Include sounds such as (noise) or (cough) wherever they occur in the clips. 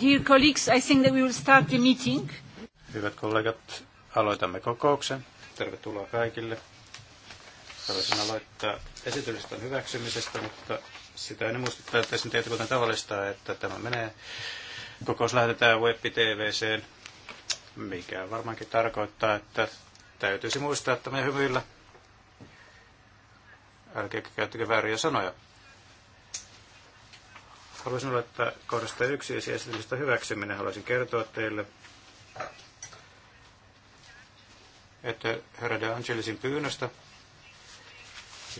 Dear colleagues, I think that we will start the meeting. Hyvät kollegat, aloitamme kokouksen. Tervetuloa kaikille. Haluaisin aloittaa esityksestä hyväksymisestä, mutta sitä en muistuttaa, että sen teitä kuten tavallista, että tämä menee. Kokous lähetetään web TVCen, mikä varmaankin tarkoittaa, että täytyisi muistaa, että me hymyillä. Älkää käyttäkö vääriä sanoja. Haluaisin olla, että kohdasta yksi esiesitystä hyväksyminen haluaisin kertoa teille, että herra De Angelisin pyynnöstä,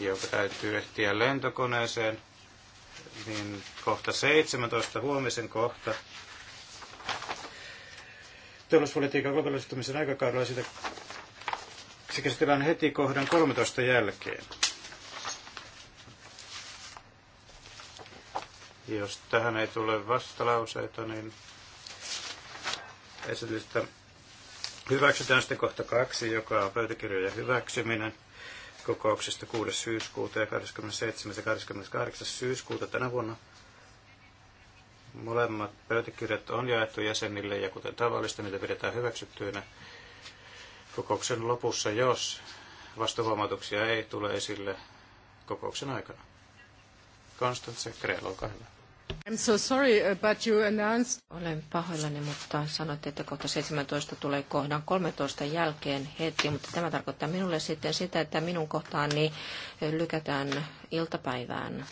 joka täytyy ehtiä lentokoneeseen, niin kohta 17, huomisen kohta, teollisuuspolitiikan globalistumisen aikakaudella sitä se käsitellään heti kohdan 13 jälkeen. Jos tähän ei tule vastalauseita, niin esitystä hyväksytään sitten kohta kaksi, joka on pöytäkirjojen hyväksyminen kokouksesta 6. syyskuuta ja 27. ja 28. syyskuuta tänä vuonna. Molemmat pöytäkirjat on jaettu jäsenille ja kuten tavallista niitä pidetään hyväksyttyinä kokouksen lopussa, jos vastahuomautuksia ei tule esille kokouksen aikana. Konstantse Krell, olkaa hyvä. I'm so sorry, uh, but you announced... Olen pahoillani, mutta sanoitte, että kohta 17 tulee kohdan 13 jälkeen heti, mutta tämä tarkoittaa minulle sitten sitä, että minun kohtaani lykätään iltapäivään.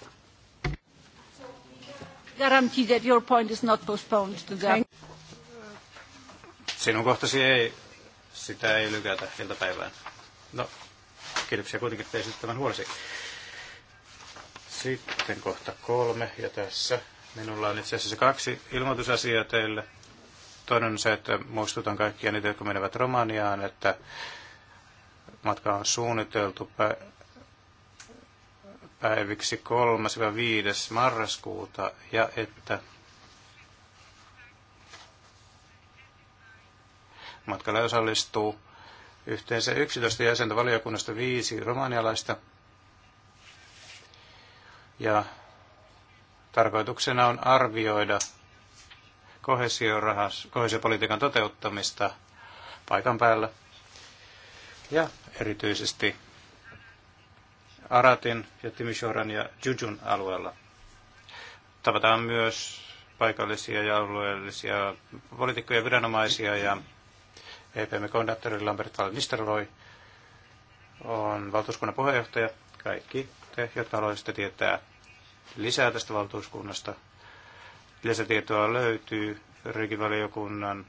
Guarantee that your point is not postponed to the... Sinun kohtasi ei, sitä ei lykätä iltapäivään. No, kiitoksia kuitenkin, että tämän huolesi. Sitten kohta kolme, ja tässä minulla on itse asiassa kaksi ilmoitusasiaa teille. Toinen on se, että muistutan kaikkia niitä, jotka menevät Romaniaan, että matka on suunniteltu päiviksi 3-5. marraskuuta, ja että matkalle osallistuu yhteensä 11 jäsentä valiokunnasta viisi romanialaista – ja tarkoituksena on arvioida kohesiopolitiikan toteuttamista paikan päällä ja erityisesti Aratin ja Timishoran ja Jujun alueella. Tavataan myös paikallisia ja alueellisia poliitikkoja viranomaisia ja epm Kondattori Lambert van on valtuuskunnan puheenjohtaja. Kaikki te, jotka haluaisitte tietää lisää tästä valtuuskunnasta. Lisätietoa löytyy rikivaliokunnan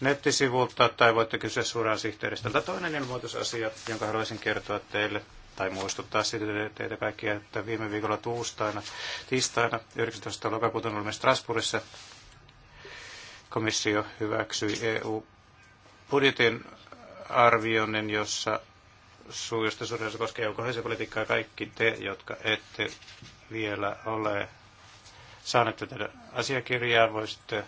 nettisivulta tai voitte kysyä suoraan Tämä Toinen ilmoitusasia, jonka haluaisin kertoa teille tai muistuttaa siitä teitä kaikkia, että viime viikolla tuustaina, tiistaina 19. lokakuuta olemme Strasbourgissa. Komissio hyväksyi EU-budjetin arvioinnin, jossa suu, koskee joko koskee kohesiopolitiikkaa, kaikki te, jotka ette vielä ole saaneet tätä asiakirjaa, voisitte,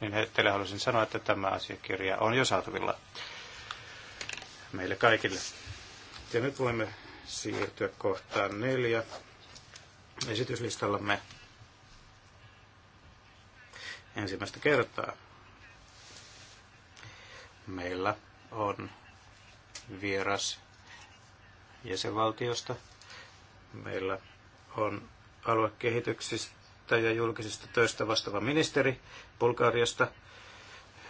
niin teille haluaisin sanoa, että tämä asiakirja on jo saatavilla meille kaikille. Ja nyt voimme siirtyä kohtaan neljä esityslistallamme ensimmäistä kertaa. Meillä on vieras jäsenvaltiosta. Meillä on aluekehityksistä ja julkisista töistä vastaava ministeri Bulgariasta,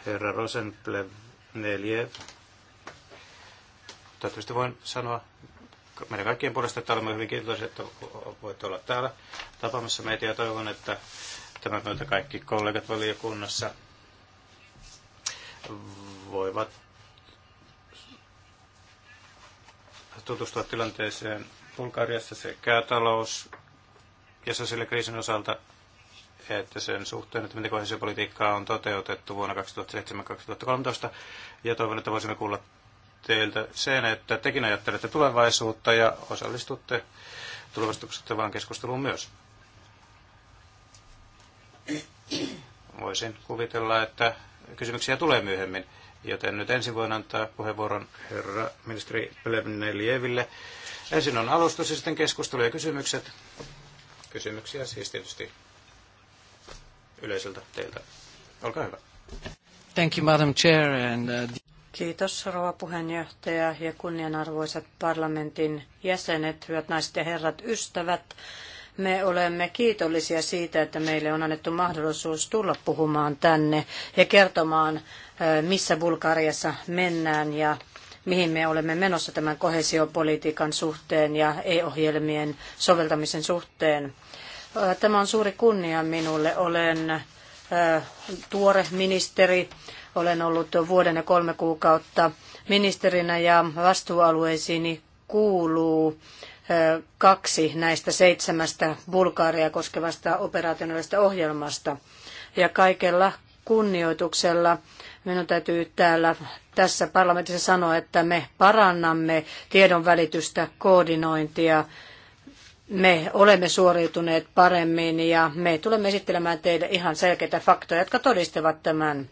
herra Rosenplev 4. Toivottavasti voin sanoa meidän kaikkien puolesta, että olemme hyvin kiitollisia, että voitte olla täällä tapaamassa meitä ja toivon, että tämän myötä kaikki kollegat valiokunnassa voivat tutustua tilanteeseen Bulgariassa sekä talous- ja sosiaalikriisin osalta että sen suhteen, että miten kohdallisuuspolitiikkaa on toteutettu vuonna 2007-2013. Ja toivon, että voisimme kuulla teiltä sen, että tekin ajattelette tulevaisuutta ja osallistutte vaan keskusteluun myös. Voisin kuvitella, että kysymyksiä tulee myöhemmin. Joten nyt ensin voin antaa puheenvuoron herra ministeri Plevnelieville. Ensin on alustus ja sitten keskustelu ja kysymykset. Kysymyksiä siis tietysti yleisöltä teiltä. Olkaa hyvä. Thank you, Madam Chair. And, uh... Kiitos, rouva puheenjohtaja ja kunnianarvoiset parlamentin jäsenet, hyvät naiset ja herrat, ystävät. Me olemme kiitollisia siitä, että meille on annettu mahdollisuus tulla puhumaan tänne ja kertomaan, missä Bulgariassa mennään ja mihin me olemme menossa tämän kohesiopolitiikan suhteen ja e-ohjelmien soveltamisen suhteen. Tämä on suuri kunnia minulle. Olen tuore ministeri. Olen ollut vuoden ja kolme kuukautta ministerinä ja vastuualueisiini kuuluu kaksi näistä seitsemästä Bulgaaria koskevasta operationaalisesta ohjelmasta. Ja kaikella kunnioituksella minun täytyy täällä tässä parlamentissa sanoa, että me parannamme tiedonvälitystä, koordinointia, me olemme suoriutuneet paremmin ja me tulemme esittelemään teille ihan selkeitä faktoja, jotka todistavat tämän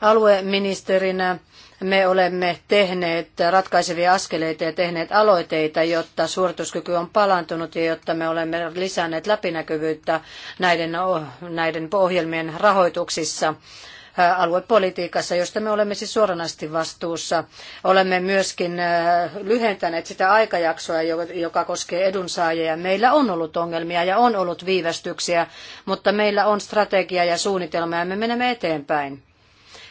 alueministerinä me olemme tehneet ratkaisevia askeleita ja tehneet aloiteita, jotta suorituskyky on palantunut ja jotta me olemme lisänneet läpinäkyvyyttä näiden, näiden ohjelmien rahoituksissa aluepolitiikassa, josta me olemme siis suoranaisesti vastuussa. Olemme myöskin lyhentäneet sitä aikajaksoa, joka koskee edunsaajia. Meillä on ollut ongelmia ja on ollut viivästyksiä, mutta meillä on strategia ja suunnitelma ja me menemme eteenpäin.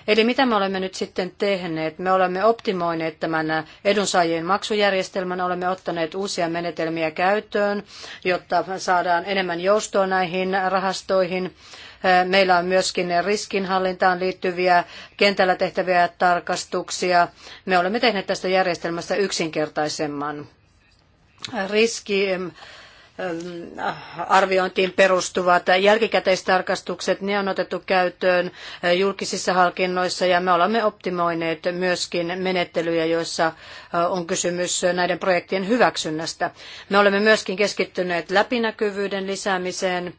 Eli mitä me olemme nyt sitten tehneet? Me olemme optimoineet tämän edunsaajien maksujärjestelmän, olemme ottaneet uusia menetelmiä käyttöön, jotta saadaan enemmän joustoa näihin rahastoihin. Äh, meillä on myöskin riskinhallintaan liittyviä kentällä tehtäviä tarkastuksia. Me olemme tehneet tästä järjestelmästä yksinkertaisemman. Riski Ähm, arviointiin perustuvat jälkikäteistarkastukset, ne on otettu käyttöön äh, julkisissa hankinnoissa ja me olemme optimoineet myöskin menettelyjä, joissa äh, on kysymys näiden projektien hyväksynnästä. Me olemme myöskin keskittyneet läpinäkyvyyden lisäämiseen.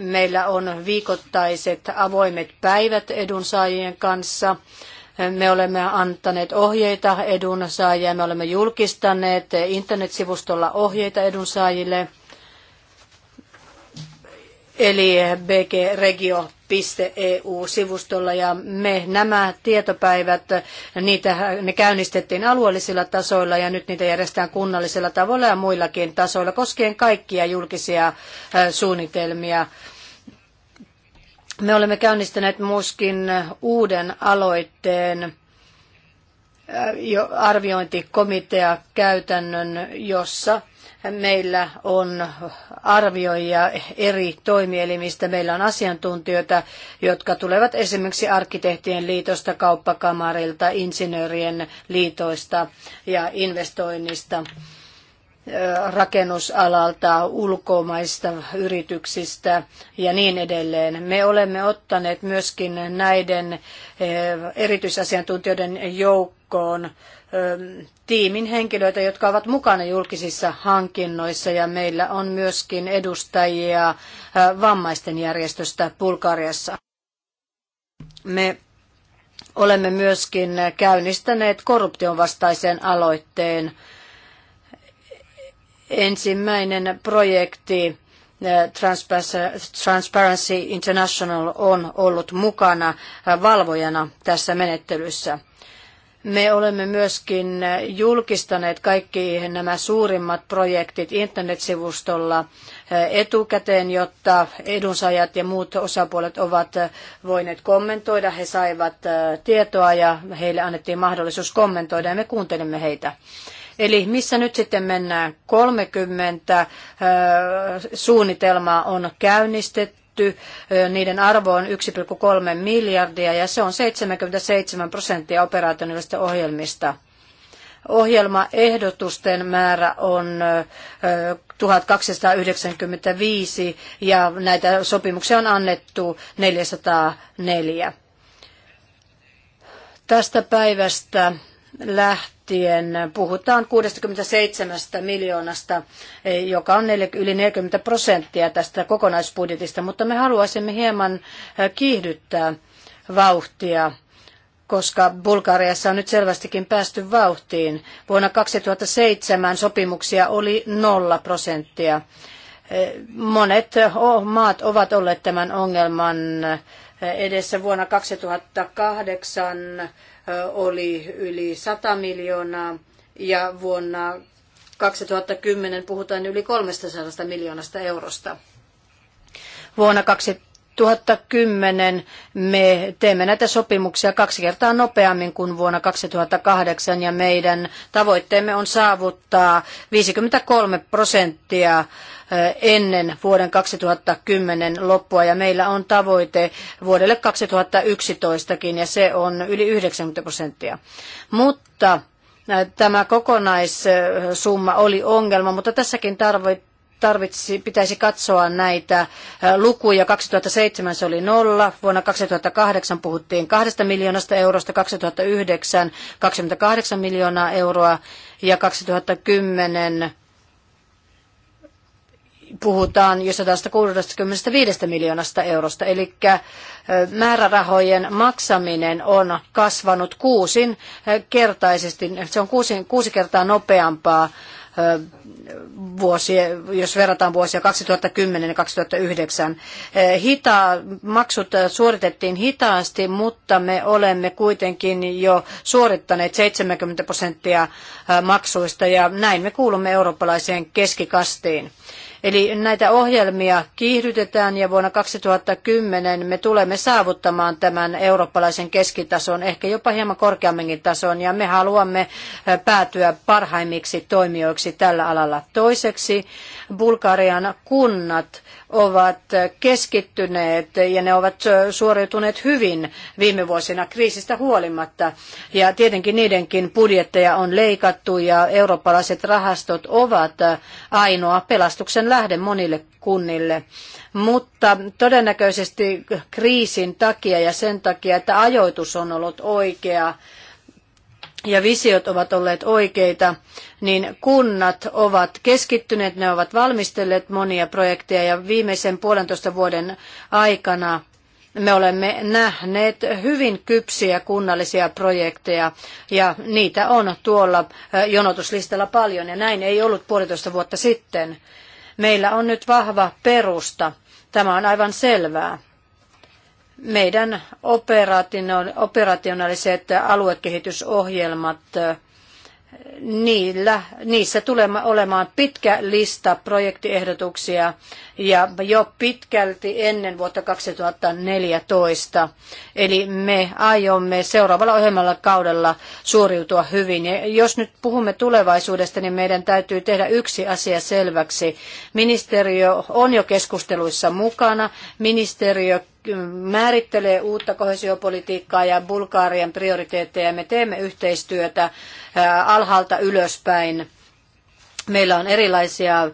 Meillä on viikoittaiset avoimet päivät edunsaajien kanssa. Me olemme antaneet ohjeita edunsaajia, me olemme julkistaneet internetsivustolla ohjeita edunsaajille – eli bgregio.eu-sivustolla ja me nämä tietopäivät, niitä, ne käynnistettiin alueellisilla tasoilla ja nyt niitä järjestetään kunnallisilla tavoilla ja muillakin tasoilla koskien kaikkia julkisia äh, suunnitelmia. Me olemme käynnistäneet myöskin uuden aloitteen äh, arviointikomitea käytännön, jossa Meillä on arvioijia eri toimielimistä. Meillä on asiantuntijoita, jotka tulevat esimerkiksi arkkitehtien liitosta, kauppakamarilta, insinöörien liitoista ja investoinnista rakennusalalta, ulkomaista yrityksistä ja niin edelleen. Me olemme ottaneet myöskin näiden erityisasiantuntijoiden joukkoon tiimin henkilöitä, jotka ovat mukana julkisissa hankinnoissa ja meillä on myöskin edustajia äh, vammaisten järjestöstä Bulgariassa. Me olemme myöskin käynnistäneet korruption aloitteen. Ensimmäinen projekti äh, Transparency International on ollut mukana äh, valvojana tässä menettelyssä. Me olemme myöskin julkistaneet kaikki nämä suurimmat projektit internetsivustolla eh, etukäteen, jotta edunsaajat ja muut osapuolet ovat eh, voineet kommentoida. He saivat eh, tietoa ja heille annettiin mahdollisuus kommentoida ja me kuuntelimme heitä. Eli missä nyt sitten mennään? 30 suunnitelmaa on käynnistetty lisätty niiden arvoon 1,3 miljardia ja se on 77 prosenttia operationaalisista ohjelmista. Ohjelmaehdotusten määrä on 1295 ja näitä sopimuksia on annettu 404. Tästä päivästä lähtien prosenttien, puhutaan 67 miljoonasta, eh, joka on yli 40 prosenttia tästä kokonaisbudjetista, mutta me haluaisimme hieman eh, kiihdyttää vauhtia koska Bulgariassa on nyt selvästikin päästy vauhtiin. Vuonna 2007 sopimuksia oli nolla prosenttia. Eh, monet oh, maat ovat olleet tämän ongelman edessä vuonna 2008 oli yli 100 miljoonaa ja vuonna 2010 puhutaan yli 300 miljoonasta eurosta. Vuonna 2000 2010 me teemme näitä sopimuksia kaksi kertaa nopeammin kuin vuonna 2008 ja meidän tavoitteemme on saavuttaa 53 prosenttia ennen vuoden 2010 loppua ja meillä on tavoite vuodelle 2011kin ja se on yli 90 prosenttia. Mutta tämä kokonaissumma oli ongelma, mutta tässäkin tarvitaan tarvitsi, pitäisi katsoa näitä lukuja. 2007 se oli nolla, vuonna 2008 puhuttiin kahdesta miljoonasta eurosta, 2009 28 miljoonaa euroa ja 2010 puhutaan jo 165 miljoonasta eurosta, eli äh, määrärahojen maksaminen on kasvanut kuusin äh, kertaisesti, se on kuusi, kuusi kertaa nopeampaa äh, vuosia, jos verrataan vuosia 2010 ja 2009. Hita, maksut suoritettiin hitaasti, mutta me olemme kuitenkin jo suorittaneet 70 prosenttia maksuista ja näin me kuulumme eurooppalaiseen keskikastiin. Eli näitä ohjelmia kiihdytetään ja vuonna 2010 me tulemme saavuttamaan tämän eurooppalaisen keskitason, ehkä jopa hieman korkeamminkin tason, ja me haluamme päätyä parhaimmiksi toimijoiksi tällä alalla. Toiseksi Bulgarian kunnat ovat keskittyneet ja ne ovat suoriutuneet hyvin viime vuosina kriisistä huolimatta. Ja tietenkin niidenkin budjetteja on leikattu ja eurooppalaiset rahastot ovat ainoa pelastuksen lähde monille kunnille. Mutta todennäköisesti kriisin takia ja sen takia, että ajoitus on ollut oikea, ja visiot ovat olleet oikeita, niin kunnat ovat keskittyneet, ne ovat valmistelleet monia projekteja ja viimeisen puolentoista vuoden aikana me olemme nähneet hyvin kypsiä kunnallisia projekteja ja niitä on tuolla jonotuslistalla paljon ja näin ei ollut puolitoista vuotta sitten. Meillä on nyt vahva perusta. Tämä on aivan selvää meidän operationaaliset aluekehitysohjelmat, niillä, niissä tulee olemaan pitkä lista projektiehdotuksia, ja jo pitkälti ennen vuotta 2014. Eli me aiomme seuraavalla ohjelmalla kaudella suoriutua hyvin. Ja jos nyt puhumme tulevaisuudesta, niin meidän täytyy tehdä yksi asia selväksi. Ministeriö on jo keskusteluissa mukana. Ministeriö mm, määrittelee uutta kohesiopolitiikkaa ja Bulgaarian prioriteetteja. Me teemme yhteistyötä alhaalta ylöspäin Meillä on erilaisia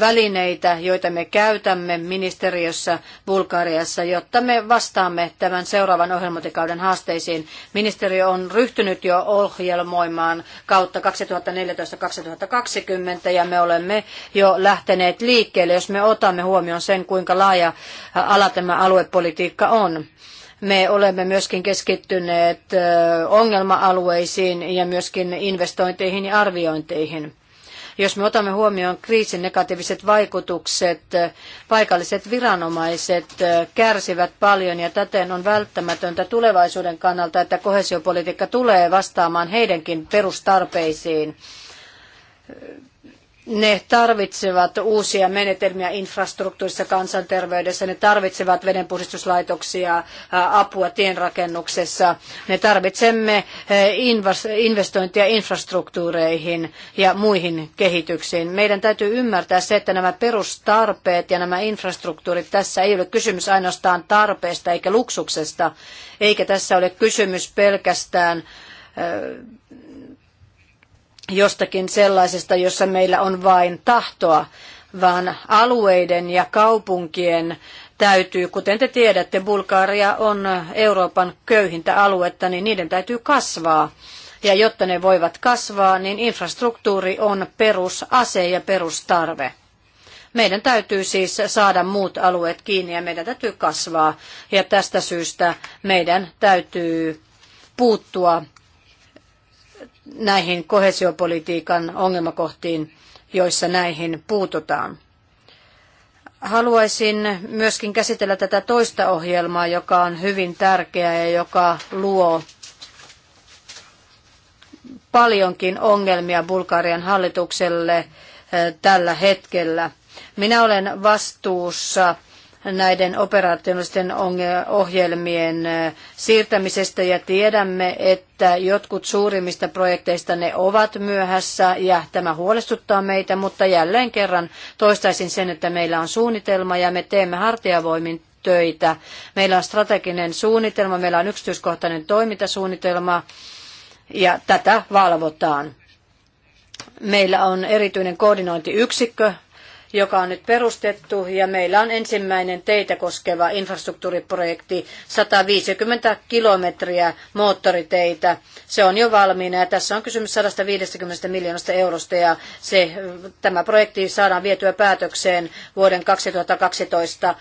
välineitä, joita me käytämme ministeriössä Bulgariassa, jotta me vastaamme tämän seuraavan ohjelmointikauden haasteisiin. Ministeriö on ryhtynyt jo ohjelmoimaan kautta 2014-2020 ja me olemme jo lähteneet liikkeelle, jos me otamme huomioon sen, kuinka laaja ala tämä aluepolitiikka on. Me olemme myöskin keskittyneet ongelma-alueisiin ja myöskin investointeihin ja arviointeihin. Jos me otamme huomioon kriisin negatiiviset vaikutukset, paikalliset viranomaiset kärsivät paljon ja täten on välttämätöntä tulevaisuuden kannalta, että kohesiopolitiikka tulee vastaamaan heidänkin perustarpeisiin ne tarvitsevat uusia menetelmiä infrastruktuurissa, kansanterveydessä, ne tarvitsevat vedenpuhdistuslaitoksia, apua tienrakennuksessa, ne tarvitsemme investointia infrastruktuureihin ja muihin kehityksiin. Meidän täytyy ymmärtää se, että nämä perustarpeet ja nämä infrastruktuurit, tässä ei ole kysymys ainoastaan tarpeesta eikä luksuksesta, eikä tässä ole kysymys pelkästään jostakin sellaisesta, jossa meillä on vain tahtoa, vaan alueiden ja kaupunkien täytyy, kuten te tiedätte, Bulgaria on Euroopan köyhintä aluetta, niin niiden täytyy kasvaa. Ja jotta ne voivat kasvaa, niin infrastruktuuri on perusase ja perustarve. Meidän täytyy siis saada muut alueet kiinni ja meidän täytyy kasvaa. Ja tästä syystä meidän täytyy puuttua näihin kohesiopolitiikan ongelmakohtiin, joissa näihin puututaan. Haluaisin myöskin käsitellä tätä toista ohjelmaa, joka on hyvin tärkeä ja joka luo paljonkin ongelmia Bulgarian hallitukselle eh, tällä hetkellä. Minä olen vastuussa näiden operationaalisten ohjelmien siirtämisestä ja tiedämme, että jotkut suurimmista projekteista ne ovat myöhässä ja tämä huolestuttaa meitä, mutta jälleen kerran toistaisin sen, että meillä on suunnitelma ja me teemme hartiavoimin töitä. Meillä on strateginen suunnitelma, meillä on yksityiskohtainen toimintasuunnitelma ja tätä valvotaan. Meillä on erityinen koordinointiyksikkö joka on nyt perustettu ja meillä on ensimmäinen teitä koskeva infrastruktuuriprojekti 150 kilometriä moottoriteitä. Se on jo valmiina ja tässä on kysymys 150 miljoonasta eurosta ja se, tämä projekti saadaan vietyä päätökseen vuoden 2012 äh,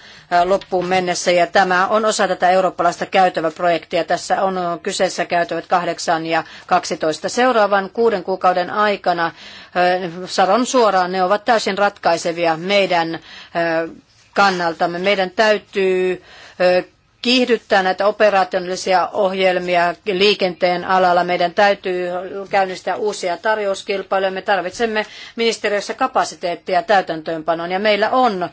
loppuun mennessä ja tämä on osa tätä eurooppalaista käytäväprojektia. Tässä on äh, kyseessä käytävät 8 ja 12. Seuraavan kuuden kuukauden aikana sanon suoraan, ne ovat täysin ratkaisevia meidän kannaltamme. Meidän täytyy kiihdyttää näitä operationaalisia ohjelmia liikenteen alalla. Meidän täytyy käynnistää uusia tarjouskilpailuja. Me tarvitsemme ministeriössä kapasiteettia täytäntöönpanoon ja meillä on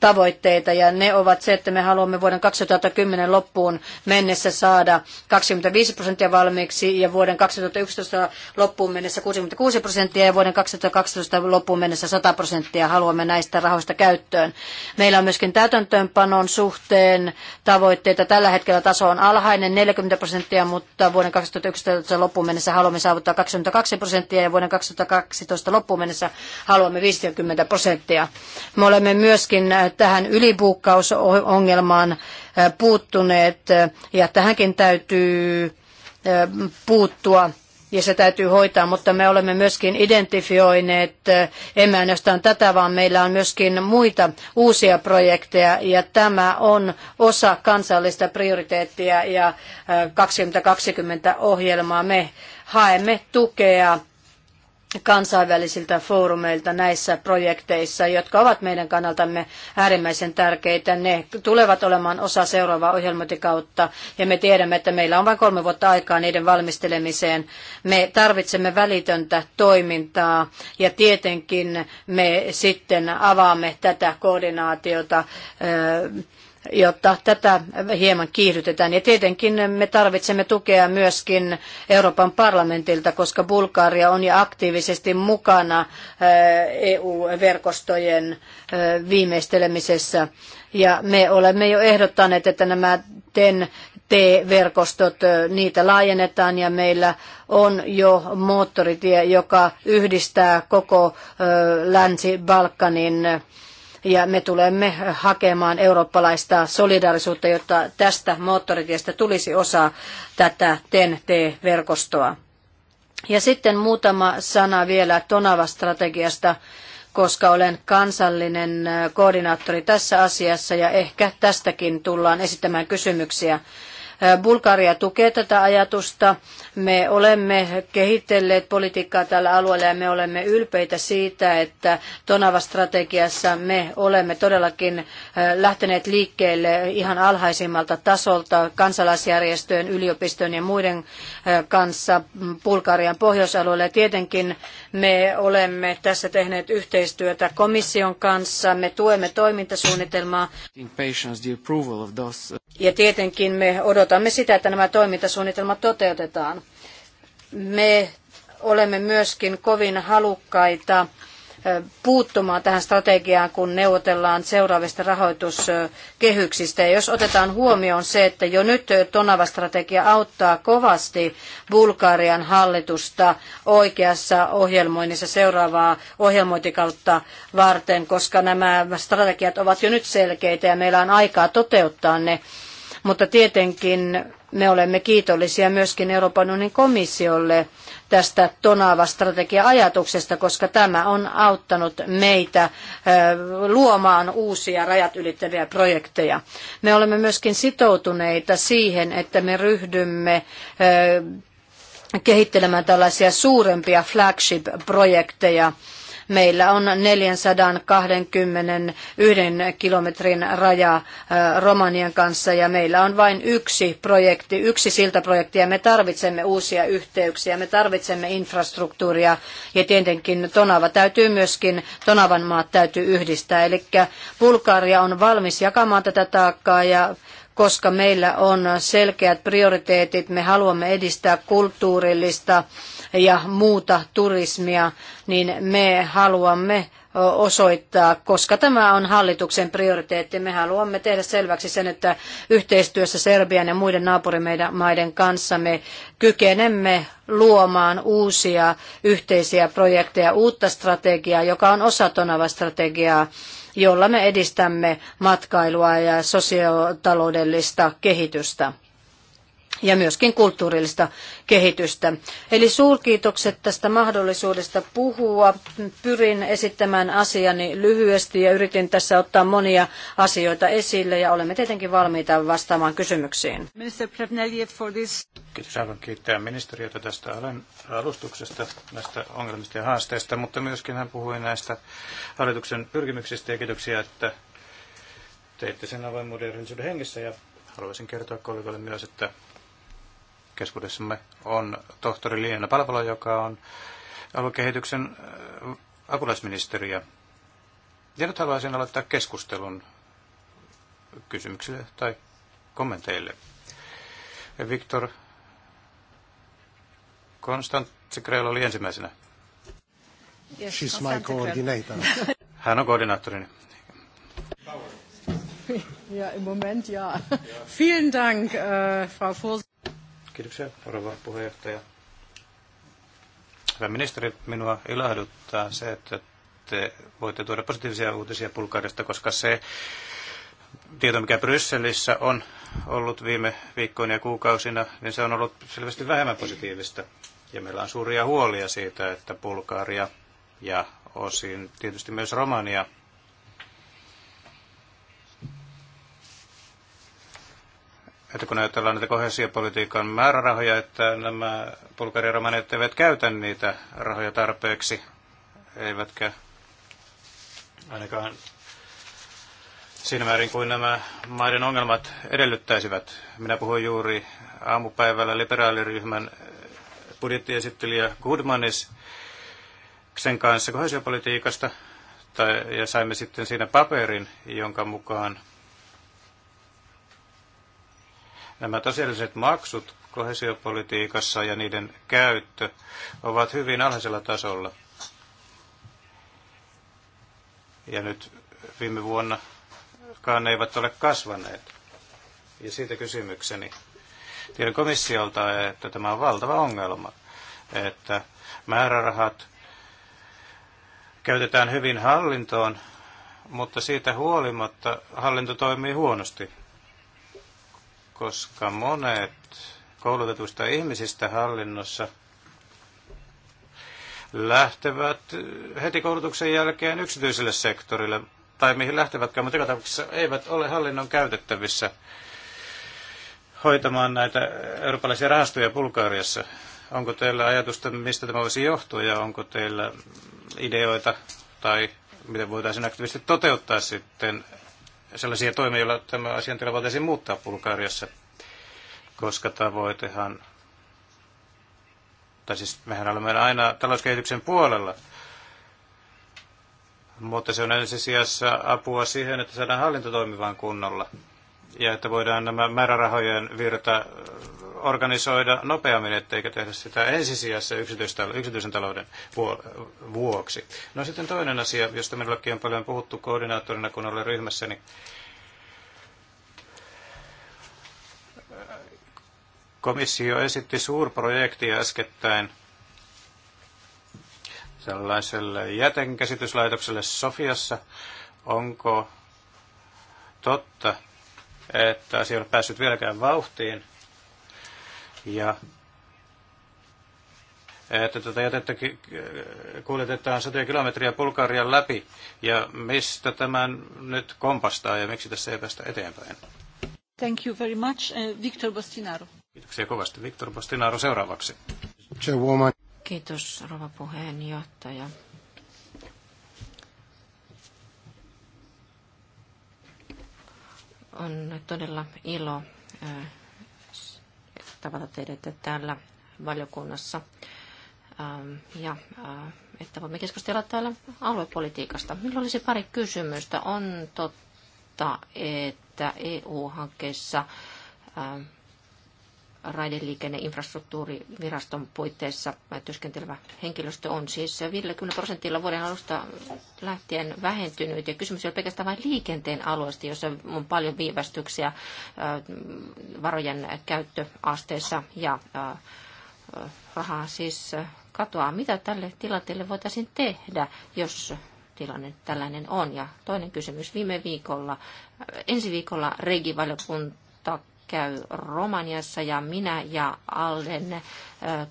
tavoitteita ja ne ovat se, että me haluamme vuoden 2010 loppuun mennessä saada 25 prosenttia valmiiksi ja vuoden 2011 loppuun mennessä 66 prosenttia ja vuoden 2012 loppuun mennessä 100 prosenttia haluamme näistä rahoista käyttöön. Meillä on myöskin täytäntöönpanon suhteen tavoitteita. Tällä hetkellä taso on alhainen 40 prosenttia, mutta vuoden 2011 loppuun mennessä haluamme saavuttaa 22 prosenttia ja vuoden 2012 loppuun mennessä haluamme 50 prosenttia. Me olemme myös myöskin äh, tähän ylibuukkausongelmaan äh, puuttuneet äh, ja tähänkin täytyy puuttua ja se täytyy hoitaa, mutta me olemme myöskin identifioineet, emme ainoastaan tätä, vaan meillä on myöskin muita uusia projekteja ja tämä on osa kansallista prioriteettia ja 2020 ohjelmaa. Me haemme tukea kansainvälisiltä foorumeilta näissä projekteissa, jotka ovat meidän kannaltamme äärimmäisen tärkeitä. Ne tulevat olemaan osa seuraavaa ohjelmointikautta ja me tiedämme, että meillä on vain kolme vuotta aikaa niiden valmistelemiseen. Me tarvitsemme välitöntä toimintaa ja tietenkin me sitten avaamme tätä koordinaatiota jotta tätä hieman kiihdytetään. Ja tietenkin me tarvitsemme tukea myöskin Euroopan parlamentilta, koska Bulgaria on jo aktiivisesti mukana EU-verkostojen eh, e eh, viimeistelemisessä. Ja me olemme jo ehdottaneet, että nämä TEN T-verkostot, eh, niitä laajennetaan ja meillä on jo moottoritie, joka yhdistää koko Länsi-Balkanin ja me tulemme hakemaan eurooppalaista solidaarisuutta, jotta tästä moottoritiestä tulisi osa tätä TEN-T-verkostoa. Ja sitten muutama sana vielä Tonava-strategiasta, koska olen kansallinen koordinaattori tässä asiassa ja ehkä tästäkin tullaan esittämään kysymyksiä. Bulgaria tukee tätä ajatusta. Me olemme kehitelleet politiikkaa tällä alueella ja me olemme ylpeitä siitä, että Tonava-strategiassa me olemme todellakin lähteneet liikkeelle ihan alhaisimmalta tasolta kansalaisjärjestöjen, yliopistojen ja muiden kanssa Bulgarian pohjoisalueella. Ja tietenkin me olemme tässä tehneet yhteistyötä komission kanssa. Me tuemme toimintasuunnitelmaa. Ja tietenkin me odotamme sitä, että nämä toimintasuunnitelmat toteutetaan. Me olemme myöskin kovin halukkaita puuttumaan tähän strategiaan, kun neuvotellaan seuraavista rahoituskehyksistä. Ja jos otetaan huomioon se, että jo nyt Tonava-strategia auttaa kovasti Bulgarian hallitusta oikeassa ohjelmoinnissa seuraavaa ohjelmointikautta varten, koska nämä strategiat ovat jo nyt selkeitä ja meillä on aikaa toteuttaa ne. Mutta tietenkin me olemme kiitollisia myöskin Euroopan unionin komissiolle tästä Tonava-strategia-ajatuksesta, koska tämä on auttanut meitä luomaan uusia rajat ylittäviä projekteja. Me olemme myöskin sitoutuneita siihen, että me ryhdymme kehittelemään tällaisia suurempia flagship-projekteja, Meillä on 421 kilometrin raja äh, Romanian kanssa ja meillä on vain yksi projekti, yksi siltaprojekti ja me tarvitsemme uusia yhteyksiä, me tarvitsemme infrastruktuuria ja tietenkin Tonava täytyy myöskin, Tonavan maat täytyy yhdistää. Eli Bulgaria on valmis jakamaan tätä taakkaa ja koska meillä on selkeät prioriteetit, me haluamme edistää kulttuurillista ja muuta turismia, niin me haluamme osoittaa, koska tämä on hallituksen prioriteetti. Me haluamme tehdä selväksi sen, että yhteistyössä Serbian ja muiden naapurimaiden kanssa me kykenemme luomaan uusia yhteisiä projekteja, uutta strategiaa, joka on osa tonava strategiaa jolla me edistämme matkailua ja sosiotaloudellista kehitystä ja myöskin kulttuurillista kehitystä. Eli suurkiitokset tästä mahdollisuudesta puhua. Pyrin esittämään asiani lyhyesti ja yritin tässä ottaa monia asioita esille ja olemme tietenkin valmiita vastaamaan kysymyksiin. Kiitos haluan kiittää ministeriötä tästä alustuksesta, näistä ongelmista ja haasteista, mutta myöskin hän puhui näistä hallituksen pyrkimyksistä ja kiitoksia, että teitte sen avoimuuden ja hengessä ja haluaisin kertoa kollegoille myös, että keskuudessamme on tohtori Liina Palvola, joka on aluekehityksen äh, apulaisministeriä. Ja nyt haluaisin aloittaa keskustelun kysymyksille tai kommenteille. Viktor Konstant oli ensimmäisenä. She's my coordinator. (laughs) Hän on koordinaattorini. Ja, im Moment ja. Vielen Dank, äh, Frau Vors Kiitoksia, rouva puheenjohtaja. Hyvä ministeri, minua ilahduttaa se, että te voitte tuoda positiivisia uutisia Bulgariasta, koska se tieto, mikä Brysselissä on ollut viime viikkoina ja kuukausina, niin se on ollut selvästi vähemmän positiivista. Ja meillä on suuria huolia siitä, että Bulgaria ja osin tietysti myös Romania että kun ajatellaan näitä kohesiopolitiikan määrärahoja, että nämä Bulgarian romanit eivät käytä niitä rahoja tarpeeksi, eivätkä ainakaan siinä määrin kuin nämä maiden ongelmat edellyttäisivät. Minä puhuin juuri aamupäivällä liberaaliryhmän budjettiesittelijä Goodmanis sen kanssa kohesiopolitiikasta, tai, ja saimme sitten siinä paperin, jonka mukaan Nämä tosiasialliset maksut kohesiopolitiikassa ja niiden käyttö ovat hyvin alhaisella tasolla. Ja nyt viime kaan ne eivät ole kasvaneet. Ja siitä kysymykseni Tiedän komissiolta, että tämä on valtava ongelma, että määrärahat käytetään hyvin hallintoon, mutta siitä huolimatta hallinto toimii huonosti koska monet koulutetuista ihmisistä hallinnossa lähtevät heti koulutuksen jälkeen yksityiselle sektorille, tai mihin lähtevätkään, mutta joka tapauksessa eivät ole hallinnon käytettävissä hoitamaan näitä eurooppalaisia rahastoja Bulgaariassa. Onko teillä ajatusta, mistä tämä voisi johtua, ja onko teillä ideoita, tai miten voitaisiin aktiivisesti toteuttaa sitten sellaisia toimia, joilla tämä asiantila voitaisiin muuttaa Bulgariassa, koska tavoitehan, tai siis mehän olemme aina talouskehityksen puolella, mutta se on ensisijassa apua siihen, että saadaan hallinto toimivaan kunnolla ja että voidaan nämä määrärahojen virta organisoida nopeammin, etteikä tehdä sitä ensisijassa yksityisen talouden vuoksi. No sitten toinen asia, josta minullekin on paljon puhuttu koordinaattorina, kun olen ryhmässäni, niin komissio esitti suurprojektia äskettäin tällaiselle jätekäsityslaitokselle Sofiassa. Onko totta, että asia ei ole päässyt vieläkään vauhtiin. Ja että tätä jätettä kuljetetaan satoja kilometriä Bulgarian läpi. Ja mistä tämän nyt kompastaa ja miksi tässä ei päästä eteenpäin? Thank you very much, eh, Victor Bostinaro. Kiitoksia kovasti. Victor Bostinaro seuraavaksi. Kiitos, rouva puheenjohtaja. On todella ilo tavata teidät täällä valiokunnassa ähm, ja äh, että voimme keskustella täällä aluepolitiikasta. Minulla olisi pari kysymystä. On totta, että EU-hankkeissa ähm, raideliikenneinfrastruktuuriviraston puitteissa työskentelevä henkilöstö on siis 50 prosentilla vuoden alusta lähtien vähentynyt. Ja kysymys ei ole pelkästään vain liikenteen alueesta, jossa on paljon viivästyksiä äh, varojen käyttöasteessa ja äh, rahaa siis katoaa. Mitä tälle tilanteelle voitaisiin tehdä, jos tilanne tällainen on? Ja toinen kysymys. Viime viikolla, ensi viikolla regivaliokunta käy Romaniassa ja minä ja Alden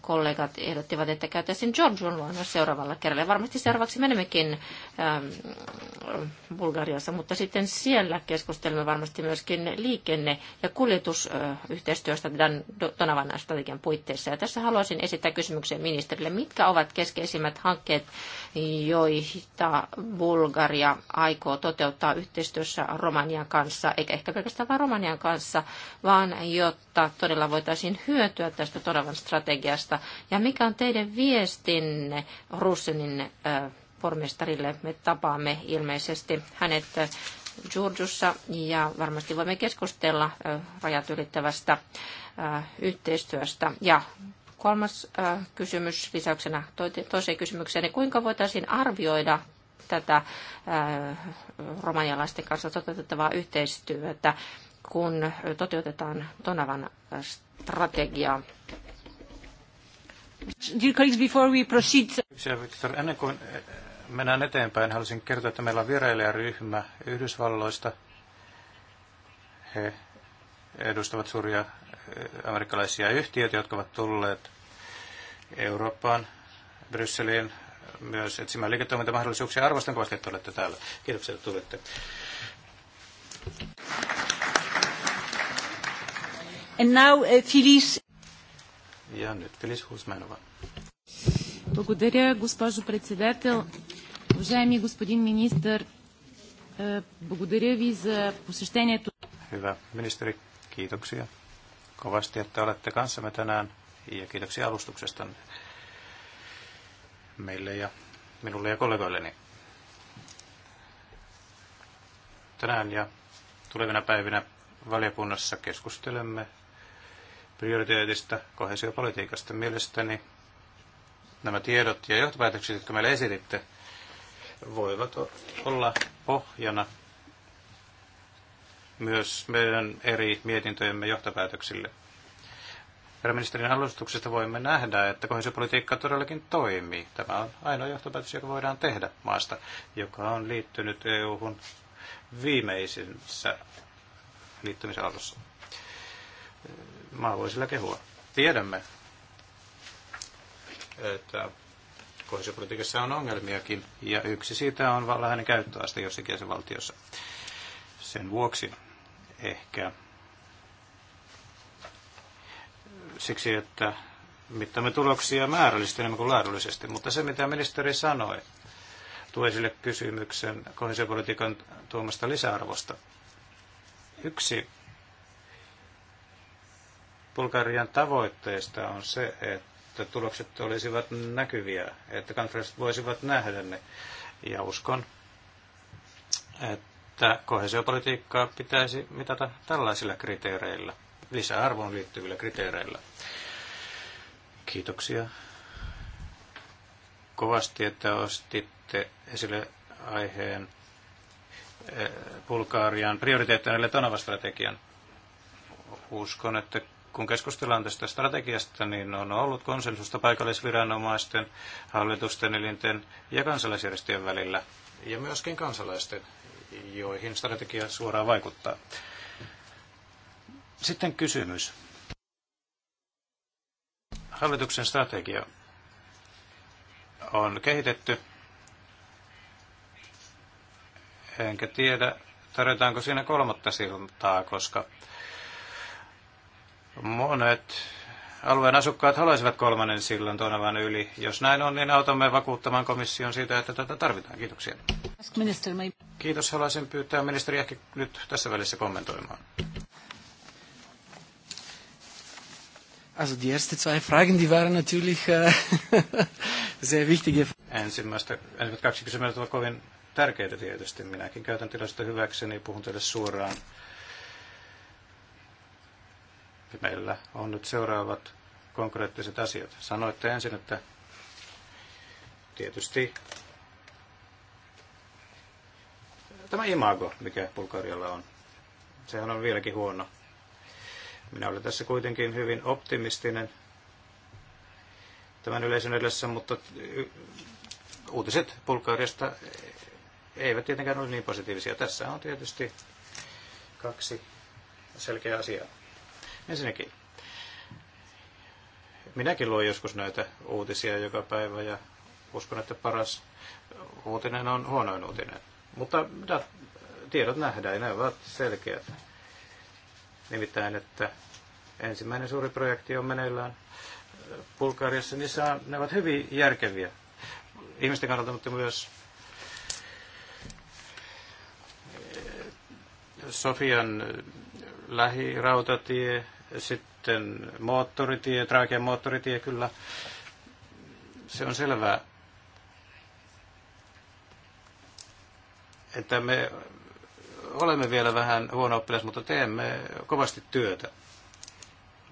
kollegat ehdottivat, että käytäisiin Georgian luona seuraavalla kerralla. Ja varmasti seuraavaksi menemmekin ähm, Bulgariassa, mutta sitten siellä keskustelemme varmasti myöskin liikenne- ja kuljetusyhteistyöstä tämän Donavan strategian puitteissa. Ja tässä haluaisin esittää kysymyksen ministerille, mitkä ovat keskeisimmät hankkeet, joita Bulgaria aikoo toteuttaa yhteistyössä Romanian kanssa, eikä ehkä pelkästään vain Romanian kanssa, vaan jotta todella voitaisiin hyötyä tästä todavan strategiasta. Ja mikä on teidän viestinne Russinin pormestarille? Me tapaamme ilmeisesti hänet Georgiussa ja varmasti voimme keskustella rajat ylittävästä yhteistyöstä. Ja kolmas kysymys lisäyksenä toiseen kysymykseen, niin kuinka voitaisiin arvioida tätä romanialaisten kanssa toteutettavaa yhteistyötä kun toteutetaan Tonavan strategiaa. Dear colleagues, before we proceed... Victor, ennen kuin eh, mennään eteenpäin, haluaisin kertoa, että meillä on ryhmä Yhdysvalloista. He edustavat suuria eh, amerikkalaisia yhtiöitä, jotka ovat tulleet Eurooppaan, Brysseliin myös etsimään liiketoimintamahdollisuuksia. Arvostan kovasti, että olette täällä. Kiitoksia, että tulitte. And now, uh, Филис... Ja Филис Хусменова. Благодаря, госпожо председател. Уважаеми господин министър, благодаря ви за посещението. Hyvä ministeri, kiitoksia kovasti, että olette kanssamme tänään ja kiitoksia alustuksesta meille ja minulle ja kollegoilleni. Tänään ja tulevina päivinä valiokunnassa keskustelemme prioriteetista, kohesiopolitiikasta mielestäni. Nämä tiedot ja johtopäätökset, jotka meille esititte, voivat olla pohjana myös meidän eri mietintöjemme johtopäätöksille. Pääministerin alustuksesta voimme nähdä, että kohesiopolitiikka todellakin toimii. Tämä on ainoa johtopäätös, joka voidaan tehdä maasta, joka on liittynyt EU-hun viimeisissä liittymisen alussa mä voin sillä kehua. Tiedämme, että kohdallisuuspolitiikassa on ongelmiakin, ja yksi siitä on valhainen käyttöaste jossakin jäsenvaltiossa. Sen vuoksi ehkä siksi, että mittamme tuloksia määrällisesti enemmän kuin laadullisesti, mutta se mitä ministeri sanoi, tuo esille kysymyksen kohdallisuuspolitiikan tuomasta lisäarvosta. Yksi Bulgarian tavoitteista on se, että tulokset olisivat näkyviä, että kansalaiset voisivat nähdä ne. Ja uskon, että kohesiopolitiikkaa pitäisi mitata tällaisilla kriteereillä, lisäarvoon liittyvillä kriteereillä. Kiitoksia kovasti, että ostitte esille aiheen eh, Bulgarian prioriteettina eli Tonava-strategian. Uskon, että kun keskustellaan tästä strategiasta, niin on ollut konsensusta paikallisviranomaisten, hallitusten elinten ja kansalaisjärjestöjen välillä ja myöskin kansalaisten, joihin strategia suoraan vaikuttaa. Sitten kysymys. Hallituksen strategia on kehitetty. Enkä tiedä, tarjotaanko siinä kolmatta siltaa, koska Monet alueen asukkaat haluaisivat kolmannen sillan Tonavan yli. Jos näin on, niin autamme vakuuttamaan komission siitä, että tätä tarvitaan. Kiitoksia. Kiitos. Haluaisin pyytää ministeri ehkä nyt tässä välissä kommentoimaan. Also die erste zwei Fragen, die waren natürlich äh, (laughs) sehr wichtige. Ensimmäistä, ensimmäiset kaksi kysymystä ovat kovin tärkeitä tietysti. Minäkin käytän tilasta hyväkseni ja puhun teille suoraan meillä on nyt seuraavat konkreettiset asiat. Sanoitte ensin, että tietysti tämä imago, mikä Bulgarialla on, sehän on vieläkin huono. Minä olen tässä kuitenkin hyvin optimistinen tämän yleisön edessä, mutta uutiset Bulgariasta eivät tietenkään ole niin positiivisia. Tässä on tietysti kaksi selkeää asiaa. Ensinnäkin, minäkin luen joskus näitä uutisia joka päivä ja uskon, että paras uutinen on huonoin uutinen. Mutta tiedot nähdään ja ne ovat selkeät. Nimittäin, että ensimmäinen suuri projekti on meneillään Bulgariassa, niin saa, ne ovat hyvin järkeviä ihmisten kannalta, mutta myös eh, Sofian lähirautatie, sitten moottoritie, Traakian moottoritie kyllä, se on selvää, että me olemme vielä vähän huono oppilas, mutta teemme kovasti työtä.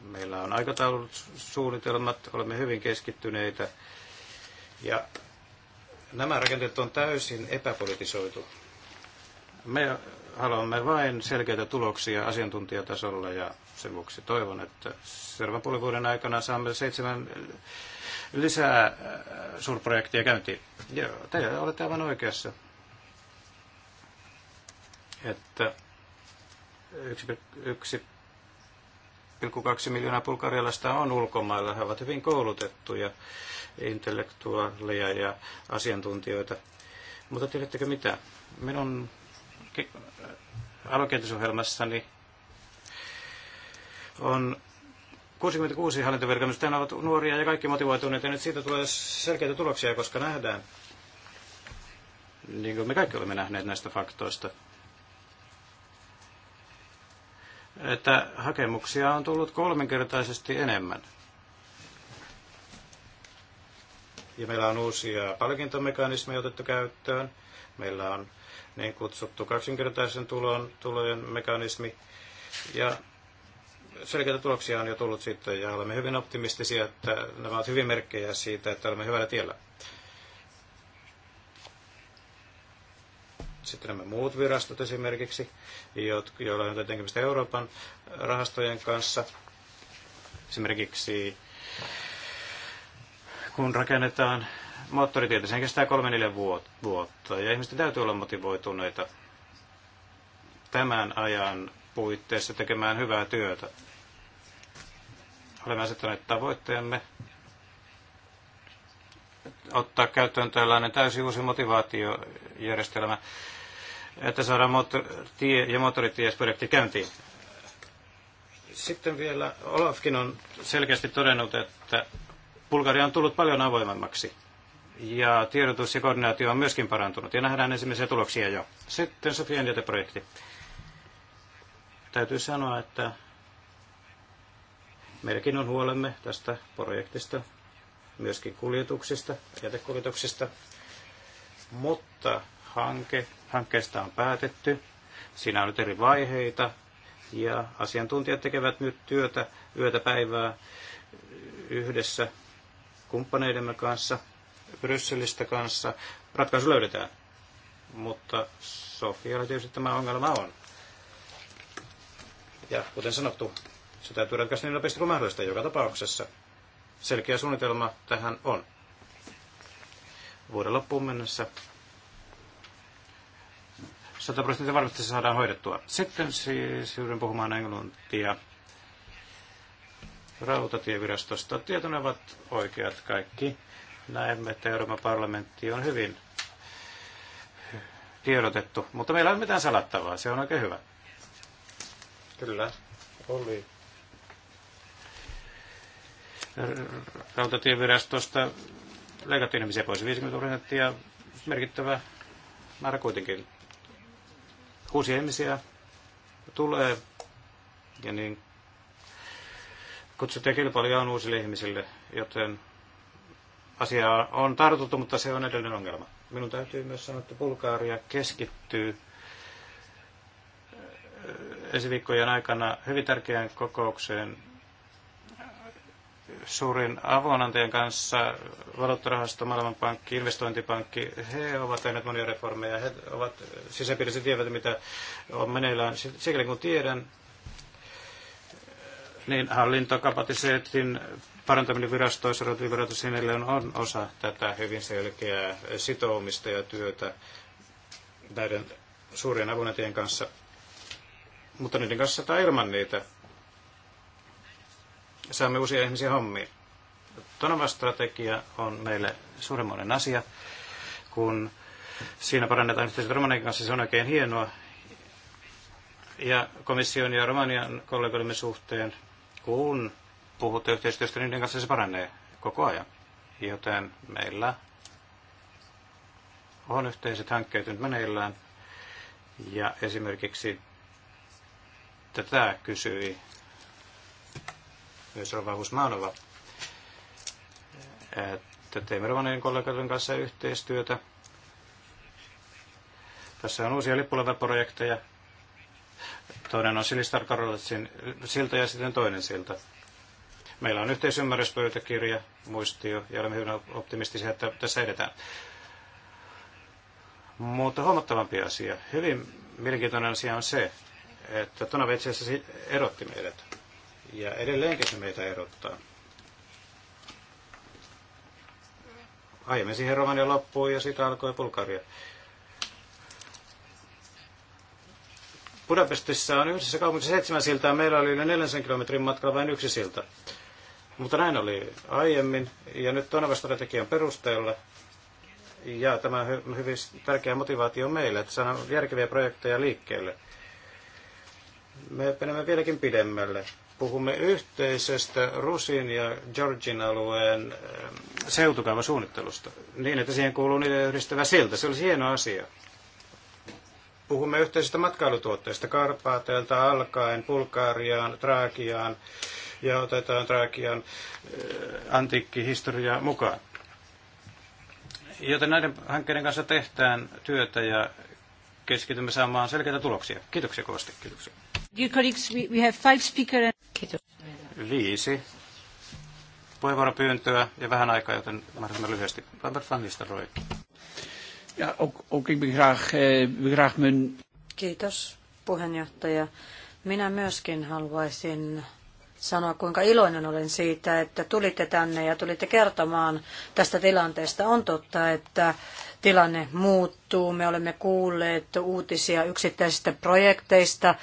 Meillä on aikataulut, suunnitelmat, olemme hyvin keskittyneitä ja nämä rakenteet on täysin epäpolitisoitu. Me haluamme vain selkeitä tuloksia asiantuntijatasolla ja sen vuoksi toivon, että seuraavan puolen vuoden aikana saamme seitsemän lisää äh, suurprojektia käyntiin. Joo, te olette aivan oikeassa. Että 1,2 miljoonaa bulgarialaista on ulkomailla. He ovat hyvin koulutettuja intellektuaaleja ja asiantuntijoita. Mutta tiedättekö mitä? Minun aloitusohjelmassani on 66 hallintovirkamista, nämä ovat nuoria ja kaikki motivoituneet, ja nyt siitä tulee selkeitä tuloksia, koska nähdään, niin kuin me kaikki olemme nähneet näistä faktoista, että hakemuksia on tullut kolminkertaisesti enemmän. Ja meillä on uusia palkintomekanismeja otettu käyttöön. Meillä on niin kutsuttu kaksinkertaisen tulon, tulojen mekanismi. Ja selkeitä tuloksia on jo tullut sitten ja olemme hyvin optimistisia, että nämä ovat hyvin merkkejä siitä, että olemme hyvällä tiellä. Sitten nämä muut virastot esimerkiksi, joilla on jotenkin Euroopan rahastojen kanssa. Esimerkiksi kun rakennetaan moottoritietä, sen kestää kolme neljä vuotta ja ihmisten täytyy olla motivoituneita tämän ajan puitteissa tekemään hyvää työtä. Olemme asettaneet tavoitteemme ottaa käyttöön tällainen täysin uusi motivaatiojärjestelmä, että saadaan moottor- tie- ja moottoritiesprojekti käyntiin. Sitten vielä Olafkin on selkeästi todennut, että Bulgaria on tullut paljon avoimemmaksi ja tiedotus ja koordinaatio on myöskin parantunut ja nähdään ensimmäisiä tuloksia jo. Sitten Sofian jäteprojekti. projekti Täytyy sanoa, että meilläkin on huolemme tästä projektista, myöskin kuljetuksista, jätekuljetuksista, mutta hanke, hankkeesta on päätetty. Siinä on nyt eri vaiheita ja asiantuntijat tekevät nyt työtä yötä päivää yhdessä kumppaneidemme kanssa, Brysselistä kanssa. Ratkaisu löydetään, mutta Sofialla tietysti tämä ongelma on. Ja kuten sanottu, se täytyy ratkaista niin nopeasti kuin mahdollista joka tapauksessa. Selkeä suunnitelma tähän on. Vuoden loppuun mennessä 100 prosenttia varmasti se saadaan hoidettua. Sitten siis joudun puhumaan englantia rautatievirastosta. Tietoni ovat oikeat kaikki. Näemme, että Euroopan parlamentti on hyvin tiedotettu, mutta meillä ei ole mitään salattavaa, se on oikein hyvä. Kyllä, oli. Rautatievirastosta leikattiin ihmisiä pois 50 prosenttia, merkittävä määrä kuitenkin. Uusia ihmisiä tulee ja niin kutsut ja on uusille ihmisille, joten asiaa on tartuttu, mutta se on edellinen ongelma. Minun täytyy myös sanoa, että Bulgaaria keskittyy ensiviikkojen aikana hyvin tärkeään kokoukseen suurin avunantajan kanssa, valuuttarahasto, Maailmanpankki, investointipankki, he ovat tehneet monia reformeja, he ovat sisäpiirissä tiedät, mitä on meneillään. Sikäli kun tiedän, niin hallintokapatiseetin parantaminen virastoissa, rotivirastoissa, on, niin on osa tätä hyvin selkeää sitoumista ja työtä näiden suurien avunantajien kanssa mutta niiden kanssa tai ilman niitä saamme uusia ihmisiä hommiin. Tonova strategia on meille suuremmoinen asia, kun siinä parannetaan yhteistyötä Romanian kanssa, se on oikein hienoa. Ja komission ja Romanian kollegoidemme suhteen, kun puhutte yhteistyöstä, niin niiden kanssa se paranee koko ajan. Joten meillä on yhteiset hankkeet nyt meneillään. Ja esimerkiksi Tätä kysyi myös Rova Husmanova, että teimme Rovanien kollegoiden kanssa yhteistyötä. Tässä on uusia lippulavaprojekteja. Toinen on Silistar Karolatsin silta ja sitten toinen silta. Meillä on yhteisymmärryspöytäkirja, muistio, ja olemme hyvin optimistisia, että tässä edetään. Mutta huomattavampi asia, hyvin mielenkiintoinen asia on se, että Tonava itse asiassa erotti meidät. Ja edelleenkin se meitä erottaa. Aiemmin siihen Romania loppuun ja siitä alkoi Bulgaria. Budapestissa on yhdessä kaupungissa seitsemän siltaa. Meillä oli yli 400 kilometrin matkalla vain yksi silta. Mutta näin oli aiemmin ja nyt Tonavan strategian perusteella ja tämä on hyvin tärkeä motivaatio meille, että saadaan järkeviä projekteja liikkeelle me menemme vieläkin pidemmälle. Puhumme yhteisestä Rusin ja Georgin alueen eh, seutukaavasuunnittelusta niin, että siihen kuuluu niiden yhdistävä silta. Se olisi hieno asia. Puhumme yhteisistä matkailutuotteista Karpaateelta alkaen Bulgariaan, Traakiaan ja otetaan Traakian eh, antiikkihistoriaa mukaan. Joten näiden hankkeiden kanssa tehtään työtä ja keskitymme saamaan selkeitä tuloksia. Kiitoksia kovasti. Kiitoksia. Dear colleagues, we, we have five speaker Kiitos. Viisi puheenvuoropyyntöä ja vähän aikaa, joten mahdollisimman lyhyesti. Robert van Nistelrooy. Ja ook, ook ik begraag, eh, begraag mijn... Kiitos puheenjohtaja. Minä myöskin haluaisin sanoa, kuinka iloinen olen siitä, että tulitte tänne ja tulitte kertomaan tästä tilanteesta. On totta, että tilanne muuttuu. Me olemme kuulleet uutisia yksittäisistä projekteista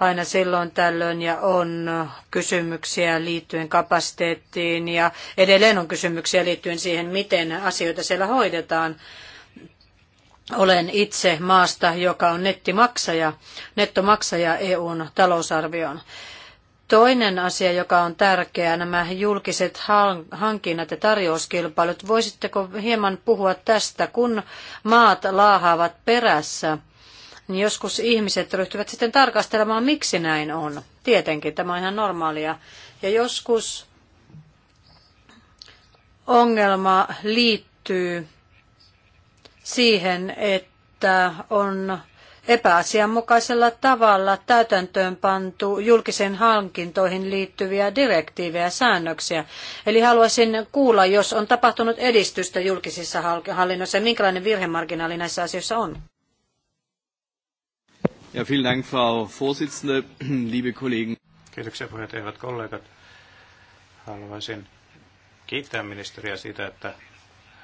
aina silloin tällöin ja on kysymyksiä liittyen kapasiteettiin ja edelleen on kysymyksiä liittyen siihen, miten asioita siellä hoidetaan. Olen itse maasta, joka on nettimaksaja, nettomaksaja EUn talousarvioon. Toinen asia, joka on tärkeä, nämä julkiset hankinnat ja tarjouskilpailut. Voisitteko hieman puhua tästä, kun maat laahaavat perässä? niin joskus ihmiset ryhtyvät sitten tarkastelemaan, miksi näin on. Tietenkin, tämä on ihan normaalia. Ja joskus ongelma liittyy siihen, että on epäasianmukaisella tavalla täytäntöön pantu julkisen hankintoihin liittyviä direktiivejä ja säännöksiä. Eli haluaisin kuulla, jos on tapahtunut edistystä julkisissa hallinnoissa ja minkälainen virhemarginaali näissä asioissa on. Ja, vielen Dank, Frau Vorsitzende, (clears throat) liebe Kollegen. Kiitoksia puheenjohtajat kollegat. Haluaisin kiittää ministeriä siitä, että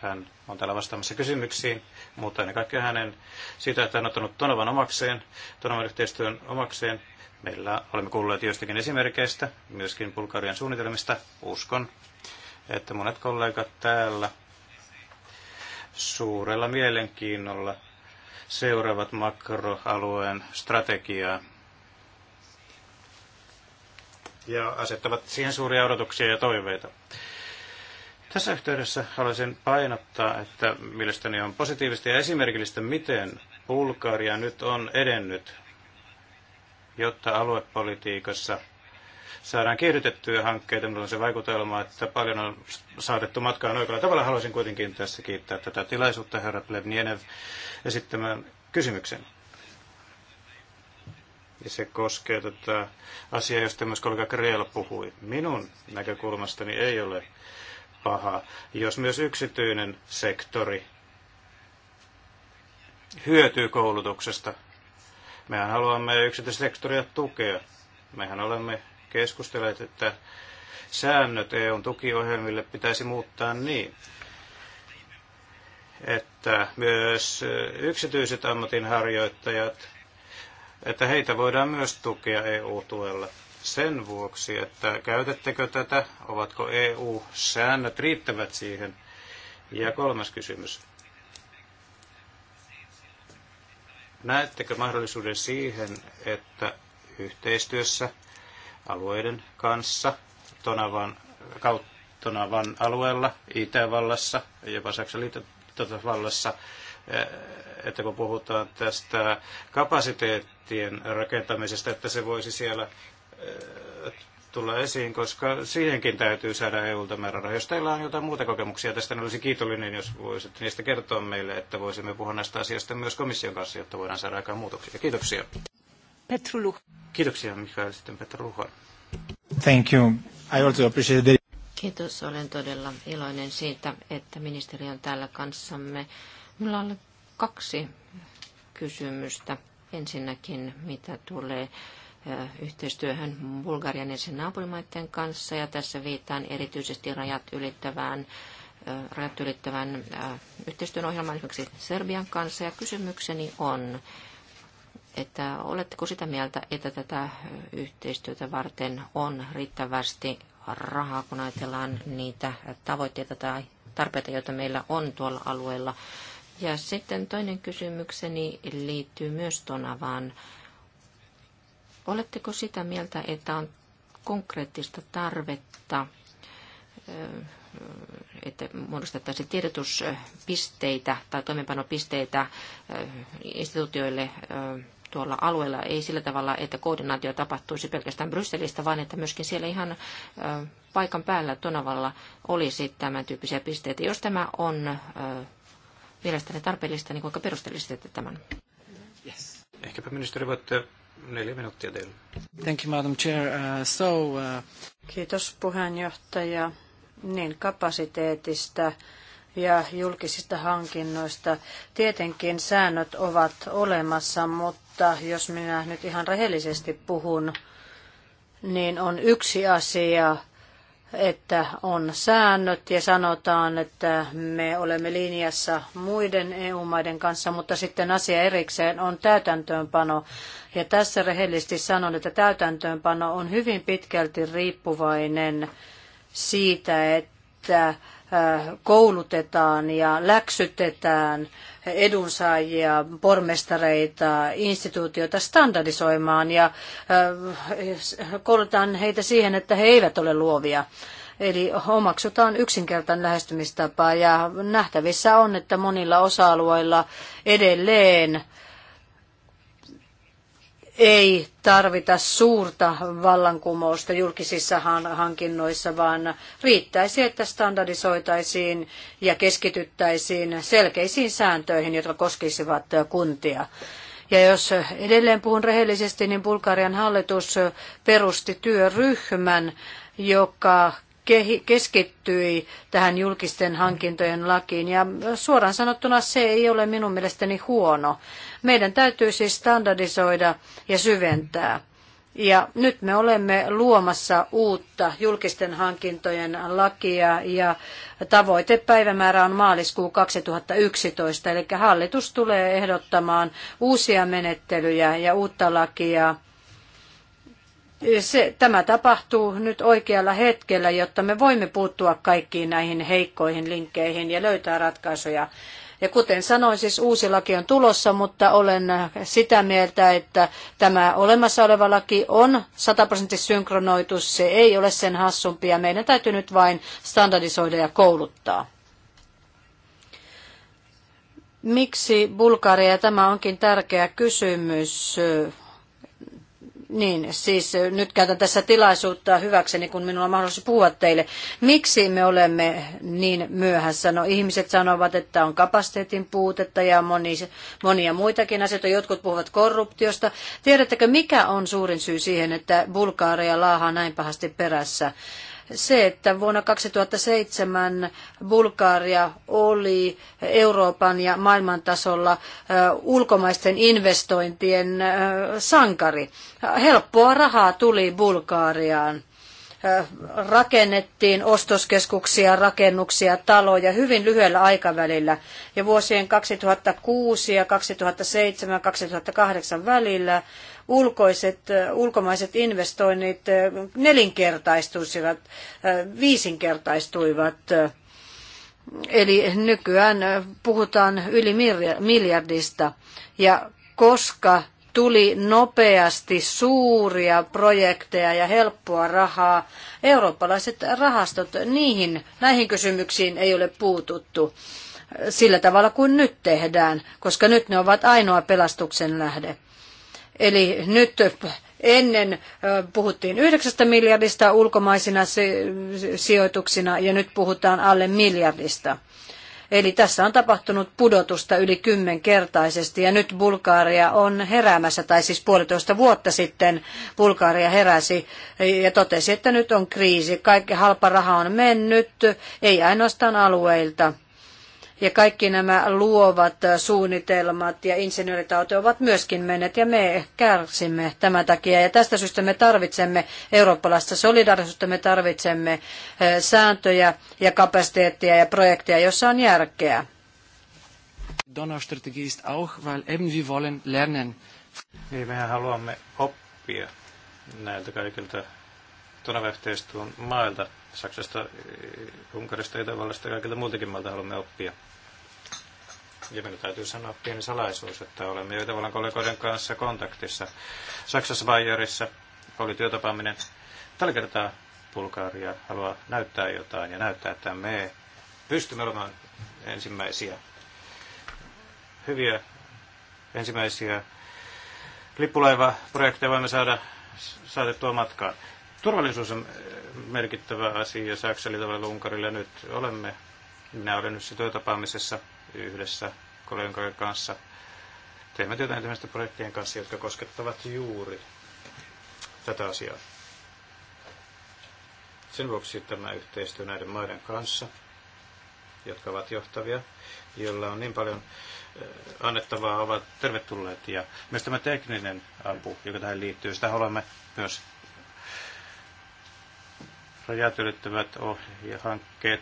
hän on täällä vastaamassa kysymyksiin, mutta ennen kaikkea hänen siitä, että hän on ottanut Tonovan omakseen, Tonovan yhteistyön omakseen. Meillä olemme kuulleet joistakin esimerkkeistä, myöskin Bulgarian suunnitelmista. Uskon, että monet kollegat täällä suurella mielenkiinnolla seuraavat makroalueen strategiaa ja asettavat siihen suuria odotuksia ja toiveita. Tässä yhteydessä haluaisin painottaa, että mielestäni on positiivista ja esimerkillistä, miten Bulgaria nyt on edennyt, jotta aluepolitiikassa saadaan kiihdytettyä hankkeita. Minulla on se vaikutelma, että paljon on saatettu matkaan oikealla tavalla. Haluaisin kuitenkin tässä kiittää tätä tilaisuutta, herra Plevnienev, esittämään kysymyksen. Ja se koskee tätä asiaa, josta myös kollega Kreel puhui. Minun näkökulmastani ei ole paha, jos myös yksityinen sektori hyötyy koulutuksesta. Mehän haluamme yksityistä sektoria tukea. Mehän olemme keskustelleet, että säännöt EUn tukiohjelmille pitäisi muuttaa niin, että myös yksityiset ammatinharjoittajat, että heitä voidaan myös tukea EU-tuella sen vuoksi, että käytettekö tätä, ovatko EU-säännöt riittävät siihen. Ja kolmas kysymys. Näettekö mahdollisuuden siihen, että yhteistyössä alueiden kanssa Tonavan, Tonavan alueella, Itävallassa, jopa Saksan liittovallassa, eh, että kun puhutaan tästä kapasiteettien rakentamisesta, että se voisi siellä Äh, tulla esiin, koska siihenkin täytyy saada EUlta määräraha. Jos teillä on jotain muuta kokemuksia tästä, niin olisin kiitollinen, jos voisitte niistä kertoa meille, että voisimme puhua näistä asioista myös komission kanssa, jotta voidaan saada aikaan muutoksia. Kiitoksia. Petru Luh. Kiitoksia, Mikael. Sitten Petru Luhan. Thank you. I also appreciate the... Kiitos. Olen todella iloinen siitä, että ministeri on täällä kanssamme. Minulla on kaksi kysymystä. Ensinnäkin, mitä tulee yhteistyöhön Bulgarian ja sen naapurimaiden kanssa. Ja tässä viittaan erityisesti rajat ylittävään rajat ylittävään yhteistyön ohjelmaan, esimerkiksi Serbian kanssa. Ja kysymykseni on, että oletteko sitä mieltä, että tätä yhteistyötä varten on riittävästi rahaa, kun ajatellaan niitä tavoitteita tai tarpeita, joita meillä on tuolla alueella. Ja sitten toinen kysymykseni liittyy myös Tonavaan. Oletteko sitä mieltä, että on konkreettista tarvetta, että muodostettaisiin tiedotuspisteitä tai toimenpanopisteitä instituutioille tuolla alueella, ei sillä tavalla, että koordinaatio tapahtuisi pelkästään Brysselistä, vaan että myöskin siellä ihan paikan päällä Tonavalla olisi tämän tyyppisiä pisteitä. Jos tämä on mielestäni tarpeellista, niin kuinka perustelisitte tämän? Yes. Ehkäpä ministeri voitte Neljä minuuttia teille. Thank you, Madam Chair. Uh, so, uh... Kiitos puheenjohtaja. Niin, kapasiteetista ja julkisista hankinnoista. Tietenkin säännöt ovat olemassa, mutta jos minä nyt ihan rehellisesti puhun, niin on yksi asia, että on säännöt ja sanotaan, että me olemme linjassa muiden EU-maiden kanssa, mutta sitten asia erikseen on täytäntöönpano. Ja tässä rehellisesti sanon, että täytäntöönpano on hyvin pitkälti riippuvainen siitä, että koulutetaan ja läksytetään edunsaajia, pormestareita, instituutioita standardisoimaan ja äh, koulutetaan heitä siihen, että he eivät ole luovia. Eli omaksutaan yksinkertainen lähestymistapa ja nähtävissä on, että monilla osa-alueilla edelleen ei tarvita suurta vallankumousta julkisissa hankinnoissa, vaan riittäisi, että standardisoitaisiin ja keskityttäisiin selkeisiin sääntöihin, jotka koskisivat kuntia. Ja jos edelleen puhun rehellisesti, niin Bulgarian hallitus perusti työryhmän, joka keskittyi tähän julkisten hankintojen lakiin ja suoraan sanottuna se ei ole minun mielestäni huono. Meidän täytyy siis standardisoida ja syventää. Ja nyt me olemme luomassa uutta julkisten hankintojen lakia ja tavoitepäivämäärä on maaliskuu 2011. Eli hallitus tulee ehdottamaan uusia menettelyjä ja uutta lakia se, tämä tapahtuu nyt oikealla hetkellä, jotta me voimme puuttua kaikkiin näihin heikkoihin linkkeihin ja löytää ratkaisuja. Ja kuten sanoin, siis uusi laki on tulossa, mutta olen sitä mieltä, että tämä olemassa oleva laki on sataprosenttisesti synkronoitu, se ei ole sen hassumpi ja meidän täytyy nyt vain standardisoida ja kouluttaa. Miksi Bulgaria, tämä onkin tärkeä kysymys, niin, siis nyt käytän tässä tilaisuutta hyväkseni, kun minulla on mahdollisuus puhua teille. Miksi me olemme niin myöhässä? No ihmiset sanovat, että on kapasiteetin puutetta ja moni, monia muitakin asioita. Jotkut puhuvat korruptiosta. Tiedättekö, mikä on suurin syy siihen, että Bulgaaria laahaa näin pahasti perässä? se, että vuonna 2007 Bulgaria oli Euroopan ja maailman tasolla ulkomaisten investointien sankari. Helppoa rahaa tuli Bulgaariaan rakennettiin ostoskeskuksia, rakennuksia, taloja hyvin lyhyellä aikavälillä. Ja vuosien 2006 ja 2007 ja 2008 välillä ulkoiset, ulkomaiset investoinnit nelinkertaistuisivat, viisinkertaistuivat. Eli nykyään puhutaan yli miljardista. Ja koska tuli nopeasti suuria projekteja ja helppoa rahaa. Eurooppalaiset rahastot, niihin, näihin kysymyksiin ei ole puututtu sillä tavalla kuin nyt tehdään, koska nyt ne ovat ainoa pelastuksen lähde. Eli nyt ennen puhuttiin 9 miljardista ulkomaisina sijoituksina ja nyt puhutaan alle miljardista. Eli tässä on tapahtunut pudotusta yli kymmenkertaisesti ja nyt Bulgaria on heräämässä, tai siis puolitoista vuotta sitten Bulgaria heräsi ja totesi, että nyt on kriisi. Kaikki halpa raha on mennyt, ei ainoastaan alueilta ja kaikki nämä luovat suunnitelmat ja insinööritauti ovat myöskin menneet ja me kärsimme tämän takia. Ja tästä syystä me tarvitsemme eurooppalaista solidarisuutta, me tarvitsemme eh, sääntöjä ja kapasiteettia ja projekteja, jossa on järkeä. Donaustrategie ist auch, weil eben wir wollen lernen. Niin, mehän haluamme oppia näiltä kaikilta Donava-yhteistyön mailta. Saksasta, Unkarista, Itävallasta ja kaikilta muutenkin maalta haluamme oppia. Ja minun täytyy sanoa pieni salaisuus, että olemme jo Itävallan kollegoiden kanssa kontaktissa. Saksassa Bayerissa oli työtapaaminen. Tällä kertaa Bulgaria haluaa näyttää jotain ja näyttää, että me pystymme olemaan ensimmäisiä hyviä ensimmäisiä lippulaivaprojekteja voimme saada saatettua matkaan. Turvallisuus on eh, merkittävä asia Saksalle tavalla Unkarille. Nyt olemme, minä olen nyt työtapaamisessa yhdessä kollegojen kanssa. Teemme työtä ensimmäisten projektien kanssa, jotka koskettavat juuri tätä asiaa. Sen vuoksi tämä yhteistyö näiden maiden kanssa, jotka ovat johtavia, joilla on niin paljon eh, annettavaa, ovat tervetulleet. Ja myös tämä tekninen apu, joka tähän liittyy, sitä olemme myös rajat ylittävät hankkeet.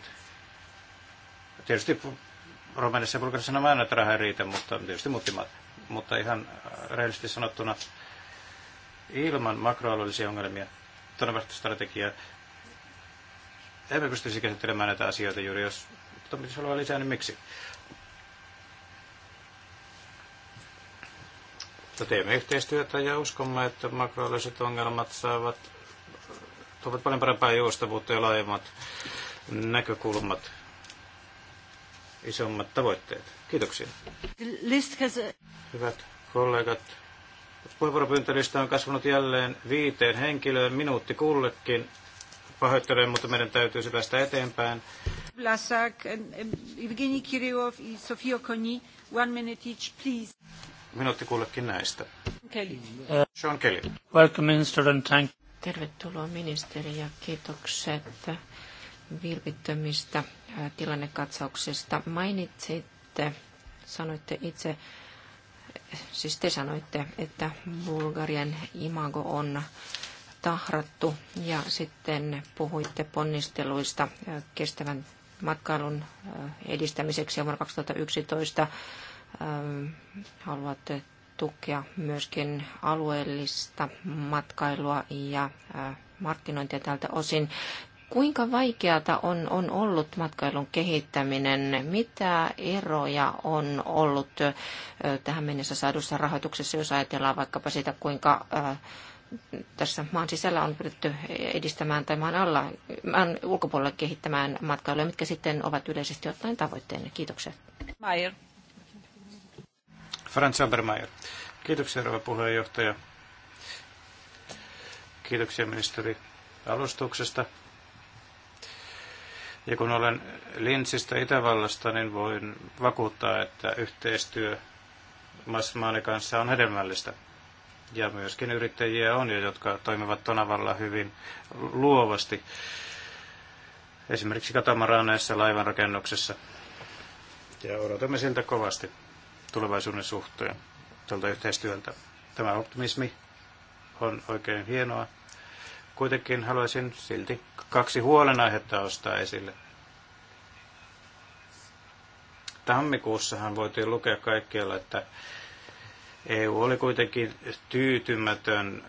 Tietysti Romanissa ja Bulgarissa nämä aina, että raha ei riitä, mutta tietysti muuttimat. Mutta ihan rehellisesti sanottuna ilman makroalueellisia ongelmia, todennäköisesti strategiaa, emme pystyisi käsittelemään näitä asioita juuri, jos pitäisi olla lisää, niin miksi? Mutta teemme yhteistyötä ja uskomme, että makroalueelliset ongelmat saavat tuovat paljon parempaa joustavuutta ja laajemmat näkökulmat, isommat tavoitteet. Kiitoksia. Hyvät kollegat, puheenvuoropyyntölistä on kasvanut jälleen viiteen henkilöön, minuutti kullekin. Pahoittelen, mutta meidän täytyy päästä eteenpäin. Blasak, Evgeni Kirillov ja Sofia Koni, one minute each, please. Minuutti kullekin näistä. Kelly. Sean Kelly. Welcome, Minister, and thank you. Tervetuloa ministeri ja kiitokset vilpittömistä tilannekatsauksista. Mainitsitte, sanoitte itse, siis te sanoitte, että Bulgarian imago on tahrattu ja sitten puhuitte ponnisteluista kestävän matkailun edistämiseksi ja vuonna 2011 haluatte tukea myöskin alueellista matkailua ja markkinointia tältä osin. Kuinka vaikeata on, on ollut matkailun kehittäminen? Mitä eroja on ollut tähän mennessä saadussa rahoituksessa, jos ajatellaan vaikkapa sitä, kuinka tässä maan sisällä on pyritty edistämään tai maan, alla, maan ulkopuolella kehittämään matkailua, mitkä sitten ovat yleisesti ottaen tavoitteena. Kiitoksia. Franz Obermeier. Kiitoksia, rouva puheenjohtaja. Kiitoksia ministeri alustuksesta. Ja kun olen Linsistä Itävallasta, niin voin vakuuttaa, että yhteistyö Masmaani kanssa on hedelmällistä. Ja myöskin yrittäjiä on jo, jotka toimivat Tonavalla hyvin luovasti. Esimerkiksi katamaraaneissa laivanrakennuksessa. Ja odotamme siltä kovasti tulevaisuuden suhteen tältä yhteistyöltä. Tämä optimismi on oikein hienoa. Kuitenkin haluaisin silti kaksi huolenaihetta ostaa esille. Tammikuussahan voitiin lukea kaikkialla, että EU oli kuitenkin tyytymätön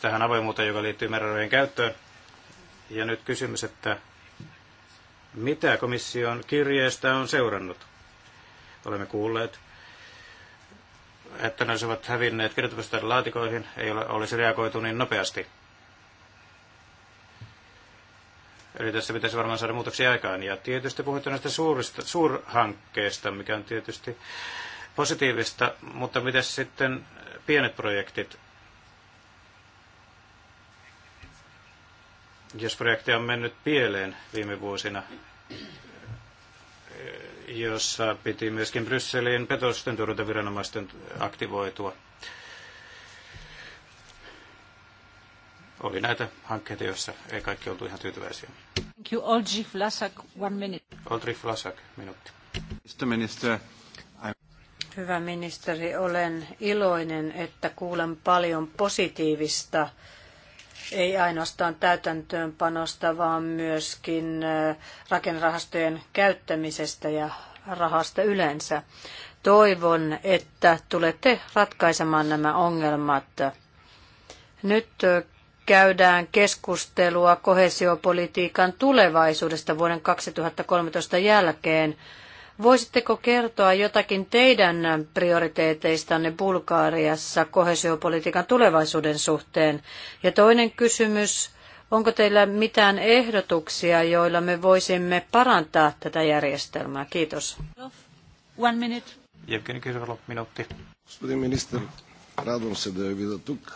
tähän avoimuuteen, joka liittyy määrärahojen käyttöön. Ja nyt kysymys, että mitä komission kirjeestä on seurannut? Olemme kuulleet että ne olisivat hävinneet kirjoitusten laatikoihin, ei ole, olisi reagoitu niin nopeasti. Eli tässä pitäisi varmaan saada muutoksia aikaan. Ja tietysti puhutte näistä suurista, suurhankkeista, mikä on tietysti positiivista, mutta miten sitten pienet projektit? Jos projekti on mennyt pieleen viime vuosina, jossa piti myöskin Brysselin petosten torjuntaviranomaisten aktivoitua. Oli näitä hankkeita, joissa ei kaikki oltu ihan tyytyväisiä. Thank you, Olgi one minute. Olgi minuutti. Mr. Minister, Hyvä ministeri, olen iloinen, että kuulen paljon positiivista ei ainoastaan täytäntöönpanosta, vaan myöskin äh, rakennerahastojen käyttämisestä ja rahasta yleensä. Toivon, että tulette ratkaisemaan nämä ongelmat. Nyt äh, käydään keskustelua kohesiopolitiikan tulevaisuudesta vuoden 2013 jälkeen. Voisitteko kertoa jotakin teidän prioriteeteistanne Bulgaariassa kohesiopolitiikan tulevaisuuden suhteen? Ja toinen kysymys, onko teillä mitään ehdotuksia, joilla me voisimme parantaa tätä järjestelmää? Kiitos. One minute. Евгений Кирилов, минути. Господин министр, радвам се да я видя тук.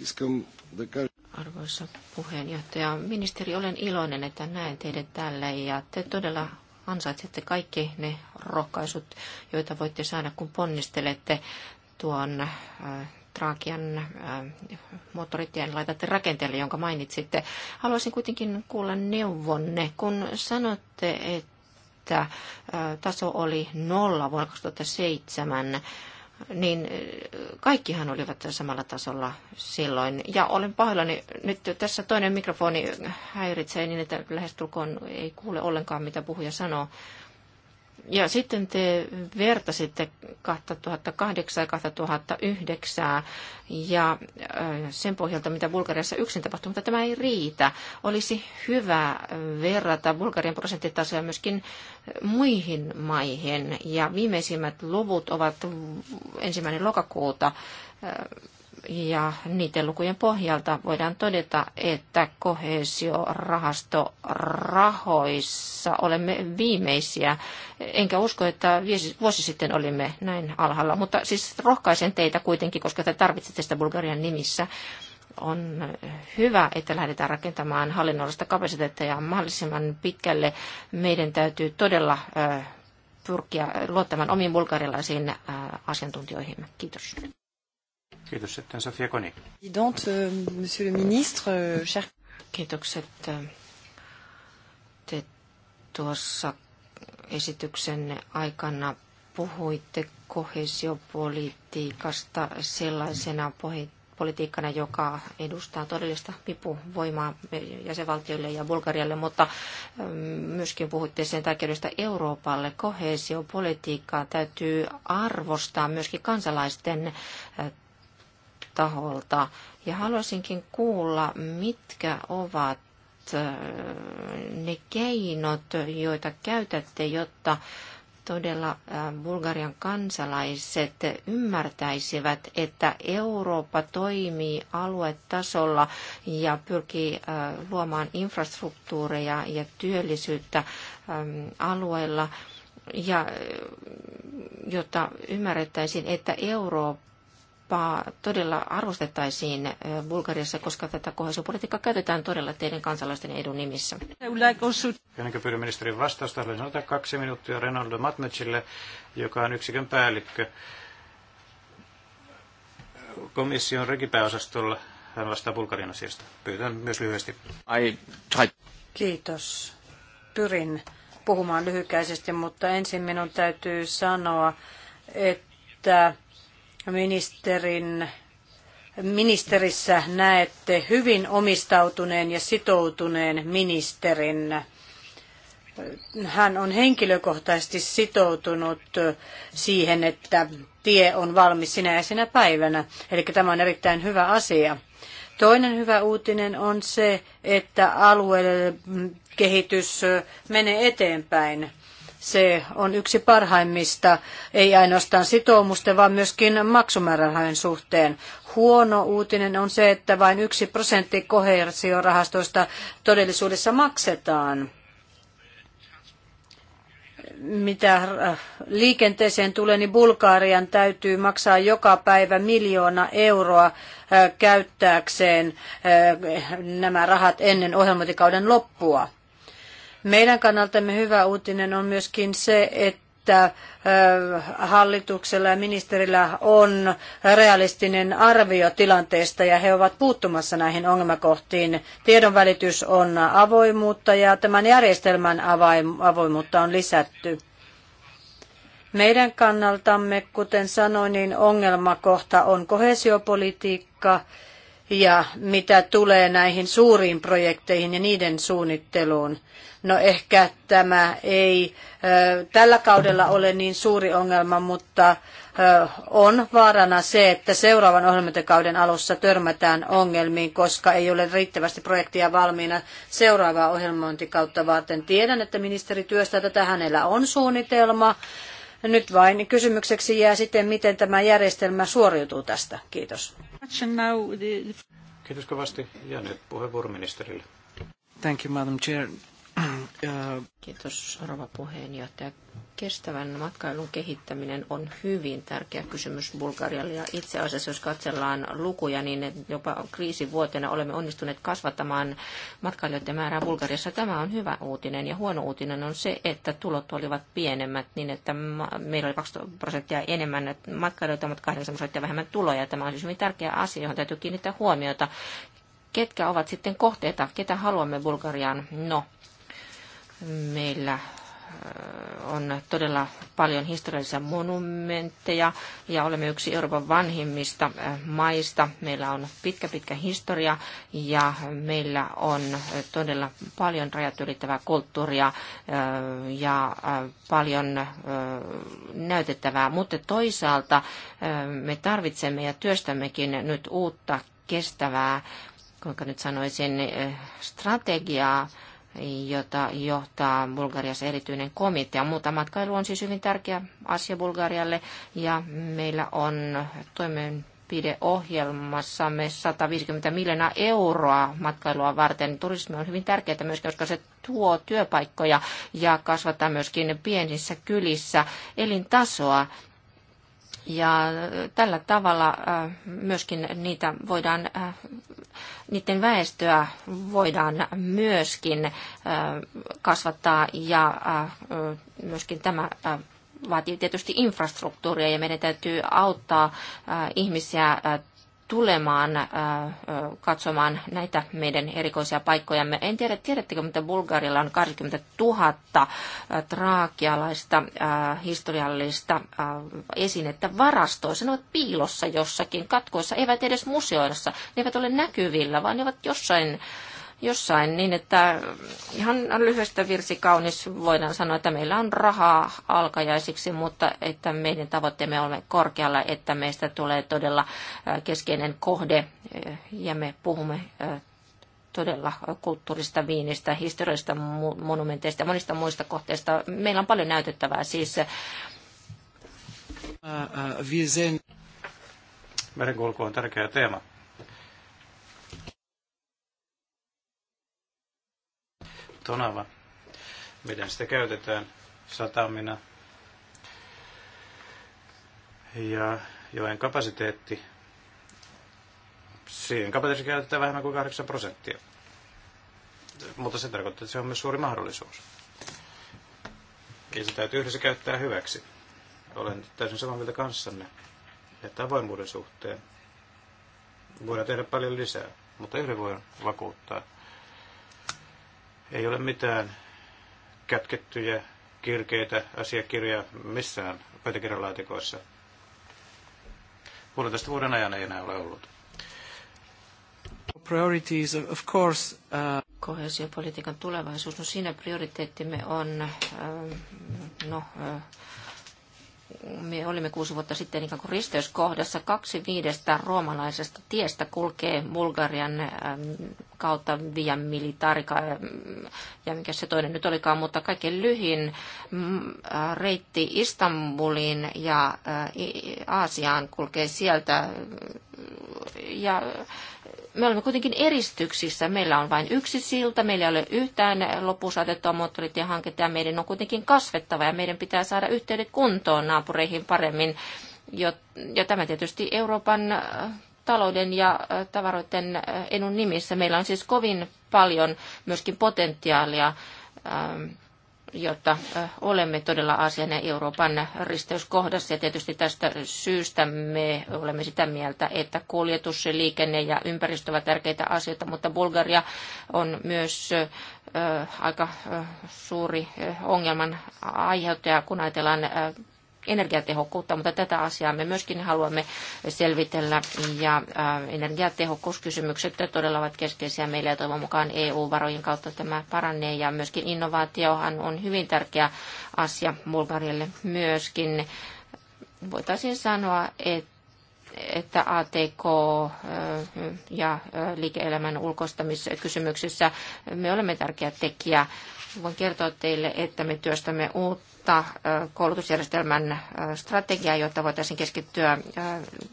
Искам да кажа... Arvoisa puheenjohtaja, ministeri, olen iloinen, että näen teidät tällä ja te todella ansaitsette kaikki ne rohkaisut, joita voitte saada, kun ponnistelette tuon äh, Traakian äh, moottoritien laitatte rakenteelle, jonka mainitsitte. Haluaisin kuitenkin kuulla neuvonne, kun sanotte, että äh, taso oli nolla vuonna 2007 niin kaikkihan olivat samalla tasolla silloin. Ja olen pahoillani, nyt tässä toinen mikrofoni häiritsee niin, että lähestulkoon ei kuule ollenkaan, mitä puhuja sanoo. Ja sitten te vertasitte 2008 ja 2009 ja sen pohjalta, mitä Bulgariassa yksin tapahtui, mutta tämä ei riitä. Olisi hyvä verrata Bulgarian prosenttitasoja myöskin muihin maihin. Ja viimeisimmät luvut ovat ensimmäinen lokakuuta ja niiden lukujen pohjalta voidaan todeta, että kohesiorahastorahoissa olemme viimeisiä. Enkä usko, että vuosi sitten olimme näin alhaalla, mutta siis rohkaisen teitä kuitenkin, koska te tarvitsette sitä Bulgarian nimissä on hyvä, että lähdetään rakentamaan hallinnollista kapasiteettia mahdollisimman pitkälle. Meidän täytyy todella pyrkiä luottamaan omiin bulgarilaisiin asiantuntijoihin. Kiitos. Kiitos sitten Sofia Koni. Euh, monsieur le ministre, euh, cher... Kiitokset. Äh, te tuossa esityksen aikana puhuitte kohesiopolitiikasta sellaisena politiikkana, joka edustaa todellista vipuvoimaa jäsenvaltioille ja Bulgarialle, mutta ähm, myöskin puhuitte sen tärkeydestä Euroopalle. Kohesiopolitiikkaa täytyy arvostaa myöskin kansalaisten äh, taholta. Ja haluaisinkin kuulla, mitkä ovat ne keinot, joita käytätte, jotta todella Bulgarian kansalaiset ymmärtäisivät, että Eurooppa toimii aluetasolla ja pyrkii luomaan infrastruktuureja ja työllisyyttä alueella ja jotta ymmärrettäisiin, että Eurooppa Eurooppaa todella arvostettaisiin Bulgariassa, koska tätä kohesiopolitiikkaa käytetään todella teidän kansalaisten edun nimissä. Ennen kuin pyydän ministerin vastausta, haluaisin ottaa kaksi minuuttia Renaldo Matmecille, joka on yksikön päällikkö komission regipääosastolla. Hän vastaa Bulgarian asiasta. Pyytän myös lyhyesti. I try. Kiitos. Pyrin puhumaan lyhykäisesti, mutta ensin minun täytyy sanoa, että ministerin, ministerissä näette hyvin omistautuneen ja sitoutuneen ministerin. Hän on henkilökohtaisesti sitoutunut siihen, että tie on valmis sinä ja sinä päivänä. Eli tämä on erittäin hyvä asia. Toinen hyvä uutinen on se, että alueellinen kehitys menee eteenpäin. Se on yksi parhaimmista, ei ainoastaan sitoumusten, vaan myöskin maksumäärärahojen suhteen. Huono uutinen on se, että vain yksi prosentti kohesiorahastoista todellisuudessa maksetaan mitä liikenteeseen tulee, niin Bulgarian täytyy maksaa joka päivä miljoona euroa äh, käyttääkseen äh, nämä rahat ennen ohjelmointikauden loppua. Meidän kannaltamme hyvä uutinen on myöskin se, että hallituksella ja ministerillä on realistinen arvio tilanteesta ja he ovat puuttumassa näihin ongelmakohtiin. Tiedonvälitys on avoimuutta ja tämän järjestelmän avoimuutta on lisätty. Meidän kannaltamme, kuten sanoin, niin ongelmakohta on kohesiopolitiikka ja mitä tulee näihin suuriin projekteihin ja niiden suunnitteluun, no ehkä tämä ei tällä kaudella ole niin suuri ongelma, mutta on vaarana se, että seuraavan ohjelmatekauden alussa törmätään ongelmiin, koska ei ole riittävästi projektia valmiina seuraavaa ohjelmointikautta varten. Tiedän, että ministeri työstää tätä, hänellä on suunnitelma. Nyt vain kysymykseksi jää sitten, miten tämä järjestelmä suoriutuu tästä. Kiitos much. And now the... Kiitos kovasti ja nyt puheenvuoro ministerille. Thank you, Madam Chair. Kiitos rouva puheenjohtaja. Kestävän matkailun kehittäminen on hyvin tärkeä kysymys Bulgarialle ja itse asiassa jos katsellaan lukuja, niin jopa kriisivuotena olemme onnistuneet kasvattamaan matkailijoiden määrää Bulgariassa. Tämä on hyvä uutinen ja huono uutinen on se, että tulot olivat pienemmät niin, että meillä oli 20 prosenttia enemmän matkailijoita, mutta 8 prosenttia vähemmän tuloja. Tämä on siis hyvin tärkeä asia, johon täytyy kiinnittää huomiota ketkä ovat sitten kohteita, ketä haluamme Bulgariaan. No, Meillä äh, on todella paljon historiallisia monumentteja ja olemme yksi Euroopan vanhimmista äh, maista. Meillä on pitkä pitkä historia ja meillä on äh, todella paljon rajat ylittävää kulttuuria ja paljon näytettävää, mutta toisaalta me tarvitsemme ja työstämmekin nyt uutta kestävää, kuinka nyt sanoisin, strategiaa, jota johtaa Bulgariassa erityinen komitea. Muuta matkailu on siis hyvin tärkeä asia Bulgarialle ja meillä on toimeen pideohjelmassamme 150 miljoonaa euroa matkailua varten. Turismi on hyvin tärkeää myöskin, koska se tuo työpaikkoja ja kasvattaa myöskin pienissä kylissä elintasoa ja äh, tällä tavalla äh, myöskin niitä voidaan, äh, niiden väestöä voidaan myöskin kasvattaa ja myöskin tämä vaatii tietysti infrastruktuuria ja meidän täytyy auttaa ihmisiä tulemaan äh, äh, katsomaan näitä meidän erikoisia paikkojamme. En tiedä, tiedättekö, mitä Bulgarilla on 20 000 traakialaista äh, historiallista äh, esinettä varastoissa. Ne ovat piilossa jossakin, katkoissa, eivät edes museoissa. Ne eivät ole näkyvillä, vaan ne ovat jossain äh, jossain niin, että ihan lyhyestä virsi kaunis voidaan sanoa, että meillä on rahaa alkajaisiksi, mutta että meidän tavoitteemme on korkealla, että meistä tulee todella keskeinen kohde ja me puhumme todella kulttuurista, viinistä, historiallisista monumenteista ja monista muista kohteista. Meillä on paljon näytettävää siis. Merenkulku on tärkeä teema tonava, miten sitä käytetään satamina. Ja joen kapasiteetti, siihen kapasiteetti käytetään vähemmän kuin 8 prosenttia. Mutta se tarkoittaa, että se on myös suuri mahdollisuus. Ja se täytyy yhdessä käyttää hyväksi. Olen täysin samaa mieltä kanssanne, että avoimuuden suhteen voidaan tehdä paljon lisää, mutta yhden voin vakuuttaa – ei ole mitään kätkettyjä kirkeitä asiakirjoja missään pöytäkirjalaatikoissa. Puolentoista vuoden ajan ei enää ole ollut. Priorities, of course, uh... Kohesiopolitiikan tulevaisuus, no siinä prioriteettimme on, uh, no, uh, me olimme kuusi vuotta sitten ikään kuin risteyskohdassa. Kaksi viidestä roomalaisesta tiestä kulkee Bulgarian ähm, kautta Via Militarika ähm, ja mikä se toinen nyt olikaan, mutta kaikkein lyhin mm, äh, reitti Istanbuliin ja äh, Aasiaan kulkee sieltä. Ja me olemme kuitenkin eristyksissä. Meillä on vain yksi silta, meillä ei ole yhtään moottoritien hanketta ja meidän on kuitenkin kasvettava ja meidän pitää saada yhteydet kuntoon naapureihin paremmin. Ja tämä tietysti Euroopan äh, talouden ja äh, tavaroiden äh, enun nimissä. Meillä on siis kovin paljon myöskin potentiaalia ähm, jotta olemme todella Aasian ja Euroopan risteyskohdassa. Ja tietysti tästä syystä me olemme sitä mieltä, että kuljetus, liikenne ja ympäristö ovat tärkeitä asioita, mutta Bulgaria on myös aika suuri ongelman aiheuttaja, kun ajatellaan energiatehokkuutta, mutta tätä asiaa me myöskin haluamme selvitellä ja energiatehokkuuskysymykset todella ovat keskeisiä meillä ja toivon mukaan EU-varojen kautta tämä paranee ja myöskin innovaatiohan on hyvin tärkeä asia Bulgarialle myöskin. Voitaisiin sanoa, että että ATK ja liike-elämän ulkoistamiskysymyksissä me olemme tärkeä tekijä Voin kertoa teille, että me työstämme uutta koulutusjärjestelmän strategiaa, jotta voitaisiin keskittyä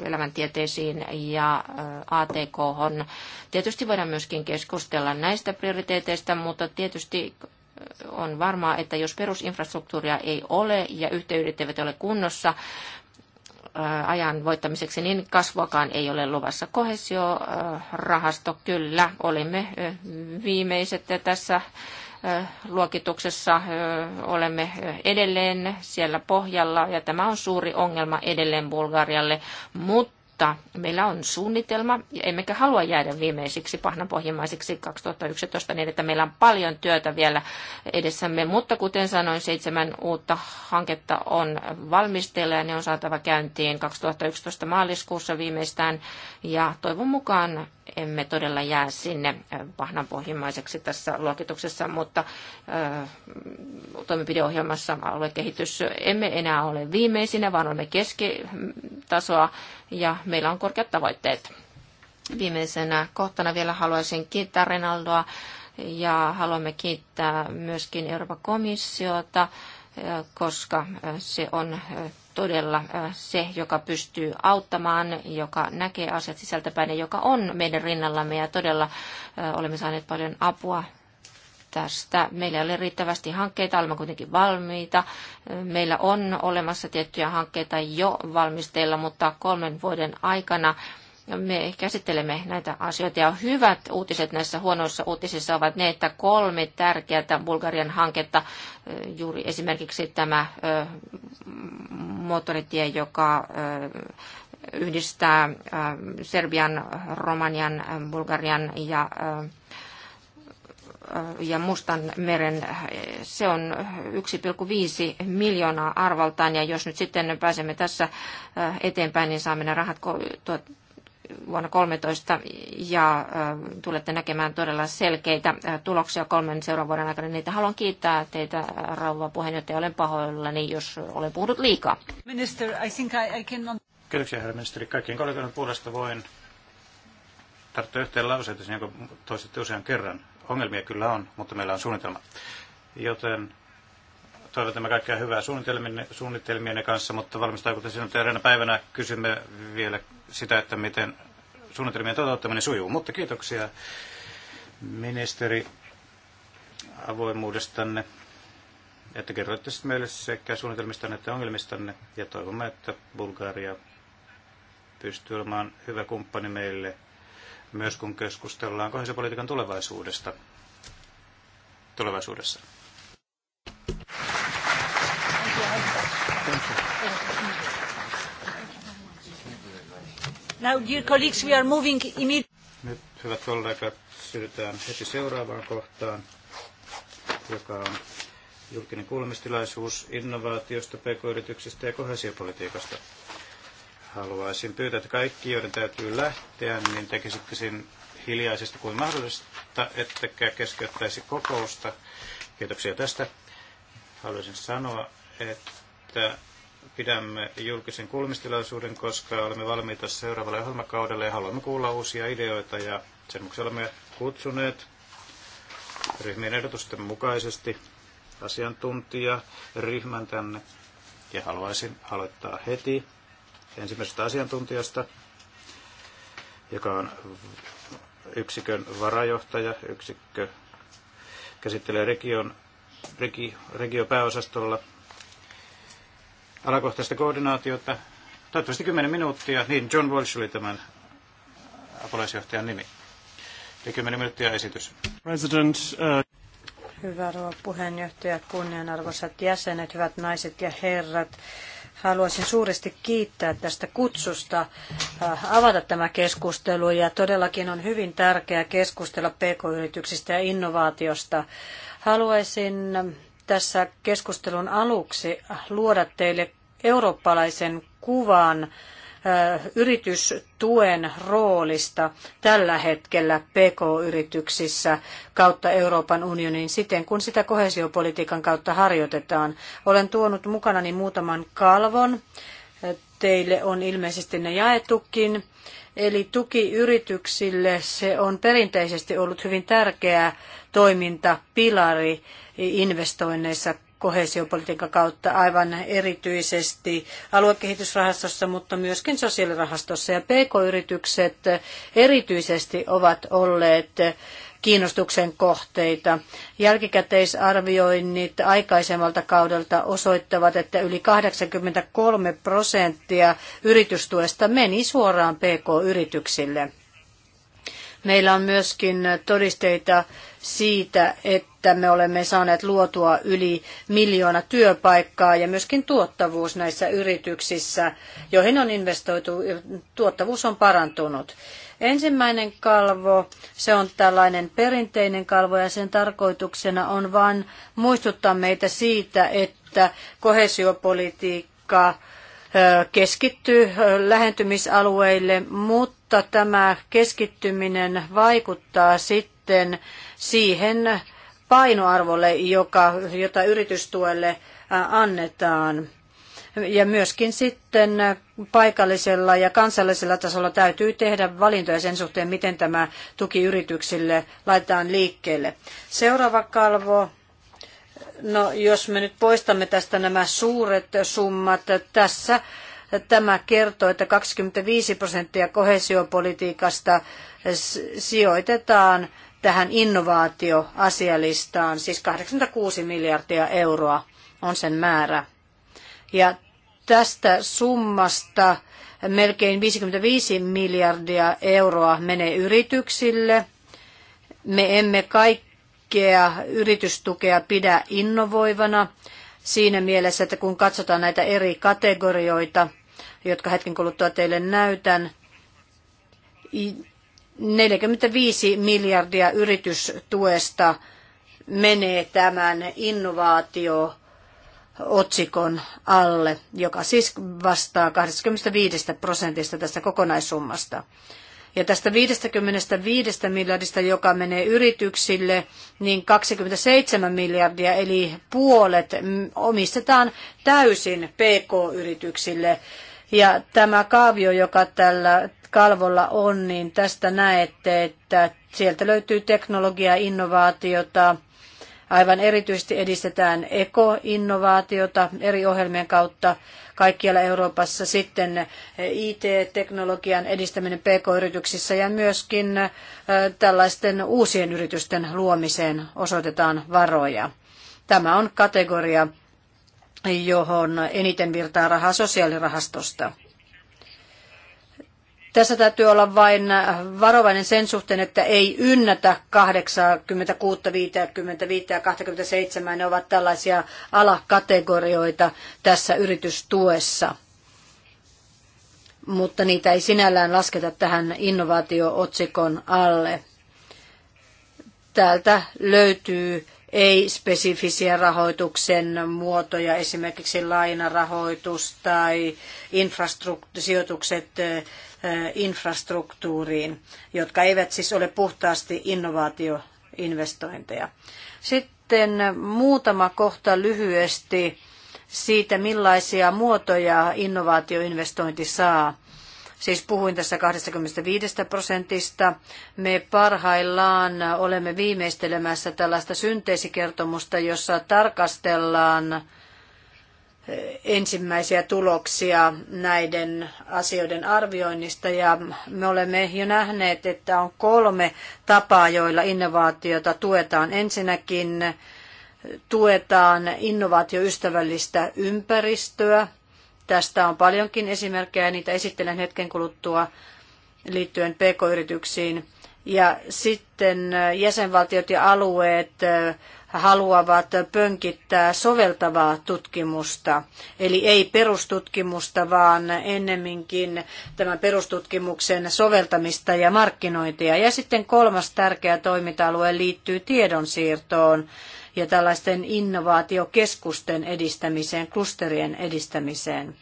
elämäntieteisiin ja ATK. -hon. Tietysti voidaan myöskin keskustella näistä prioriteeteista, mutta tietysti on varmaa, että jos perusinfrastruktuuria ei ole ja yhteydet eivät ole kunnossa, ajan voittamiseksi, niin kasvuakaan ei ole luvassa. Kohesiorahasto, kyllä, olimme viimeiset tässä luokituksessa olemme edelleen siellä pohjalla ja tämä on suuri ongelma edelleen Bulgarialle, mutta meillä on suunnitelma, ja emmekä halua jäädä viimeisiksi pahnanpohjimmaisiksi 2011, niin että meillä on paljon työtä vielä edessämme, mutta kuten sanoin, seitsemän uutta hanketta on valmisteilla, ja ne on saatava käyntiin 2011 maaliskuussa viimeistään, ja toivon mukaan emme todella jää sinne pahnanpohjimmaiseksi äh, tässä luokituksessa, mutta äh, toimenpideohjelmassa aluekehitys emme enää ole viimeisinä, vaan olemme keskitasoa ja meillä on korkeat tavoitteet. Viimeisenä kohtana vielä haluaisin kiittää Renaldoa ja haluamme kiittää myöskin Euroopan komissiota, äh, koska se on todella se, joka pystyy auttamaan, joka näkee asiat sisältäpäin ja joka on meidän rinnallamme ja todella olemme saaneet paljon apua tästä. Meillä ei ole riittävästi hankkeita, olemme kuitenkin valmiita. Meillä on olemassa tiettyjä hankkeita jo valmisteilla, mutta kolmen vuoden aikana me käsittelemme näitä asioita. Ja hyvät uutiset näissä huonoissa uutisissa ovat ne, että kolme tärkeää Bulgarian hanketta, juuri esimerkiksi tämä moottoritie, joka yhdistää Serbian, Romanian, Bulgarian ja ja Mustan meren, se on 1,5 miljoonaa arvaltaan, ja jos nyt sitten pääsemme tässä eteenpäin, niin saamme ne rahat vuonna 2013 ja tulette näkemään todella selkeitä tuloksia kolmen seuraavan vuoden aikana. Niitä haluan kiittää teitä, rauva puheenjohtaja. Olen pahoillani, jos olen puhunut liikaa. Minister, I think I, I can... Kiitoksia, herra ministeri. Kaikkien kollegoiden puolesta voin tarttua yhteen niin kuin toistatte usean kerran. Ongelmia kyllä on, mutta meillä on suunnitelma. Joten toivotamme kaikkea hyvää suunnitelmien, suunnitelmien kanssa, mutta valmistaudutte sinut eräänä päivänä kysymme vielä sitä, että miten suunnitelmien toteuttaminen sujuu. Mutta kiitoksia ministeri avoimuudestanne, että kerroitte meille sekä suunnitelmistanne että ongelmistanne ja toivomme, että Bulgaria pystyy olemaan hyvä kumppani meille myös kun keskustellaan kohdallisen tulevaisuudesta tulevaisuudessa. Thank you. Thank you. Now, dear colleagues, we are moving Nyt, hyvät kollegat, siirrytään heti seuraavaan kohtaan, joka on julkinen kuulemistilaisuus innovaatiosta, pk-yrityksistä ja kohesiopolitiikasta. Haluaisin pyytää, että kaikki, joiden täytyy lähteä, niin tekisitte sen hiljaisesti kuin mahdollista, ettekä keskeyttäisi kokousta. Kiitoksia tästä. Haluaisin sanoa, että pidämme julkisen kuulemistilaisuuden, koska olemme valmiita seuraavalle ohjelmakaudelle ja haluamme kuulla uusia ideoita ja sen vuoksi olemme kutsuneet ryhmien ehdotusten mukaisesti asiantuntijaryhmän tänne ja haluaisin aloittaa heti ensimmäisestä asiantuntijasta, joka on yksikön varajohtaja, yksikkö käsittelee region, regi, pääosastolla alakohtaista koordinaatiota. Toivottavasti 10 minuuttia, niin John Walsh oli tämän apulaisjohtajan nimi. Eli 10 minuuttia esitys. President, uh... Hyvä rouva puheenjohtaja, kunnianarvoisat jäsenet, hyvät naiset ja herrat. Haluaisin suuresti kiittää tästä kutsusta uh, avata tämä keskustelu ja todellakin on hyvin tärkeää keskustella pk-yrityksistä ja innovaatiosta. Haluaisin tässä keskustelun aluksi luoda teille eurooppalaisen kuvan yritystuen roolista tällä hetkellä PK-yrityksissä kautta Euroopan unionin siten, kun sitä kohesiopolitiikan kautta harjoitetaan. Olen tuonut mukanani muutaman kalvon. Teille on ilmeisesti ne jaetukin. Eli tuki yrityksille, se on perinteisesti ollut hyvin tärkeä toimintapilari investoinneissa koheesiopolitiikan kautta aivan erityisesti aluekehitysrahastossa, mutta myöskin sosiaalirahastossa. Ja PK-yritykset erityisesti ovat olleet kiinnostuksen kohteita. Jälkikäteisarvioinnit aikaisemmalta kaudelta osoittavat, että yli 83 prosenttia yritystuesta meni suoraan PK-yrityksille. Meillä on myöskin todisteita siitä, että me olemme saaneet luotua yli miljoona työpaikkaa ja myöskin tuottavuus näissä yrityksissä, joihin on investoitu, tuottavuus on parantunut. Ensimmäinen kalvo, se on tällainen perinteinen kalvo ja sen tarkoituksena on vain muistuttaa meitä siitä, että kohesiopolitiikka keskittyy lähentymisalueille, mutta tämä keskittyminen vaikuttaa sitten sitten siihen painoarvolle, joka, jota yritystuelle annetaan. Ja myöskin sitten paikallisella ja kansallisella tasolla täytyy tehdä valintoja sen suhteen, miten tämä tuki yrityksille laitetaan liikkeelle. Seuraava kalvo. No, jos me nyt poistamme tästä nämä suuret summat tässä, tämä kertoo, että 25 prosenttia kohesiopolitiikasta sijoitetaan tähän innovaatioasialistaan, siis 86 miljardia euroa on sen määrä. Ja tästä summasta melkein 55 miljardia euroa menee yrityksille. Me emme kaikkea yritystukea pidä innovoivana siinä mielessä, että kun katsotaan näitä eri kategorioita, jotka hetken kuluttua teille näytän, 45 miljardia yritystuesta menee tämän innovaatio otsikon alle, joka siis vastaa 25 prosentista tästä kokonaissummasta. Ja tästä 55 miljardista, joka menee yrityksille, niin 27 miljardia eli puolet omistetaan täysin PK-yrityksille. Ja tämä kaavio, joka tällä kalvolla on, niin tästä näette, että sieltä löytyy teknologiaa, innovaatiota, Aivan erityisesti edistetään ekoinnovaatiota eri ohjelmien kautta kaikkialla Euroopassa. Sitten IT-teknologian edistäminen PK-yrityksissä ja myöskin tällaisten uusien yritysten luomiseen osoitetaan varoja. Tämä on kategoria, johon eniten virtaa rahaa sosiaalirahastosta. Tässä täytyy olla vain varovainen sen suhteen, että ei ynnätä 86, 55 ja 27. Ne ovat tällaisia alakategorioita tässä yritystuessa. Mutta niitä ei sinällään lasketa tähän innovaatio-otsikon alle. Täältä löytyy ei-spesifisiä rahoituksen muotoja, esimerkiksi lainarahoitus tai infrastruktuurisijoitukset infrastruktuuriin, jotka eivät siis ole puhtaasti innovaatioinvestointeja. Sitten muutama kohta lyhyesti siitä, millaisia muotoja innovaatioinvestointi saa. Siis puhuin tässä 25 prosentista. Me parhaillaan olemme viimeistelemässä tällaista synteesikertomusta, jossa tarkastellaan ensimmäisiä tuloksia näiden asioiden arvioinnista ja me olemme jo nähneet, että on kolme tapaa, joilla innovaatiota tuetaan. Ensinnäkin tuetaan innovaatioystävällistä ympäristöä. Tästä on paljonkin esimerkkejä ja niitä esittelen hetken kuluttua liittyen pk-yrityksiin. Ja sitten jäsenvaltiot ja alueet haluavat pönkittää soveltavaa tutkimusta. Eli ei perustutkimusta, vaan ennemminkin tämän perustutkimuksen soveltamista ja markkinointia. Ja sitten kolmas tärkeä toiminta-alue liittyy tiedonsiirtoon ja tällaisten innovaatiokeskusten edistämiseen, klusterien edistämiseen.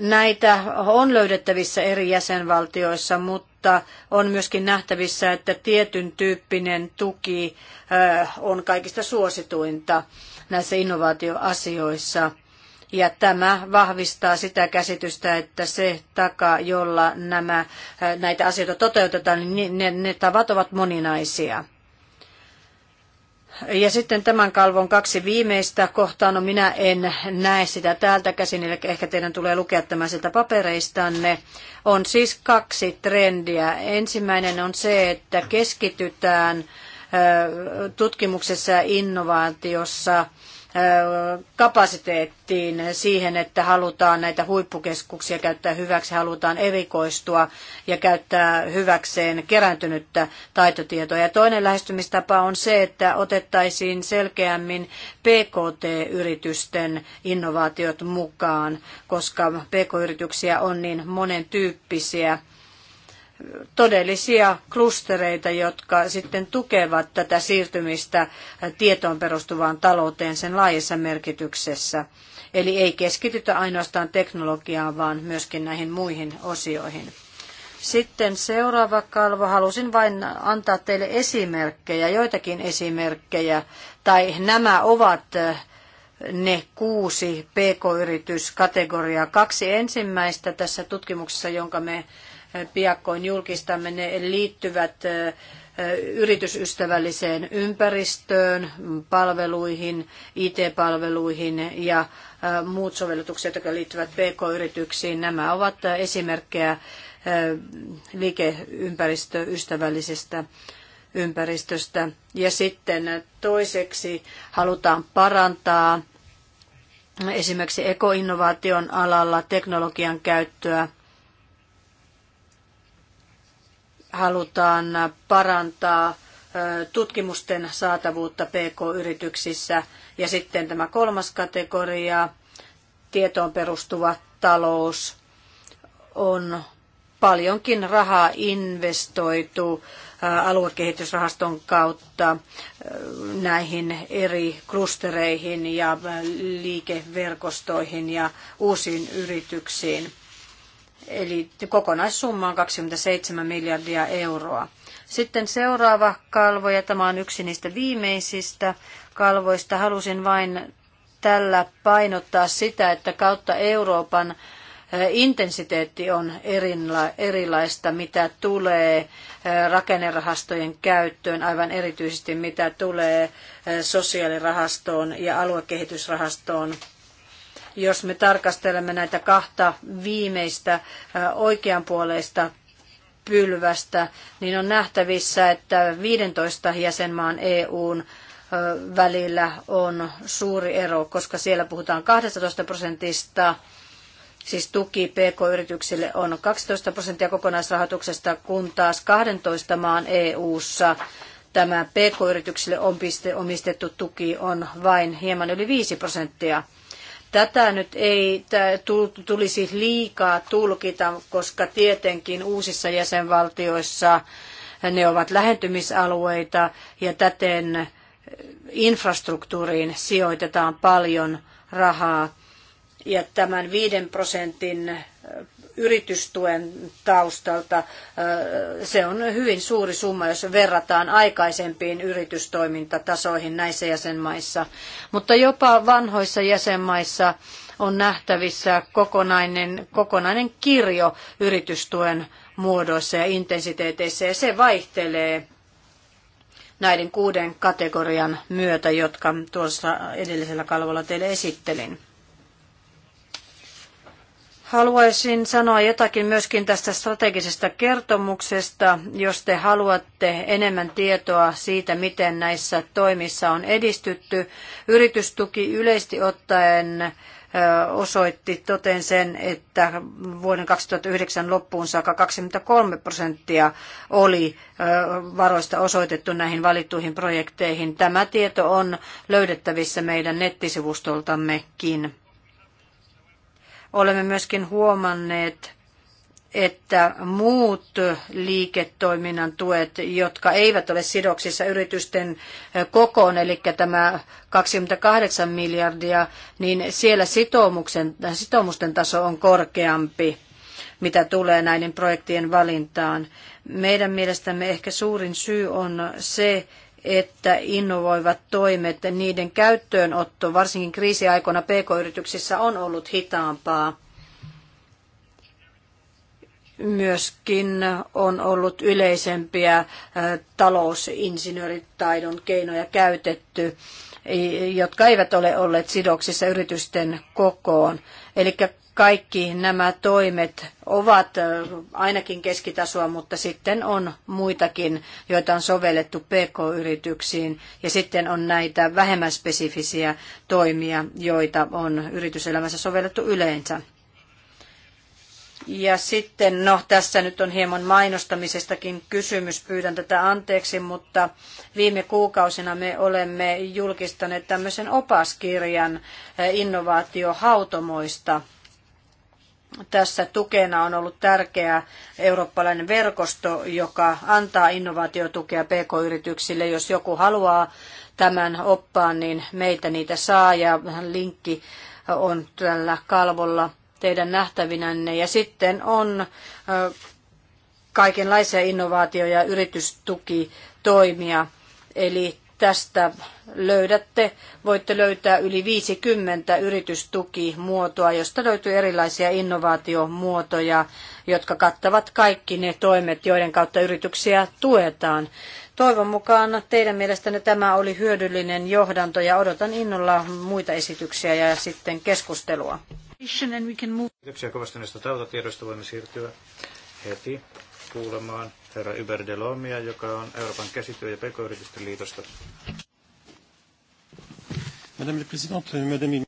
Näitä on löydettävissä eri jäsenvaltioissa, mutta mutta on myöskin nähtävissä, että tietyn tyyppinen tuki on kaikista suosituinta näissä innovaatioasioissa. Ja tämä vahvistaa sitä käsitystä, että se taka, jolla nämä, näitä asioita toteutetaan, niin ne, ne tavat ovat moninaisia. Ja sitten tämän kalvon kaksi viimeistä kohtaa, no minä en näe sitä täältä käsin, eli ehkä teidän tulee lukea tämä sieltä papereistanne. On siis kaksi trendiä. Ensimmäinen on se, että keskitytään tutkimuksessa ja innovaatiossa kapasiteettiin siihen, että halutaan näitä huippukeskuksia käyttää hyväksi, halutaan erikoistua ja käyttää hyväkseen kerääntynyttä taitotietoa. Ja toinen lähestymistapa on se, että otettaisiin selkeämmin PKT-yritysten innovaatiot mukaan, koska PK-yrityksiä on niin monen tyyppisiä todellisia klustereita, jotka sitten tukevat tätä siirtymistä tietoon perustuvaan talouteen sen laajassa merkityksessä. Eli ei keskitytä ainoastaan teknologiaan, vaan myöskin näihin muihin osioihin. Sitten seuraava kalvo. Halusin vain antaa teille esimerkkejä, joitakin esimerkkejä, tai nämä ovat eh, ne kuusi pk-yrityskategoriaa. Kaksi ensimmäistä tässä tutkimuksessa, jonka me piakkoin julkistamme. Ne liittyvät yritysystävälliseen ympäristöön, palveluihin, IT-palveluihin ja muut sovellutukset, jotka liittyvät PK-yrityksiin. Nämä ovat esimerkkejä liikeympäristöystävällisestä ympäristöstä. Ja sitten toiseksi halutaan parantaa esimerkiksi ekoinnovaation alalla teknologian käyttöä halutaan parantaa tutkimusten saatavuutta PK-yrityksissä. Ja sitten tämä kolmas kategoria, tietoon perustuva talous, on paljonkin rahaa investoitu aluekehitysrahaston kautta näihin eri klustereihin ja liikeverkostoihin ja uusiin yrityksiin. Eli kokonaissumma on 27 miljardia euroa. Sitten seuraava kalvo, ja tämä on yksi niistä viimeisistä kalvoista. Halusin vain tällä painottaa sitä, että kautta Euroopan eh, intensiteetti on erilaista, mitä tulee eh, rakennerahastojen käyttöön, aivan erityisesti mitä tulee eh, sosiaalirahastoon ja aluekehitysrahastoon jos me tarkastelemme näitä kahta viimeistä oikeanpuoleista pylvästä, niin on nähtävissä, että 15 jäsenmaan EUn välillä on suuri ero, koska siellä puhutaan 12 prosentista, siis tuki PK-yrityksille on 12 prosenttia kokonaisrahoituksesta, kun taas 12 maan EU:ssa tämä PK-yrityksille omistettu tuki on vain hieman yli 5 prosenttia. Tätä nyt ei tulisi liikaa tulkita, koska tietenkin uusissa jäsenvaltioissa ne ovat lähentymisalueita ja täten eh, infrastruktuuriin sijoitetaan paljon rahaa. Ja tämän 5 prosentin eh, yritystuen taustalta. Se on hyvin suuri summa, jos verrataan aikaisempiin yritystoimintatasoihin näissä jäsenmaissa. Mutta jopa vanhoissa jäsenmaissa on nähtävissä kokonainen, kokonainen kirjo yritystuen muodoissa ja intensiteeteissä, ja se vaihtelee näiden kuuden kategorian myötä, jotka tuossa edellisellä kalvolla teille esittelin. Haluaisin sanoa jotakin myöskin tästä strategisesta kertomuksesta, jos te haluatte enemmän tietoa siitä, miten näissä toimissa on edistytty. Yritystuki yleisesti ottaen osoitti toten sen, että vuoden 2009 loppuun saakka 23 prosenttia oli varoista osoitettu näihin valittuihin projekteihin. Tämä tieto on löydettävissä meidän nettisivustoltammekin. Olemme myöskin huomanneet, että muut liiketoiminnan tuet, jotka eivät ole sidoksissa yritysten kokoon, eli tämä 28 miljardia, niin siellä sitoumuksen, sitoumusten taso on korkeampi, mitä tulee näiden projektien valintaan. Meidän mielestämme ehkä suurin syy on se, että innovoivat toimet, niiden käyttöönotto, varsinkin kriisiaikoina pk-yrityksissä, on ollut hitaampaa. Myöskin on ollut yleisempiä talousinsinööritaidon keinoja käytetty jotka eivät ole olleet sidoksissa yritysten kokoon. Eli kaikki nämä toimet ovat ainakin keskitasoa, mutta sitten on muitakin, joita on sovellettu PK-yrityksiin. Ja sitten on näitä vähemmän spesifisiä toimia, joita on yrityselämässä sovellettu yleensä. Ja sitten, no tässä nyt on hieman mainostamisestakin kysymys, pyydän tätä anteeksi, mutta viime kuukausina me olemme julkistaneet tämmöisen opaskirjan eh, innovaatiohautomoista. Tässä tukena on ollut tärkeä eurooppalainen verkosto, joka antaa innovaatiotukea pk-yrityksille. Jos joku haluaa tämän oppaan, niin meitä niitä saa ja linkki on tällä kalvolla teidän nähtävinänne. Ja sitten on kaikenlaisia innovaatio- ja yritystukitoimia. Eli tästä löydätte, voitte löytää yli 50 yritystukimuotoa, josta löytyy erilaisia innovaatiomuotoja, jotka kattavat kaikki ne toimet, joiden kautta yrityksiä tuetaan. Toivon mukaan teidän mielestänne tämä oli hyödyllinen johdanto ja odotan innolla muita esityksiä ja sitten keskustelua. Kiitoksia kovasti näistä tautatiedoista. Voimme siirtyä heti kuulemaan herra Yber Delomia, joka on Euroopan käsityö- ja pk-yritysten liitosta. Madame la Présidente, Madame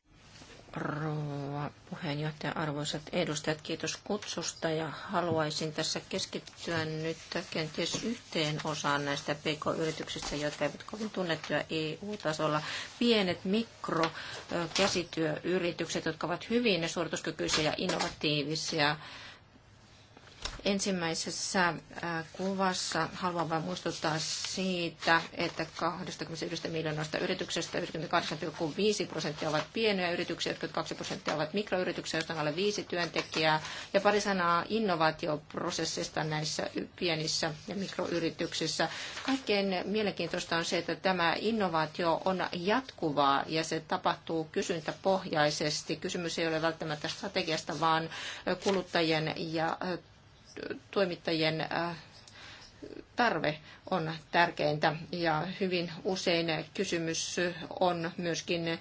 rouva puheenjohtaja, arvoisat edustajat, kiitos kutsusta ja haluaisin tässä keskittyä nyt kenties yhteen osaan näistä pk-yrityksistä, jotka eivät kovin tunnettuja EU-tasolla. Pienet mikrokäsityöyritykset, jotka ovat hyvin suorituskykyisiä ja innovatiivisia Ensimmäisessä kuvassa haluan vain muistuttaa siitä, että 21 miljoonasta yrityksestä 98,5 prosenttia ovat pieniä yrityksiä, 22 prosenttia ovat mikroyrityksiä, joista on alle viisi työntekijää. Ja pari sanaa innovaatioprosessista näissä pienissä ja mikroyrityksissä. Kaikkein mielenkiintoista on se, että tämä innovaatio on jatkuvaa ja se tapahtuu kysyntäpohjaisesti. Kysymys ei ole välttämättä strategiasta, vaan kuluttajien ja toimittajien äh, tarve on tärkeintä ja hyvin usein kysymys on myöskin äh,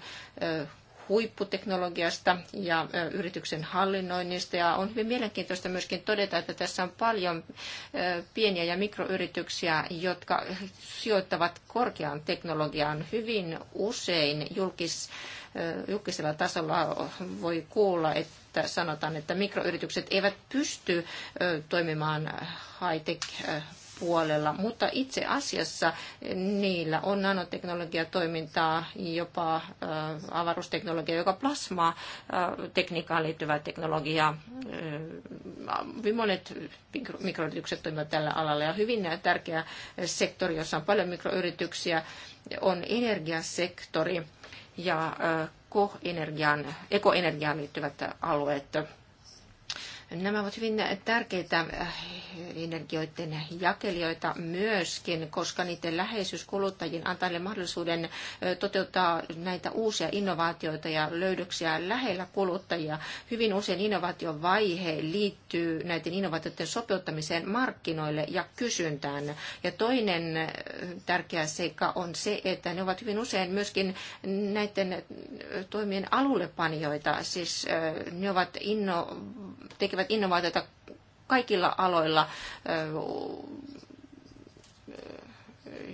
huipputeknologiasta ja äh, yrityksen hallinnoinnista. Ja on hyvin mielenkiintoista myöskin todeta, että tässä on paljon pieniä ja mikroyrityksiä, jotka sijoittavat korkeaan teknologiaan hyvin usein julkis julkisella tasolla voi kuulla, että sanotaan, että mikroyritykset eivät pysty toimimaan high-tech puolella, mutta itse asiassa niillä on nanoteknologiatoimintaa, jopa avaruusteknologia, joka plasmaa tekniikkaan liittyvää teknologiaa. Monet mikroyritykset toimivat tällä alalla ja hyvin tärkeä sektori, jossa on paljon mikroyrityksiä, on energiasektori ja ekoenergiaan liittyvät alueet Nämä ovat hyvin tärkeitä äh, energioiden jakelijoita myöskin, koska niiden läheisyys kuluttajien antaa mahdollisuuden äh, toteuttaa näitä uusia innovaatioita ja löydöksiä lähellä kuluttajia. Hyvin usein innovaatiovaihe liittyy näiden innovaatioiden sopeuttamiseen markkinoille ja kysyntään. Ja toinen äh, tärkeä seikka on se, että ne ovat hyvin usein myöskin näiden toimien alullepanijoita, siis ne ovat inno, tekevät edistävät innovaatiota kaikilla aloilla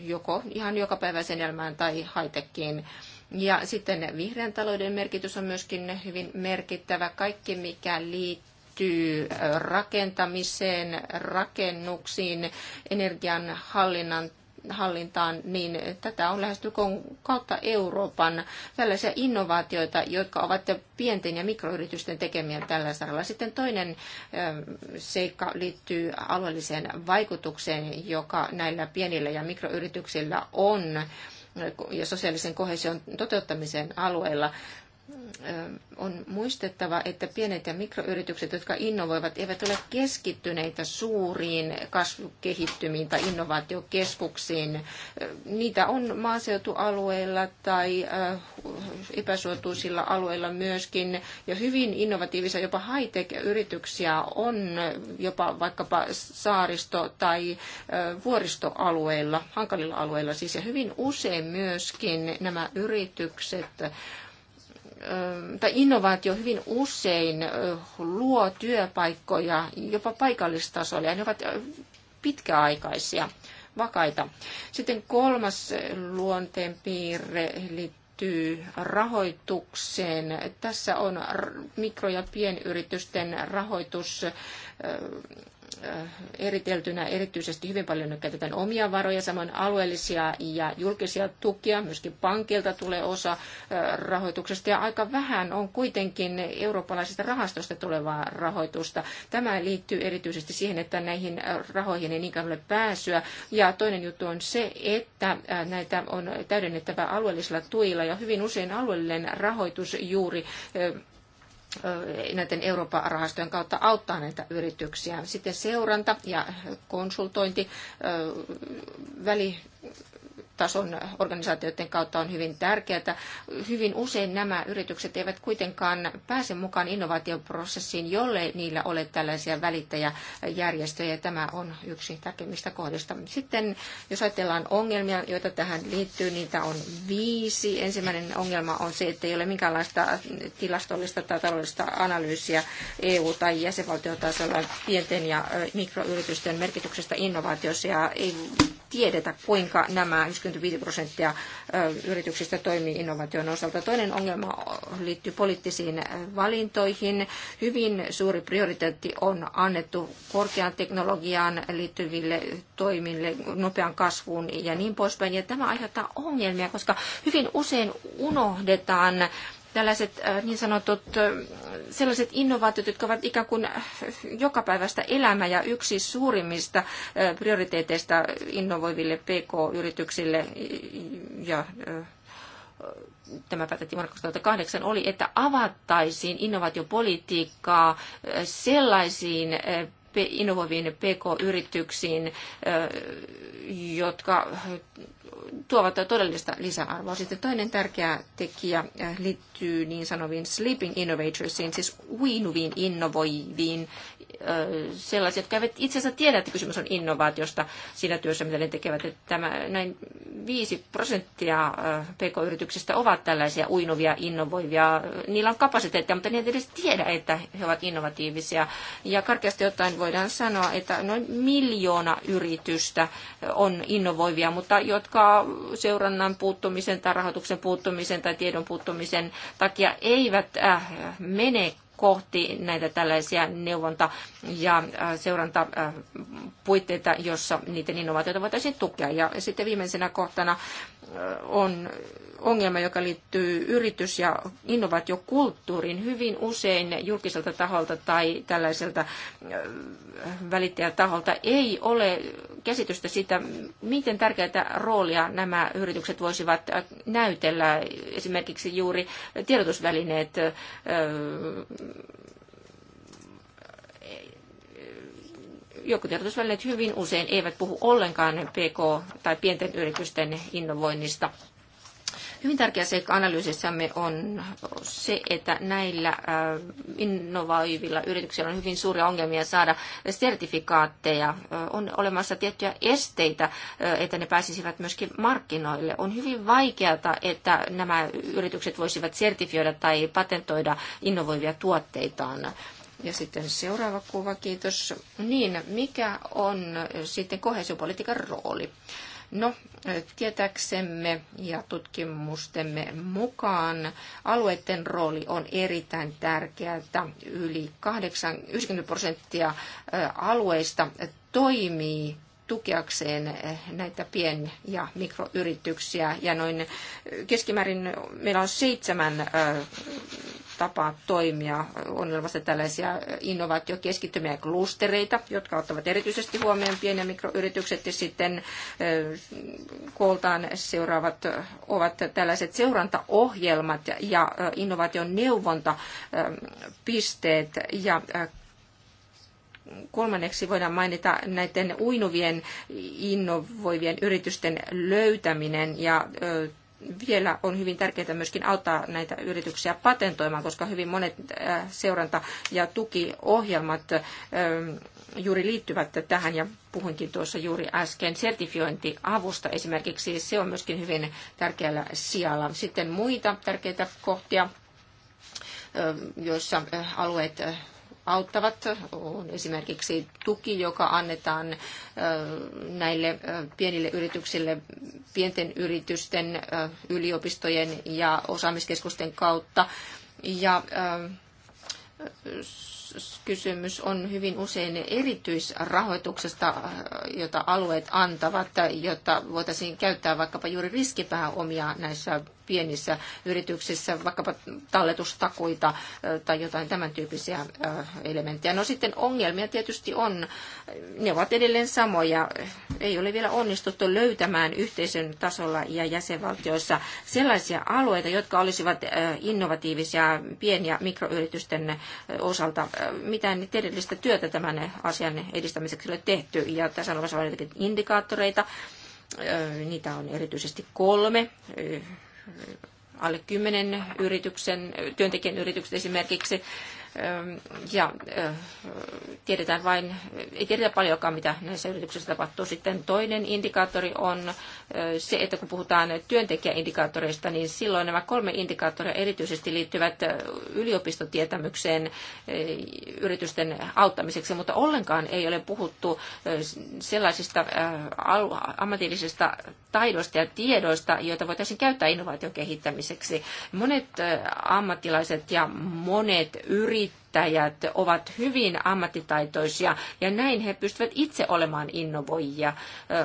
joko ihan jokapäiväisen elämään tai haitekin. Ja sitten vihreän talouden merkitys on myöskin hyvin merkittävä. Kaikki, mikä liittyy rakentamiseen, rakennuksiin, energian hallinnan hallintaan, niin tätä on lähestulkoon kautta Euroopan tällaisia innovaatioita, jotka ovat pienten ja mikroyritysten tekemiä tällä saralla. Sitten toinen ähm, seikka liittyy alueelliseen vaikutukseen, joka näillä pienillä ja mikroyrityksillä on ja sosiaalisen kohesion toteuttamisen alueella on muistettava, että pienet ja mikroyritykset, jotka innovoivat, eivät ole keskittyneitä suuriin kasvukehittymiin tai innovaatiokeskuksiin. Niitä on maaseutualueilla tai epäsuotuisilla alueilla myöskin. Ja hyvin innovatiivisia, jopa high-tech-yrityksiä on jopa vaikkapa saaristo- tai vuoristoalueilla, hankalilla alueilla siis. Ja hyvin usein myöskin nämä yritykset tai innovaatio hyvin usein luo työpaikkoja jopa paikallistasolle ja ne ovat pitkäaikaisia, vakaita. Sitten kolmas luonteen piirre liittyy rahoitukseen. Tässä on mikro- ja pienyritysten rahoitus Äh, eriteltynä. Erityisesti hyvin paljon käytetään omia varoja, samoin alueellisia ja julkisia tukia. Myöskin pankilta tulee osa äh, rahoituksesta ja aika vähän on kuitenkin eurooppalaisista rahastosta tulevaa rahoitusta. Tämä liittyy erityisesti siihen, että näihin äh, rahoihin ei niinkään ole pääsyä. Ja toinen juttu on se, että näitä on täydennettävä alueellisilla tuilla ja hyvin usein alueellinen rahoitus juuri näiden Euroopan rahastojen kautta auttaa näitä yrityksiä. Sitten seuranta ja konsultointi väli tason organisaatioiden kautta on hyvin tärkeää. Hyvin usein nämä yritykset eivät kuitenkaan pääse mukaan innovaatioprosessiin, jolle niillä ole tällaisia välittäjäjärjestöjä. Tämä on yksi tärkeimmistä kohdista. Sitten jos ajatellaan ongelmia, joita tähän liittyy, niitä on viisi. Ensimmäinen ongelma on se, että ei ole minkäänlaista tilastollista tai taloudellista analyysiä EU- tai jäsenvaltiotasolla pienten ja mikroyritysten merkityksestä innovaatioissa ja ei tiedetä, kuinka nämä 95 prosenttia yrityksistä toimii innovaation osalta. Toinen ongelma liittyy poliittisiin valintoihin. Hyvin suuri prioriteetti on annettu korkean teknologiaan liittyville toimille, nopean kasvuun ja niin poispäin. Ja tämä aiheuttaa ongelmia, koska hyvin usein unohdetaan tällaiset äh, niin sanotut äh, sellaiset innovaatiot, jotka ovat ikään kuin jokapäiväistä elämää ja yksi suurimmista äh, prioriteeteista innovoiville PK-yrityksille ja tämä päätettiin vuonna 2008, oli, että avattaisiin innovaatiopolitiikkaa sellaisiin innovoiviin PK-yrityksiin, jotka tuovat todellista lisäarvoa. Sitten toinen tärkeä tekijä liittyy niin sanoviin sleeping innovatorsiin, siis uinuviin innovoiviin sellaisia, jotka eivät itse asiassa tiedä, että kysymys on innovaatiosta siinä työssä, mitä ne tekevät. Että tämä, näin 5 prosenttia pk-yrityksistä ovat tällaisia uinuvia, innovoivia. Niillä on kapasiteettia, mutta ne eivät edes tiedä, että he ovat innovatiivisia. Ja karkeasti ottaen voidaan sanoa, että noin miljoona yritystä on innovoivia, mutta jotka seurannan puuttumisen tai rahoituksen puuttumisen tai tiedon puuttumisen takia eivät äh, mene kohti näitä tällaisia neuvonta- ja äh, seurantapuitteita, jossa niiden innovaatioita voitaisiin tukea. Ja sitten viimeisenä kohtana äh, on ongelma, joka liittyy yritys- ja innovaatiokulttuuriin. Hyvin usein julkiselta taholta tai tällaiselta äh, välittäjätaholta ei ole käsitystä siitä, miten tärkeää roolia nämä yritykset voisivat näytellä. Esimerkiksi juuri tiedotusvälineet joku tiedotusvälineet hyvin usein eivät puhu ollenkaan PK- tai pienten yritysten innovoinnista Hyvin tärkeä seikka analyysissämme on se, että näillä äh, innovoivilla yrityksillä on hyvin suuria ongelmia saada sertifikaatteja. Äh, on olemassa tiettyjä esteitä, äh, että ne pääsisivät myöskin markkinoille. On hyvin vaikeata, että nämä yritykset voisivat sertifioida tai patentoida innovoivia tuotteitaan. Ja sitten seuraava kuva, kiitos. Niin, mikä on sitten kohesiopolitiikan rooli? No, tietäksemme ja tutkimustemme mukaan alueiden rooli on erittäin tärkeää. Yli 80, 90 prosenttia alueista toimii tukeakseen näitä pien- ja mikroyrityksiä. Ja noin keskimäärin meillä on seitsemän tapaa toimia. On olemassa tällaisia innovaatiokeskittymiä ja klustereita, jotka ottavat erityisesti huomioon pieniä mikroyritykset. Ja sitten kooltaan seuraavat ovat tällaiset seurantaohjelmat ja innovaation neuvontapisteet ja kolmanneksi voidaan mainita näiden uinuvien innovoivien yritysten löytäminen ja vielä on hyvin tärkeää myöskin auttaa näitä yrityksiä patentoimaan, koska hyvin monet seuranta- ja tukiohjelmat juuri liittyvät tähän ja puhuinkin tuossa juuri äsken sertifiointiavusta esimerkiksi. Se on myöskin hyvin tärkeällä sijalla. Sitten muita tärkeitä kohtia joissa alueet auttavat. On esimerkiksi tuki, joka annetaan näille pienille yrityksille, pienten yritysten, yliopistojen ja osaamiskeskusten kautta. Ja kysymys on hyvin usein erityisrahoituksesta, jota alueet antavat, jotta voitaisiin käyttää vaikkapa juuri riskipääomia näissä pienissä yrityksissä, vaikkapa talletustakuita tai jotain tämän tyyppisiä elementtejä. No sitten ongelmia tietysti on, ne ovat edelleen samoja. Ei ole vielä onnistuttu löytämään yhteisön tasolla ja jäsenvaltioissa sellaisia alueita, jotka olisivat innovatiivisia pien- ja mikroyritysten osalta. Mitään todellista työtä tämän asian edistämiseksi ole tehty, ja tässä on olemassa indikaattoreita, niitä on erityisesti kolme alle kymmenen yrityksen, työntekijän yritykset esimerkiksi, ja tiedetään vain, ei tiedetä paljonkaan, mitä näissä yrityksissä tapahtuu. Sitten toinen indikaattori on se, että kun puhutaan työntekijäindikaattoreista, niin silloin nämä kolme indikaattoria erityisesti liittyvät yliopistotietämykseen yritysten auttamiseksi, mutta ollenkaan ei ole puhuttu sellaisista ammatillisista taidoista ja tiedoista, joita voitaisiin käyttää innovaation kehittämiseksi. Monet ammattilaiset ja monet yritykset yrittäjät ovat hyvin ammattitaitoisia ja näin he pystyvät itse olemaan innovoijia,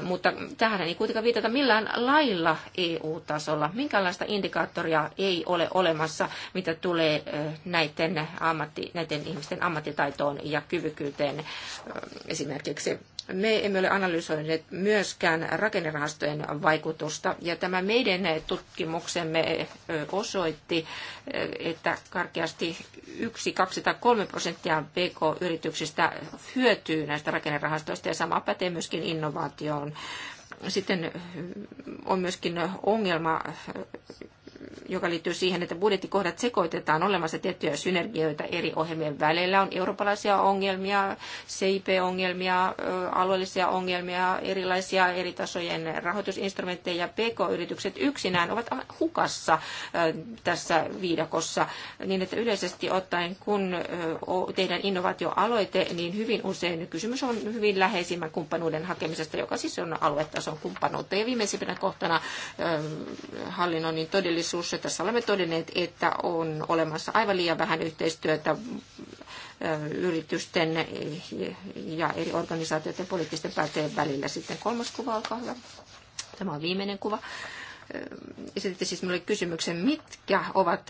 mutta tähän ei kuitenkaan viitata millään lailla EU-tasolla. Minkälaista indikaattoria ei ole olemassa, mitä tulee näiden, ammatti, näiden ihmisten ammattitaitoon ja kyvykkyyteen esimerkiksi me emme ole analysoineet myöskään rakennerahastojen vaikutusta. Ja tämä meidän tutkimuksemme eh, osoitti, eh, että karkeasti 1, 2 tai prosenttia PK-yrityksistä hyötyy näistä rakennerahastoista ja sama pätee myöskin innovaatioon. Sitten on myöskin ongelma joka liittyy siihen, että budjettikohdat sekoitetaan olemassa tiettyjä synergioita eri ohjelmien välillä. On eurooppalaisia ongelmia, CIP-ongelmia, alueellisia ongelmia, erilaisia eri tasojen rahoitusinstrumentteja ja PK-yritykset yksinään ovat hukassa tässä viidakossa, niin että yleisesti ottaen, kun tehdään innovaatioaloite, niin hyvin usein kysymys on hyvin läheisimmän kumppanuuden hakemisesta, joka siis on aluetason kumppanuutta. Ja viimeisimpänä kohtana niin todellisuus resursseja. Tässä olemme todenneet, että on olemassa aivan liian vähän yhteistyötä yritysten ja eri organisaatioiden poliittisten päättäjien välillä. Sitten kolmas kuva, olkaa hyvä. Tämä on viimeinen kuva. Esititte siis minulle kysymyksen, mitkä ovat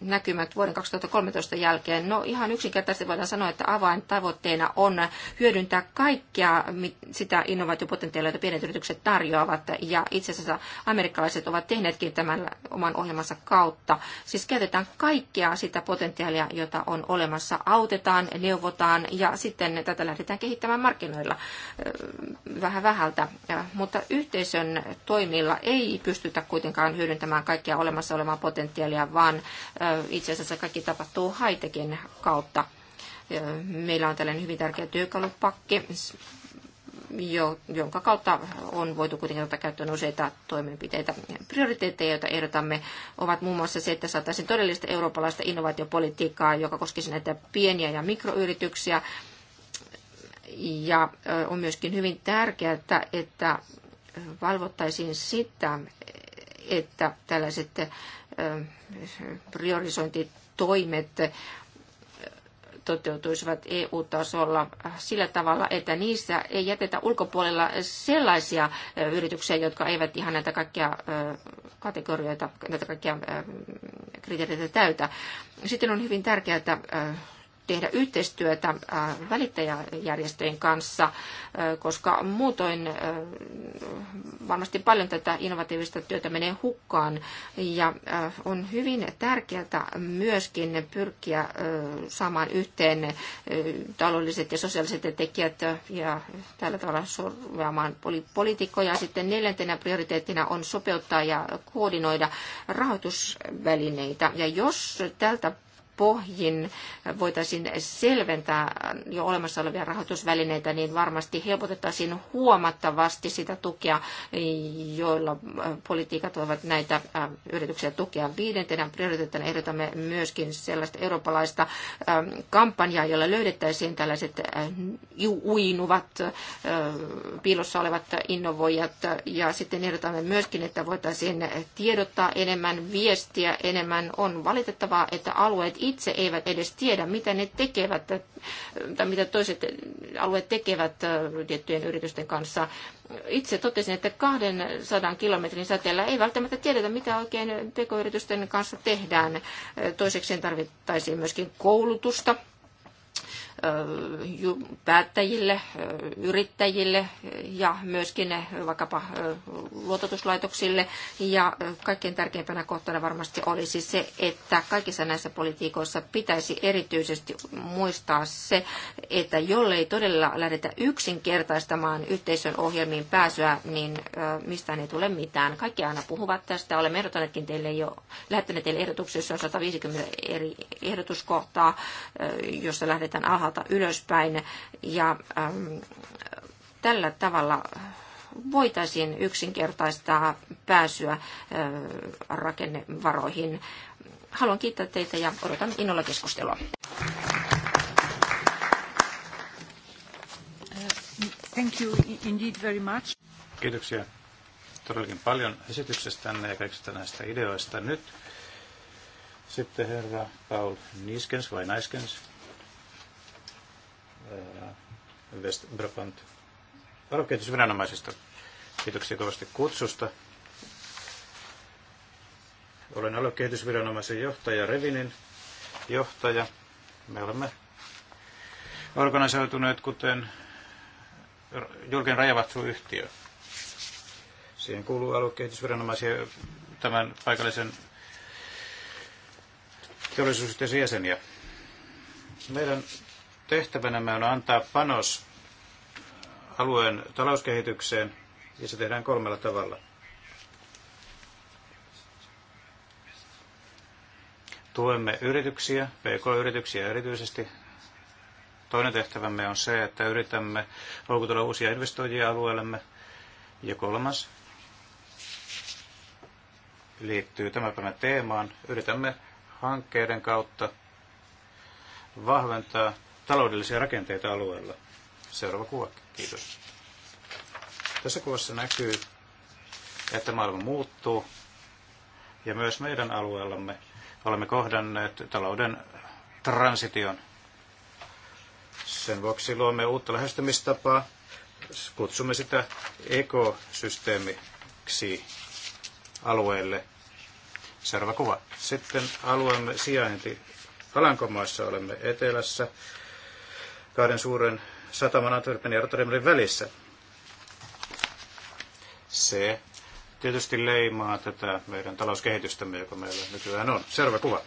näkymät vuoden 2013 jälkeen? No ihan yksinkertaisesti voidaan sanoa, että tavoitteena on hyödyntää kaikkia sitä innovaatiopotentiaalia, jota pienet yritykset tarjoavat. Ja itse asiassa amerikkalaiset ovat tehneetkin tämän oman ohjelmansa kautta. Siis käytetään kaikkea sitä potentiaalia, jota on olemassa. Autetaan, neuvotaan ja sitten tätä lähdetään kehittämään markkinoilla vähän vähältä. Mutta yhteisön toimilla ei pystytä kuitenkaan hyödyntämään kaikkia olemassa olevaa potentiaalia, vaan itse asiassa kaikki tapahtuu Haitekin kautta. Meillä on tällainen hyvin tärkeä työkalupakki, jonka kautta on voitu kuitenkin ottaa käyttöön useita toimenpiteitä. Prioriteetteja, joita ehdotamme, ovat muun muassa se, että saataisiin todellista eurooppalaista innovaatiopolitiikkaa, joka koskisi näitä pieniä ja mikroyrityksiä. Ja on myöskin hyvin tärkeää, että valvottaisiin sitä, että tällaiset priorisointitoimet toteutuisivat EU-tasolla sillä tavalla, että niissä ei jätetä ulkopuolella sellaisia yrityksiä, jotka eivät ihan näitä kaikkia kategorioita, näitä kaikkia kriteereitä täytä. Sitten on hyvin tärkeää että tehdä yhteistyötä äh, välittäjäjärjestöjen kanssa, äh, koska muutoin äh, varmasti paljon tätä innovatiivista työtä menee hukkaan. Ja on hyvin tärkeää myöskin pyrkiä saamaan yhteen taloudelliset ja sosiaaliset tekijät ja tällä tavalla sorveamaan poliitikkoja. Sitten neljäntenä prioriteettina on sopeuttaa ja koordinoida rahoitusvälineitä. Ja jos tältä pohjin voitaisiin selventää jo olemassa olevia rahoitusvälineitä, niin varmasti helpotettaisiin huomattavasti sitä tukea, joilla politiikat voivat näitä yrityksiä tukea. Viidentenä prioriteettina ehdotamme myöskin sellaista eurooppalaista kampanjaa, jolla löydettäisiin tällaiset uinuvat, piilossa olevat innovoijat. Ja sitten ehdotamme myöskin, että voitaisiin tiedottaa enemmän, viestiä enemmän. On valitettavaa, että alueet itse eivät edes tiedä, mitä ne tekevät tai mitä toiset alueet tekevät tiettyjen yritysten kanssa. Itse totesin, että 200 kilometrin säteellä ei välttämättä tiedetä, mitä oikein pk-yritysten kanssa tehdään. Toisekseen tarvittaisiin myöskin koulutusta päättäjille, yrittäjille ja myöskin vaikkapa luototuslaitoksille. Ja kaikkein tärkeimpänä kohtana varmasti olisi se, että kaikissa näissä politiikoissa pitäisi erityisesti muistaa se, että jollei todella lähdetä yksinkertaistamaan yhteisön ohjelmiin pääsyä, niin mistään ei tule mitään. Kaikki aina puhuvat tästä. Olemme ehdottaneetkin teille jo, lähettäneet teille ehdotuksia, jossa on 150 eri ehdotuskohtaa, jossa lähdetään alhaalla alhaalta ylöspäin ja ähm, tällä tavalla voitaisiin yksinkertaistaa pääsyä äh, rakennevaroihin. Haluan kiittää teitä ja odotan innolla keskustelua. Uh, thank you indeed very much. Kiitoksia todellakin paljon esityksestänne ja kaikista näistä ideoista. Nyt sitten herra Paul Niskens vai Naiskens. West Brabant valokehitysviranomaisesta. Kiitoksia kovasti kutsusta. Olen aluekehitysviranomaisen johtaja Revinin johtaja. Me olemme organisoituneet kuten julkinen rajavastuuyhtiö. Siihen kuuluu aluekehitysviranomaisia tämän paikallisen teollisuusyhteisön jäseniä. Meidän Tehtävänämme on antaa panos alueen talouskehitykseen, ja se tehdään kolmella tavalla. Tuemme yrityksiä, pk-yrityksiä erityisesti. Toinen tehtävämme on se, että yritämme houkutella uusia investoijia alueellemme. Ja kolmas liittyy tämän päivän teemaan. Yritämme hankkeiden kautta vahventaa taloudellisia rakenteita alueella. Seuraava kuva. Kiitos. Tässä kuvassa näkyy, että maailma muuttuu ja myös meidän alueellamme olemme kohdanneet talouden transition. Sen vuoksi luomme uutta lähestymistapaa. Kutsumme sitä ekosysteemiksi alueelle. Seuraava kuva. Sitten alueemme sijainti. Alankomaissa olemme etelässä, kahden suuren sataman Antwerpen ja Rotterdamin välissä. Se tietysti leimaa tätä meidän talouskehitystämme, joka meillä nykyään on. Seuraava kuva.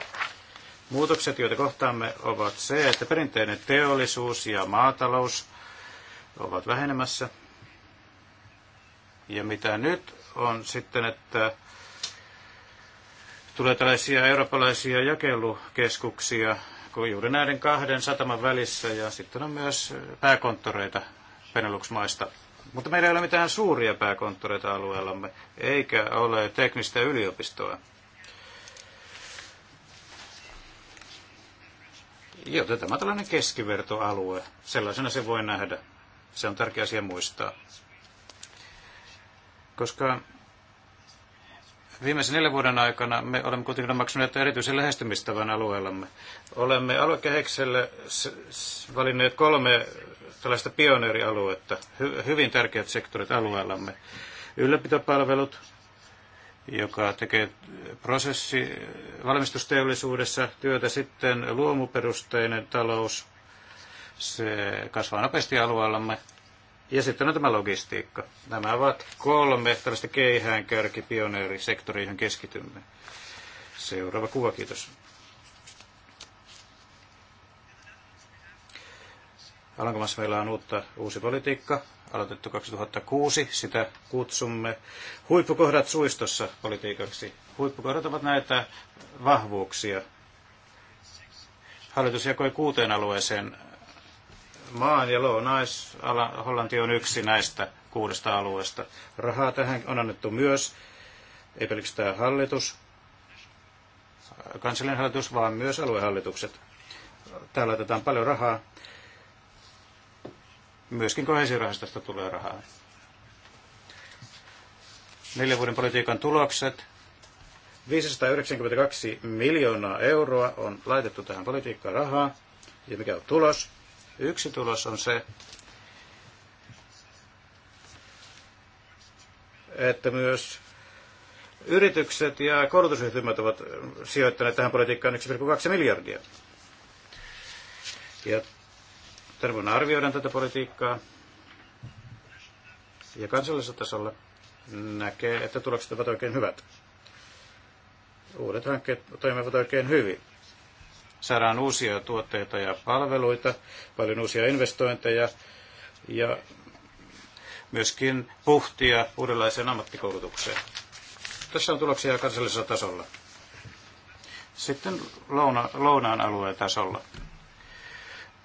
Muutokset, joita kohtaamme, ovat se, että perinteinen teollisuus ja maatalous ovat vähenemässä. Ja mitä nyt on sitten, että tulee tällaisia eurooppalaisia jakelukeskuksia, juuri näiden kahden sataman välissä ja sitten on myös pääkonttoreita Benelux-maista. Mutta meillä ei ole mitään suuria pääkonttoreita alueellamme, eikä ole teknistä yliopistoa. Joten tämä on tällainen keskivertoalue. Sellaisena se voi nähdä. Se on tärkeä asia muistaa. Koska Viimeisen neljän vuoden aikana me olemme kuitenkin maksaneet erityisen lähestymistavan alueellamme. Olemme aluekehekselle valinneet kolme tällaista pioneerialuetta, hy- hyvin tärkeät sektorit alueellamme. Ylläpitopalvelut, joka tekee prosessi valmistusteollisuudessa työtä sitten luomuperusteinen talous, se kasvaa nopeasti alueellamme ja sitten on tämä logistiikka. Nämä ovat kolme tällaista keihäänkärkipioneerisektoria, johon keskitymme. Seuraava kuva, kiitos. Alankomassa meillä on uutta uusi politiikka, aloitettu 2006. Sitä kutsumme huippukohdat suistossa politiikaksi. Huippukohdat ovat näitä vahvuuksia. Hallitus jakoi kuuteen alueeseen maan ja lounaisala, Hollanti on yksi näistä kuudesta alueesta. Rahaa tähän on annettu myös, ei pelkästään hallitus, kansallinen hallitus, vaan myös aluehallitukset. Täällä laitetaan paljon rahaa. Myöskin kohesirahastosta tulee rahaa. Neljän vuoden politiikan tulokset. 592 miljoonaa euroa on laitettu tähän politiikkaan rahaa. Ja mikä on tulos? Yksi tulos on se, että myös yritykset ja koulutusyhtymät ovat sijoittaneet tähän politiikkaan 1,2 miljardia. Ja tänä vuonna arvioidaan tätä politiikkaa ja kansallisella tasolla näkee, että tulokset ovat oikein hyvät. Uudet hankkeet toimivat oikein hyvin saadaan uusia tuotteita ja palveluita, paljon uusia investointeja ja myöskin puhtia uudenlaiseen ammattikoulutukseen. Tässä on tuloksia kansallisella tasolla. Sitten louna, lounaan alueen tasolla.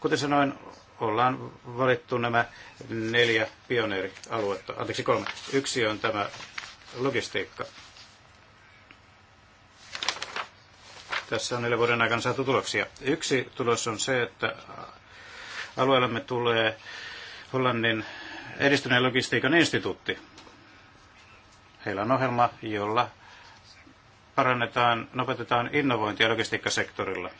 Kuten sanoin, ollaan valittu nämä neljä pioneerialuetta, anteeksi kolme. Yksi on tämä logistiikka. Tässä on neljän vuoden aikana saatu tuloksia. Yksi tulos on se, että alueellamme tulee Hollannin edistyneen logistiikan instituutti. Heillä on ohjelma, jolla parannetaan, nopeutetaan innovointia logistiikkasektorilla.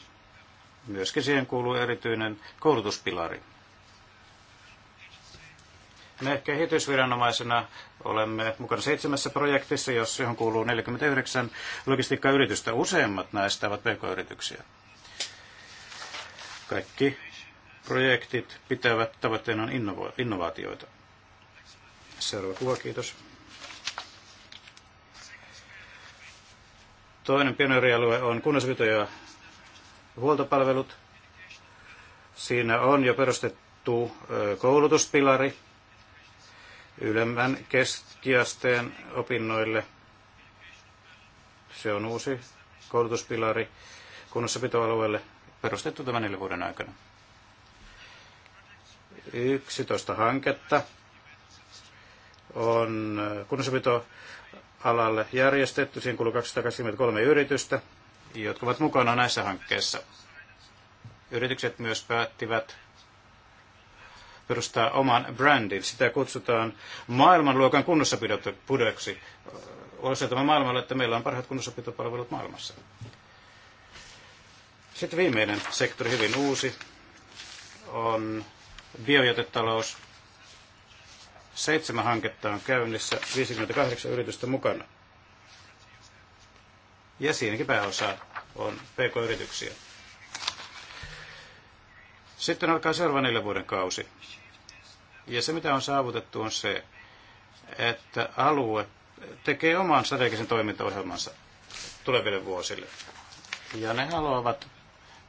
Myöskin siihen kuuluu erityinen koulutuspilari. Me kehitysviranomaisena olemme mukana seitsemässä projektissa, jossa johon kuuluu 49 logistiikkayritystä. Useimmat näistä ovat pk-yrityksiä. Kaikki projektit pitävät tavoitteena innova- innovaatioita. Seuraava kuva, kiitos. Toinen pienoirialue on kunnosvito ja huoltopalvelut. Siinä on jo perustettu koulutuspilari, ylemmän keskiasteen opinnoille. Se on uusi koulutuspilari kunnossapitoalueelle perustettu tämän neljän vuoden aikana. 11 hanketta on kunnossapitoalalle järjestetty. Siinä kuuluu 223 yritystä, jotka ovat mukana näissä hankkeissa. Yritykset myös päättivät perustaa oman brändin. Sitä kutsutaan maailmanluokan kunnossapidoksi. Osoitamme maailmalle, että meillä on parhaat kunnossapitopalvelut maailmassa. Sitten viimeinen sektori, hyvin uusi, on biojätetalous. Seitsemän hanketta on käynnissä, 58 yritystä mukana. Ja siinäkin pääosa on pk-yrityksiä. Sitten alkaa seuraava neljän vuoden kausi. Ja se, mitä on saavutettu, on se, että alue tekee oman strategisen toimintaohjelmansa tuleville vuosille. Ja ne haluavat,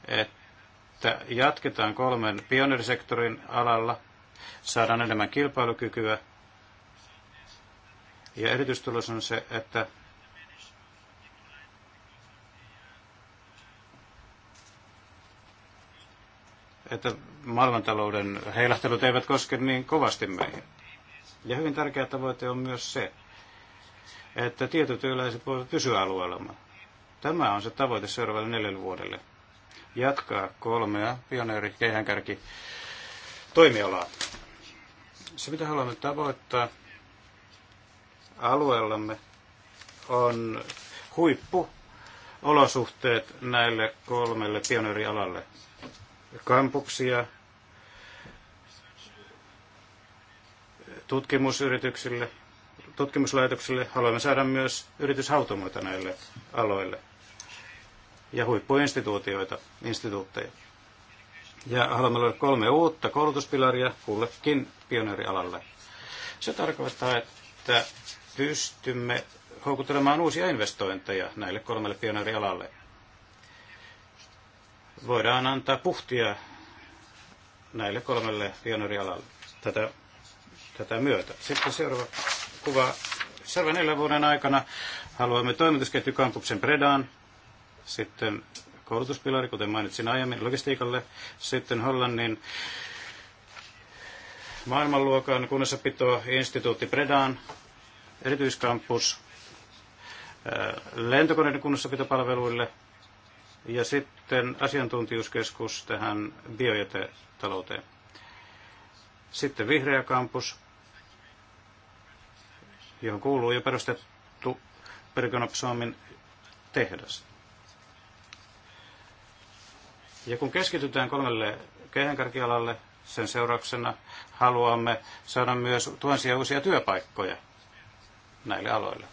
että jatketaan kolmen pioneerisektorin alalla, saadaan enemmän kilpailukykyä. Ja erityistulos on se, että että maailmantalouden heilahtelut eivät koske niin kovasti meihin. Ja hyvin tärkeä tavoite on myös se, että tietotyöläiset voivat pysyä alueellamme. Tämä on se tavoite seuraavalle neljälle vuodelle. Jatkaa kolmea pioneeri keihänkärki toimialaa. Se, mitä haluamme tavoittaa alueellamme, on huippu olosuhteet näille kolmelle pioneerialalle kampuksia tutkimusyrityksille, tutkimuslaitoksille. Haluamme saada myös yrityshautomoita näille aloille ja huippuinstituutioita, instituutteja. Ja haluamme luoda kolme uutta koulutuspilaria kullekin pioneerialalle. Se tarkoittaa, että pystymme houkuttelemaan uusia investointeja näille kolmelle pioneerialalle voidaan antaa puhtia näille kolmelle pioneerialalle tätä, tätä myötä. Sitten seuraava kuva. Seuraavan neljän vuoden aikana haluamme toimitusketjukampuksen Predaan, sitten koulutuspilari, kuten mainitsin aiemmin, logistiikalle, sitten Hollannin maailmanluokan kunnossapito instituutti Predaan, erityiskampus lentokoneiden kunnossapitopalveluille, ja sitten asiantuntijuuskeskus tähän biojätetalouteen. Sitten vihreä kampus, johon kuuluu jo perustettu Pergonopsoomin tehdas. Ja kun keskitytään kolmelle keihänkärkialalle, sen seurauksena haluamme saada myös tuhansia uusia työpaikkoja näille aloille.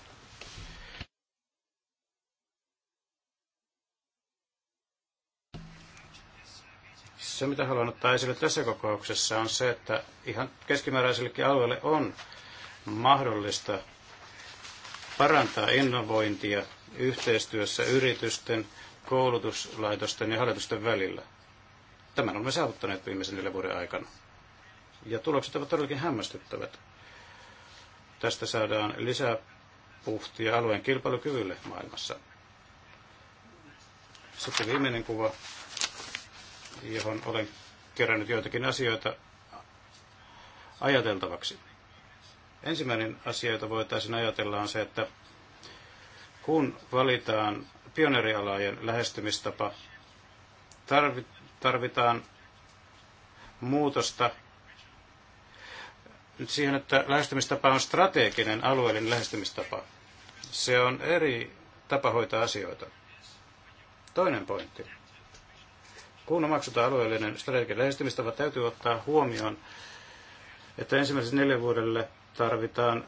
Se, mitä haluan ottaa esille tässä kokouksessa, on se, että ihan keskimääräisellekin alueelle on mahdollista parantaa innovointia yhteistyössä yritysten, koulutuslaitosten ja hallitusten välillä. Tämän olemme saavuttaneet viimeisen neljän vuoden aikana. Ja tulokset ovat todellakin hämmästyttävät. Tästä saadaan lisää puhtia alueen kilpailukyvylle maailmassa. Sitten viimeinen kuva johon olen kerännyt joitakin asioita ajateltavaksi. Ensimmäinen asia, jota voitaisiin ajatella, on se, että kun valitaan pioneerialajen lähestymistapa, tarvitaan muutosta siihen, että lähestymistapa on strateginen alueellinen lähestymistapa. Se on eri tapa hoitaa asioita. Toinen pointti. Kun omaksutaan alueellinen strategian lähestymistapa, täytyy ottaa huomioon, että ensimmäisen neljän vuodelle tarvitaan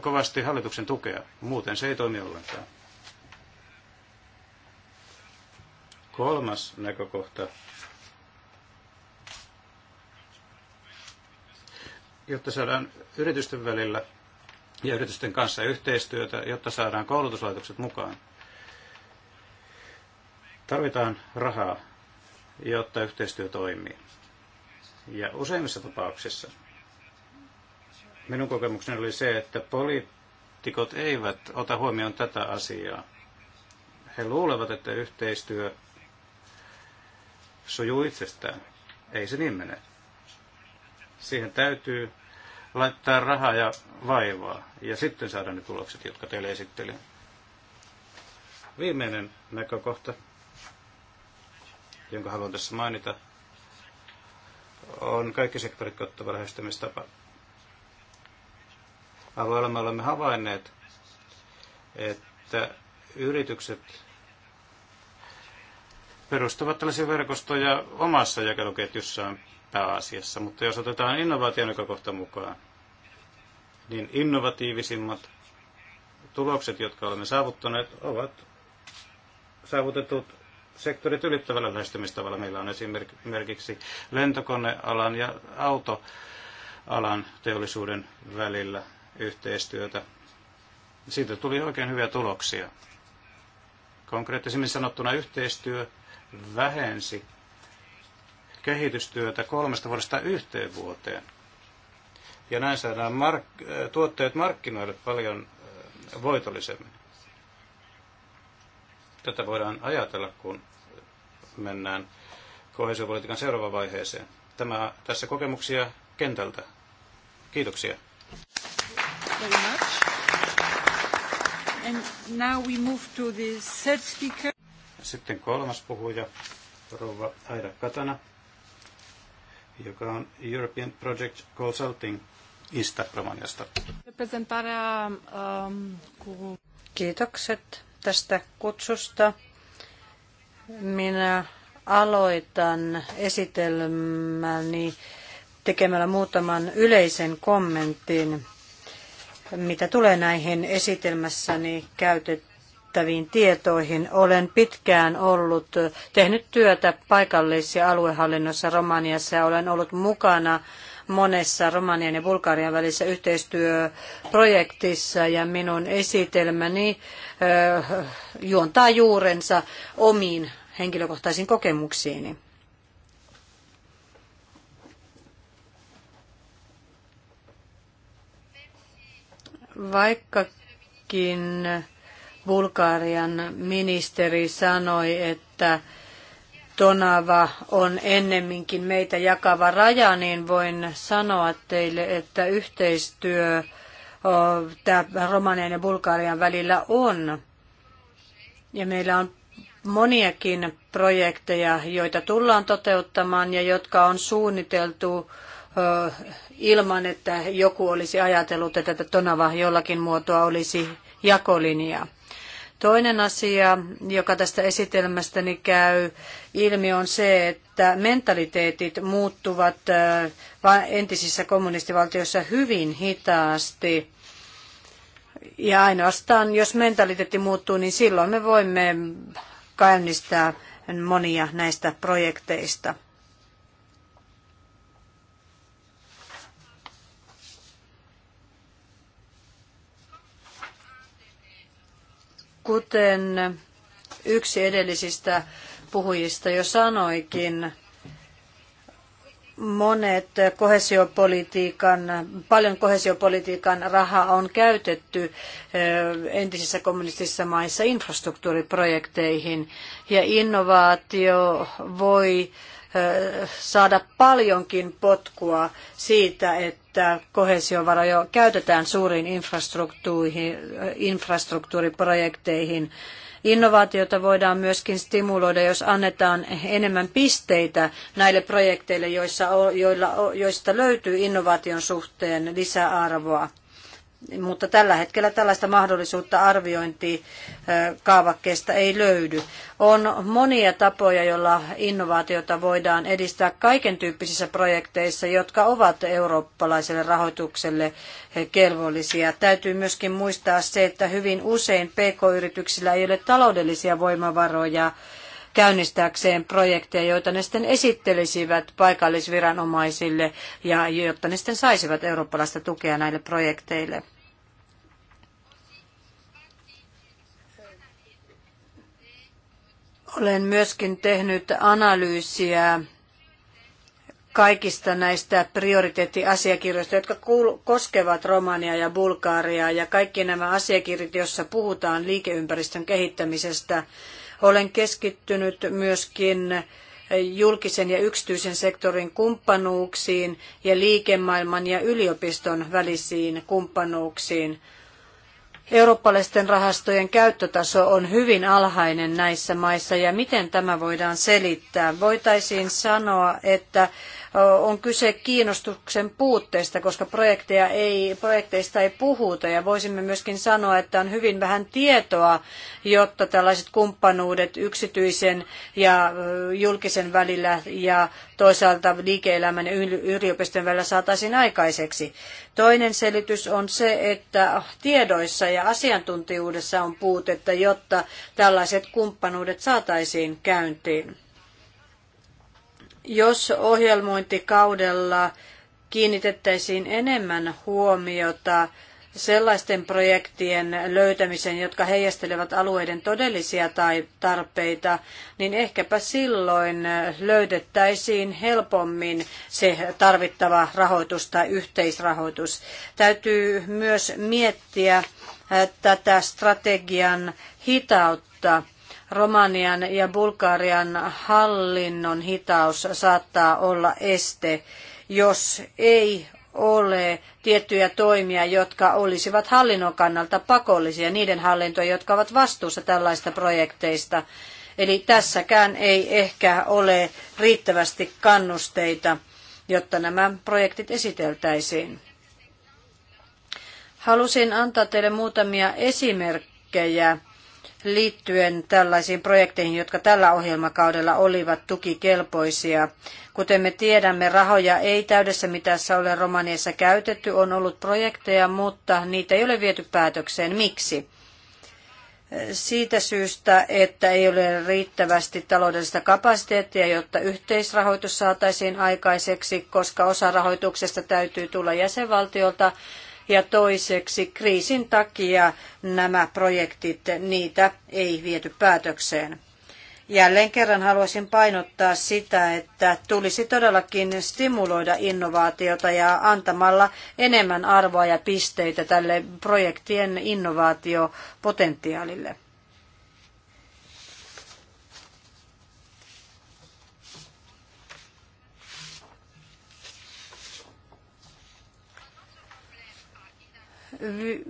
kovasti hallituksen tukea. Muuten se ei toimi ollenkaan. Kolmas näkökohta. Jotta saadaan yritysten välillä ja yritysten kanssa yhteistyötä, jotta saadaan koulutuslaitokset mukaan. Tarvitaan rahaa jotta yhteistyö toimii. Ja useimmissa tapauksissa minun kokemukseni oli se, että poliitikot eivät ota huomioon tätä asiaa. He luulevat, että yhteistyö sujuu itsestään. Ei se niin mene. Siihen täytyy laittaa rahaa ja vaivaa, ja sitten saada ne tulokset, jotka teille esittelin. Viimeinen näkökohta jonka haluan tässä mainita, on kaikki sektorit kattava lähestymistapa. Avoilla me olemme havainneet, että yritykset perustavat tällaisia verkostoja omassa jakeluketjussaan pääasiassa, mutta jos otetaan innovaation näkökohta mukaan, niin innovatiivisimmat tulokset, jotka olemme saavuttaneet, ovat saavutetut sektorit ylittävällä lähestymistavalla. Meillä on esimerkiksi lentokonealan ja autoalan teollisuuden välillä yhteistyötä. Siitä tuli oikein hyviä tuloksia. Konkreettisemmin sanottuna yhteistyö vähensi kehitystyötä kolmesta vuodesta yhteen vuoteen. Ja näin saadaan mark- tuotteet markkinoille paljon voitollisemmin tätä voidaan ajatella, kun mennään kohesiopolitiikan seuraavaan vaiheeseen. Tämä, tässä kokemuksia kentältä. Kiitoksia. Very much. And now we move to the third speaker. Sitten kolmas puhuja, rouva Aida Katana, joka on European Project Consulting Ista um, Kiitokset tästä kutsusta. Minä aloitan esitelmäni tekemällä muutaman yleisen kommentin, mitä tulee näihin esitelmässäni käytettäviin tietoihin. Olen pitkään ollut, tehnyt työtä paikallis- ja aluehallinnossa Romaniassa ja olen ollut mukana monessa Romanian ja Bulgarian välisessä yhteistyöprojektissa ja minun esitelmäni eh, juontaa juurensa omiin henkilökohtaisiin kokemuksiini. Vaikkakin Bulgarian ministeri sanoi, että tonava on ennemminkin meitä jakava raja, niin voin sanoa teille, että yhteistyö tämä Romanian ja Bulgarian välillä on. Ja meillä on moniakin projekteja, joita tullaan toteuttamaan ja jotka on suunniteltu ilman, että joku olisi ajatellut, että Tonava jollakin muotoa olisi jakolinja. Toinen asia, joka tästä esitelmästäni käy ilmi, on se, että mentaliteetit muuttuvat äh, entisissä kommunistivaltioissa hyvin hitaasti. Ja ainoastaan, jos mentaliteetti muuttuu, niin silloin me voimme käynnistää monia näistä projekteista. Kuten yksi edellisistä puhujista jo sanoikin, monet kohesiopolitiikan, paljon kohesiopolitiikan rahaa on käytetty entisissä kommunistisissa maissa infrastruktuuriprojekteihin ja innovaatio voi saada paljonkin potkua siitä, että että kohesiovaroja käytetään suuriin infrastruktuuriprojekteihin. Innovaatiota voidaan myöskin stimuloida, jos annetaan enemmän pisteitä näille projekteille, joissa, joilla, joista löytyy innovaation suhteen lisäarvoa mutta tällä hetkellä tällaista mahdollisuutta arviointikaavakkeesta ei löydy. On monia tapoja, joilla innovaatiota voidaan edistää kaiken tyyppisissä projekteissa, jotka ovat eurooppalaiselle rahoitukselle kelvollisia. Täytyy myöskin muistaa se, että hyvin usein PK-yrityksillä ei ole taloudellisia voimavaroja käynnistääkseen projekteja, joita ne sitten esittelisivät paikallisviranomaisille ja jotta ne sitten saisivat eurooppalaista tukea näille projekteille. Olen myöskin tehnyt analyysiä kaikista näistä prioriteettiasiakirjoista, jotka koskevat Romaniaa ja Bulgariaa ja kaikki nämä asiakirjat, joissa puhutaan liikeympäristön kehittämisestä, olen keskittynyt myöskin julkisen ja yksityisen sektorin kumppanuuksiin ja liikemaailman ja yliopiston välisiin kumppanuuksiin. Eurooppalaisten rahastojen käyttötaso on hyvin alhainen näissä maissa ja miten tämä voidaan selittää? Voitaisiin sanoa, että on kyse kiinnostuksen puutteesta, koska projekteja ei, projekteista ei puhuta. Ja voisimme myöskin sanoa, että on hyvin vähän tietoa, jotta tällaiset kumppanuudet yksityisen ja julkisen välillä ja toisaalta liike-elämän ja yliopistojen välillä saataisiin aikaiseksi. Toinen selitys on se, että tiedoissa ja asiantuntijuudessa on puutetta, jotta tällaiset kumppanuudet saataisiin käyntiin. Jos ohjelmointikaudella kiinnitettäisiin enemmän huomiota sellaisten projektien löytämiseen, jotka heijastelevat alueiden todellisia tai tarpeita, niin ehkäpä silloin löydettäisiin helpommin se tarvittava rahoitus tai yhteisrahoitus. Täytyy myös miettiä tätä strategian hitautta. Romanian ja Bulgarian hallinnon hitaus saattaa olla este, jos ei ole tiettyjä toimia, jotka olisivat hallinnon kannalta pakollisia, niiden hallintoja, jotka ovat vastuussa tällaista projekteista. Eli tässäkään ei ehkä ole riittävästi kannusteita, jotta nämä projektit esiteltäisiin. Halusin antaa teille muutamia esimerkkejä liittyen tällaisiin projekteihin, jotka tällä ohjelmakaudella olivat tukikelpoisia. Kuten me tiedämme, rahoja ei täydessä mitassa ole Romaniassa käytetty, on ollut projekteja, mutta niitä ei ole viety päätökseen. Miksi? siitä syystä, että ei ole riittävästi taloudellista kapasiteettia, jotta yhteisrahoitus saataisiin aikaiseksi, koska osa rahoituksesta täytyy tulla jäsenvaltiolta ja toiseksi kriisin takia nämä projektit, niitä ei viety päätökseen. Jälleen kerran haluaisin painottaa sitä, että tulisi todellakin stimuloida innovaatiota ja antamalla enemmän arvoa ja pisteitä tälle projektien innovaatiopotentiaalille.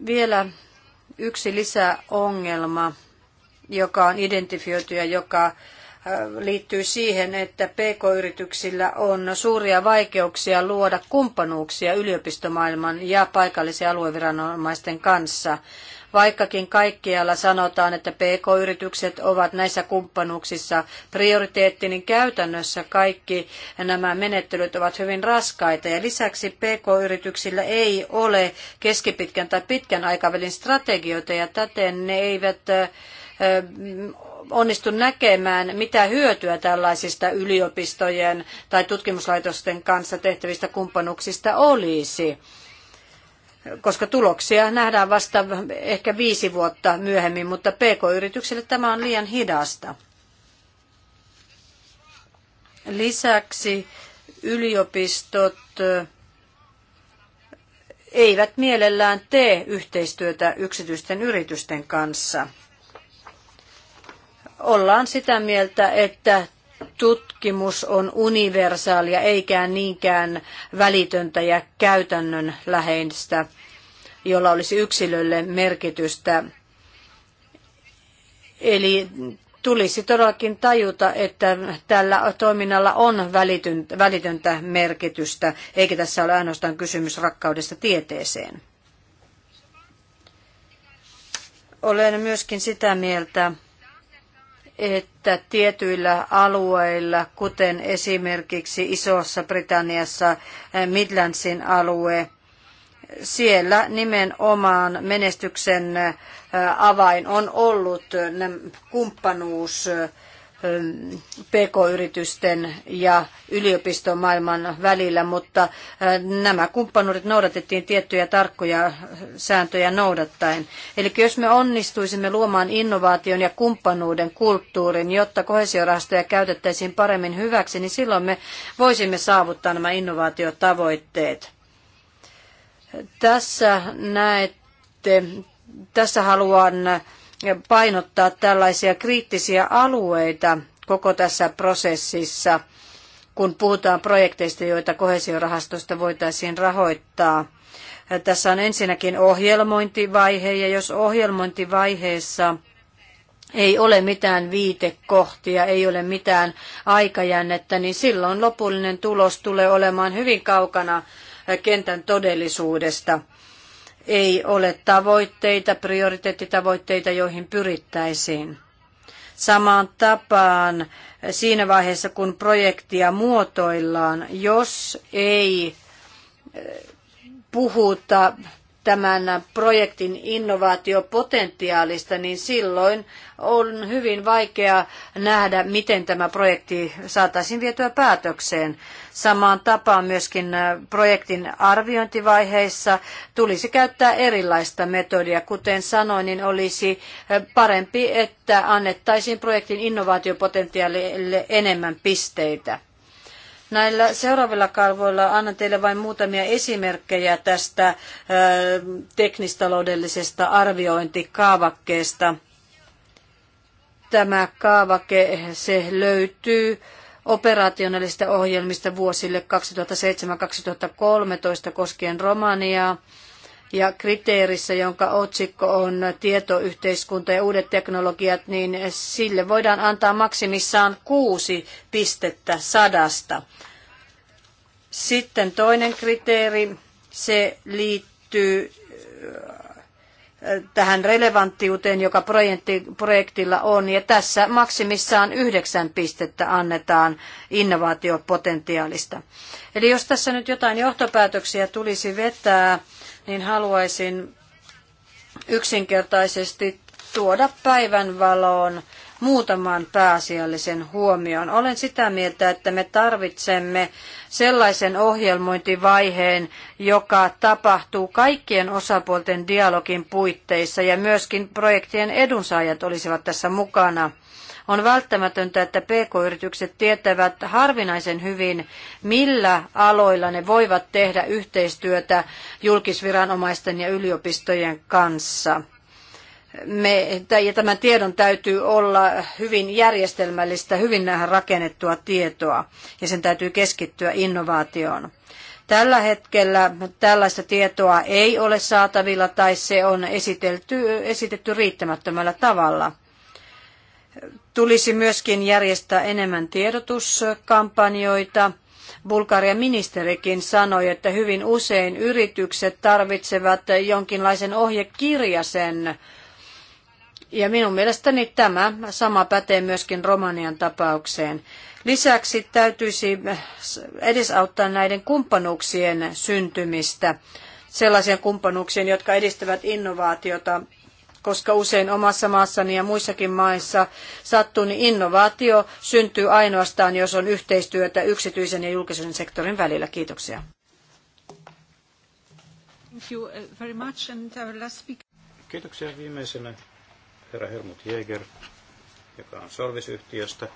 vielä yksi lisäongelma, joka on identifioitu ja joka äh, liittyy siihen, että PK-yrityksillä on suuria vaikeuksia luoda kumppanuuksia yliopistomaailman ja paikallisen alueviranomaisten kanssa vaikkakin kaikkialla sanotaan, että PK-yritykset ovat näissä kumppanuuksissa prioriteetti, niin käytännössä kaikki nämä menettelyt ovat hyvin raskaita. Ja lisäksi PK-yrityksillä ei ole keskipitkän tai pitkän aikavälin strategioita ja täten ne eivät onnistu näkemään, mitä hyötyä tällaisista yliopistojen tai tutkimuslaitosten kanssa tehtävistä kumppanuuksista olisi koska tuloksia nähdään vasta ehkä viisi vuotta myöhemmin, mutta PK-yrityksille tämä on liian hidasta. Lisäksi yliopistot eivät mielellään tee yhteistyötä yksityisten yritysten kanssa. Ollaan sitä mieltä, että tutkimus on universaalia eikä niinkään välitöntä ja käytännön läheistä, jolla olisi yksilölle merkitystä. Eli tulisi todellakin tajuta, että tällä toiminnalla on välitöntä merkitystä, eikä tässä ole ainoastaan kysymys rakkaudesta tieteeseen. Olen myöskin sitä mieltä, että tietyillä alueilla, kuten esimerkiksi Isossa Britanniassa eh, Midlandsin alue, siellä nimenomaan menestyksen eh, avain on ollut eh, kumppanuus Ähm, PK-yritysten ja yliopistomaailman välillä, mutta äh, nämä kumppanuudet noudatettiin tiettyjä tarkkoja sääntöjä noudattaen. Eli jos me onnistuisimme luomaan innovaation ja kumppanuuden kulttuurin, jotta kohesiorahastoja käytettäisiin paremmin hyväksi, niin silloin me voisimme saavuttaa nämä innovaatiotavoitteet. Tässä näette, tässä haluan painottaa tällaisia kriittisiä alueita koko tässä prosessissa, kun puhutaan projekteista, joita kohesiorahastosta voitaisiin rahoittaa. Tässä on ensinnäkin ohjelmointivaihe, ja jos ohjelmointivaiheessa ei ole mitään viitekohtia, ei ole mitään aikajännettä, niin silloin lopullinen tulos tulee olemaan hyvin kaukana kentän todellisuudesta ei ole tavoitteita, prioriteettitavoitteita, joihin pyrittäisiin. Samaan tapaan eh, siinä vaiheessa, kun projektia muotoillaan, jos ei eh, puhuta tämän projektin innovaatiopotentiaalista, niin silloin on hyvin vaikea nähdä, miten tämä projekti saataisiin vietyä päätökseen. Samaan tapaan myöskin projektin arviointivaiheissa tulisi käyttää erilaista metodia. Kuten sanoin, niin olisi parempi, että annettaisiin projektin innovaatiopotentiaalille enemmän pisteitä. Näillä seuraavilla kalvoilla annan teille vain muutamia esimerkkejä tästä teknistaloudellisesta arviointikaavakkeesta. Tämä kaavake, se löytyy operationaalisista ohjelmista vuosille 2007-2013 koskien Romaniaa ja kriteerissä, jonka otsikko on tietoyhteiskunta ja uudet teknologiat, niin sille voidaan antaa maksimissaan kuusi pistettä sadasta. Sitten toinen kriteeri, se liittyy äh, tähän relevanttiuteen, joka projektilla on. Ja tässä maksimissaan yhdeksän pistettä annetaan innovaatiopotentiaalista. Eli jos tässä nyt jotain johtopäätöksiä tulisi vetää, niin haluaisin yksinkertaisesti tuoda päivänvaloon muutaman pääasiallisen huomion. Olen sitä mieltä, että me tarvitsemme sellaisen ohjelmointivaiheen, joka tapahtuu kaikkien osapuolten dialogin puitteissa ja myöskin projektien edunsaajat olisivat tässä mukana. On välttämätöntä, että PK-yritykset tietävät harvinaisen hyvin, millä aloilla ne voivat tehdä yhteistyötä julkisviranomaisten ja yliopistojen kanssa me, ja tämän tiedon täytyy olla hyvin järjestelmällistä, hyvin rakennettua tietoa ja sen täytyy keskittyä innovaatioon. Tällä hetkellä tällaista tietoa ei ole saatavilla tai se on esitetty riittämättömällä tavalla. Tulisi myöskin järjestää enemmän tiedotuskampanjoita. Bulgarian ministerikin sanoi, että hyvin usein yritykset tarvitsevat jonkinlaisen ohjekirjasen. Ja minun mielestäni tämä sama pätee myöskin Romanian tapaukseen. Lisäksi täytyisi edesauttaa näiden kumppanuuksien syntymistä, sellaisia kumppanuuksien, jotka edistävät innovaatiota koska usein omassa maassani ja muissakin maissa sattuu, niin innovaatio syntyy ainoastaan, jos on yhteistyötä yksityisen ja julkisen sektorin välillä. Kiitoksia. Uh, Kiitoksia viimeisenä herra Helmut Jäger, joka on Solvis-yhtiöstä.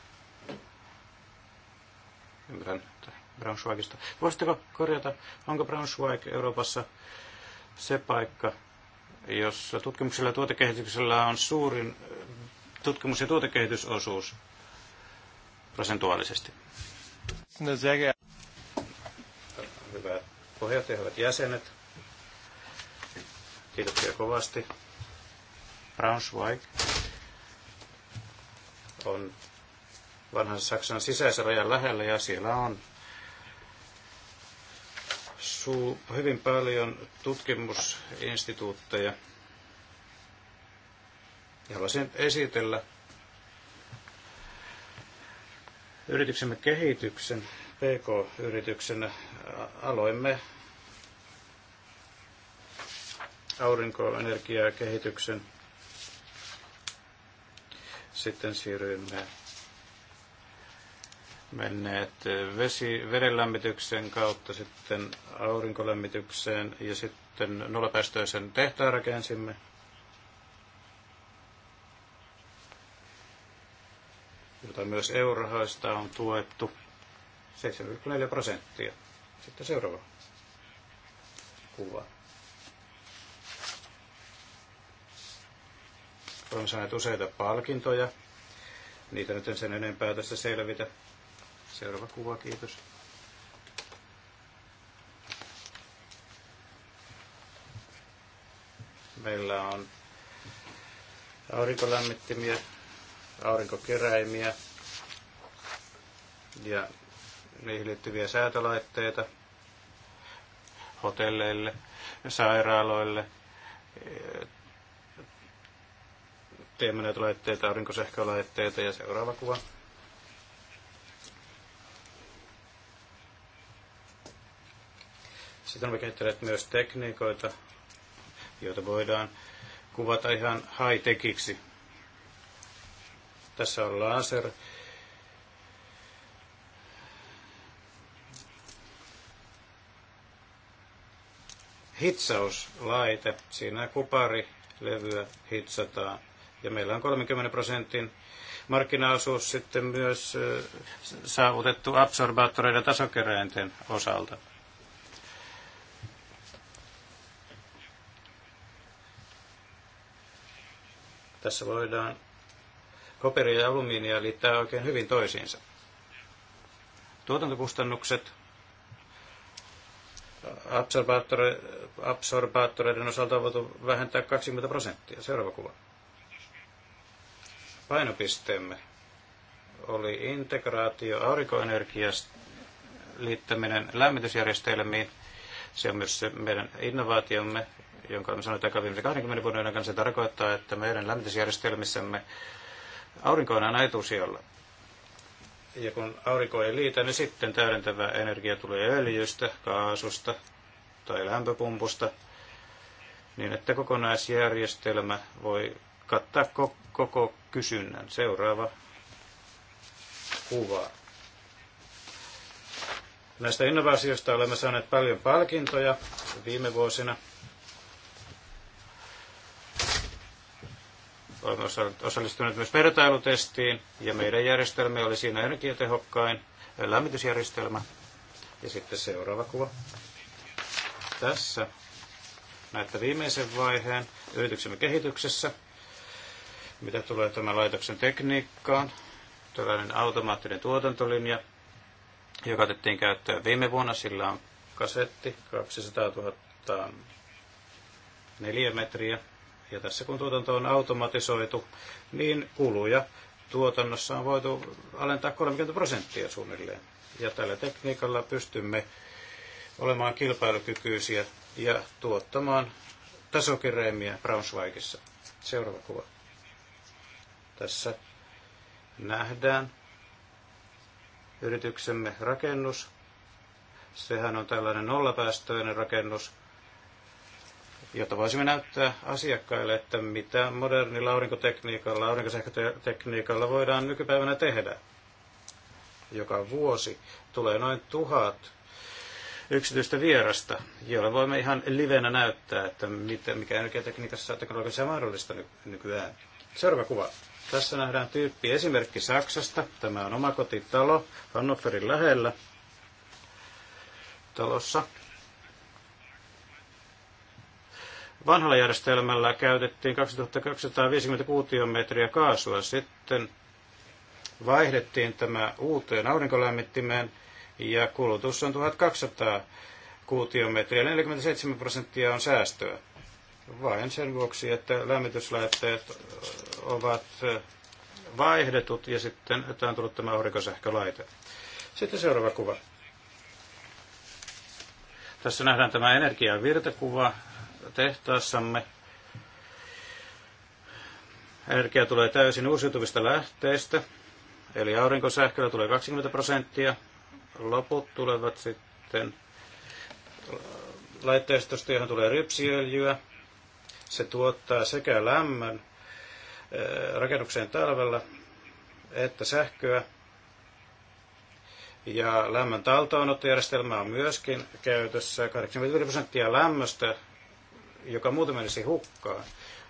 Ymmärrän, että Braunschweigista. Voisitteko korjata, onko Braunschweig Euroopassa se paikka, jossa tutkimuksella ja tuotekehityksellä on suurin tutkimus- ja tuotekehitysosuus prosentuaalisesti. No, sekä. Hyvät puheenjohtaja, hyvät jäsenet. Kiitoksia kovasti. Braunschweig on vanhan Saksan sisäisen rajan lähellä ja siellä on asuu hyvin paljon tutkimusinstituutteja. Ja haluaisin esitellä yrityksemme kehityksen pk yrityksen Aloimme aurinkoenergiakehityksen. Sitten siirryimme menneet vesi, vedenlämmityksen kautta sitten aurinkolämmitykseen ja sitten nollapäästöisen tehtaan rakensimme. jota myös eurohaista on tuettu 7,4 prosenttia. Sitten seuraava kuva. Olemme saaneet useita palkintoja. Niitä nyt en sen enempää tässä selvitä. Seuraava kuva, kiitos. Meillä on aurinkolämmittimiä, aurinkokeräimiä ja niihin liittyviä säätölaitteita hotelleille, sairaaloille, teemme laitteita, aurinkosähkölaitteita ja seuraava kuva. Sitten olemme kehittäneet myös tekniikoita, joita voidaan kuvata ihan high-techiksi. Tässä on laser. Hitsauslaite. Siinä kupari levyä hitsataan. Ja meillä on 30 prosentin markkinaosuus sitten myös saavutettu absorbaattoreiden tasokeräinten osalta. Tässä voidaan koperia ja alumiinia liittää oikein hyvin toisiinsa. Tuotantokustannukset absorbaattoreiden osalta on voitu vähentää 20 prosenttia. Seuraava kuva. Painopisteemme oli integraatio aurinkoenergiasta liittäminen lämmitysjärjestelmiin. Se on myös se meidän innovaatiomme jonka olemme sanoneet aika viimeisen 20 vuoden aikana, se tarkoittaa, että meidän lämmitysjärjestelmissämme aurinko on aina etusijalla. Ja kun aurinko ei liitä, niin sitten täydentävä energia tulee öljystä, kaasusta tai lämpöpumpusta, niin että kokonaisjärjestelmä voi kattaa koko kysynnän. Seuraava kuva. Näistä innovaatioista olemme saaneet paljon palkintoja viime vuosina. osallistuneet myös vertailutestiin ja meidän järjestelmä oli siinä energiatehokkain lämmitysjärjestelmä. Ja sitten seuraava kuva. Tässä näette viimeisen vaiheen yrityksemme kehityksessä, mitä tulee tämän laitoksen tekniikkaan. Tällainen automaattinen tuotantolinja, joka otettiin käyttöön viime vuonna. Sillä on kasetti 200 000 neliömetriä ja tässä kun tuotanto on automatisoitu, niin kuluja tuotannossa on voitu alentaa 30 prosenttia suunnilleen. Ja tällä tekniikalla pystymme olemaan kilpailukykyisiä ja tuottamaan tasokireemiä Braunschweigissa. Seuraava kuva. Tässä nähdään yrityksemme rakennus. Sehän on tällainen nollapäästöinen rakennus, jotta voisimme näyttää asiakkaille, että mitä modernilla aurinkotekniikalla, aurinkosähkötekniikalla voidaan nykypäivänä tehdä. Joka vuosi tulee noin tuhat yksityistä vierasta, joilla voimme ihan livenä näyttää, että mitä, mikä energiatekniikassa on teknologisia mahdollista ny- nykyään. Seuraava kuva. Tässä nähdään tyyppi esimerkki Saksasta. Tämä on omakotitalo Hannoverin lähellä talossa Vanhalla järjestelmällä käytettiin 2250 kuutiometriä kaasua. Sitten vaihdettiin tämä uuteen aurinkolämmittimeen ja kulutus on 1200 kuutiometriä. 47 prosenttia on säästöä. Vain sen vuoksi, että lämmityslaitteet ovat vaihdetut ja sitten että on tullut tämä aurinkosähkölaite. Sitten seuraava kuva. Tässä nähdään tämä virtakuva, tehtaassamme. Energia tulee täysin uusiutuvista lähteistä, eli aurinkosähköllä tulee 20 prosenttia. Loput tulevat sitten laitteistosta, johon tulee rypsiöljyä. Se tuottaa sekä lämmön eh, rakennukseen talvella että sähköä. Ja lämmön talteenottojärjestelmä on myöskin käytössä. 85 prosenttia lämmöstä joka muuten menisi hukkaan,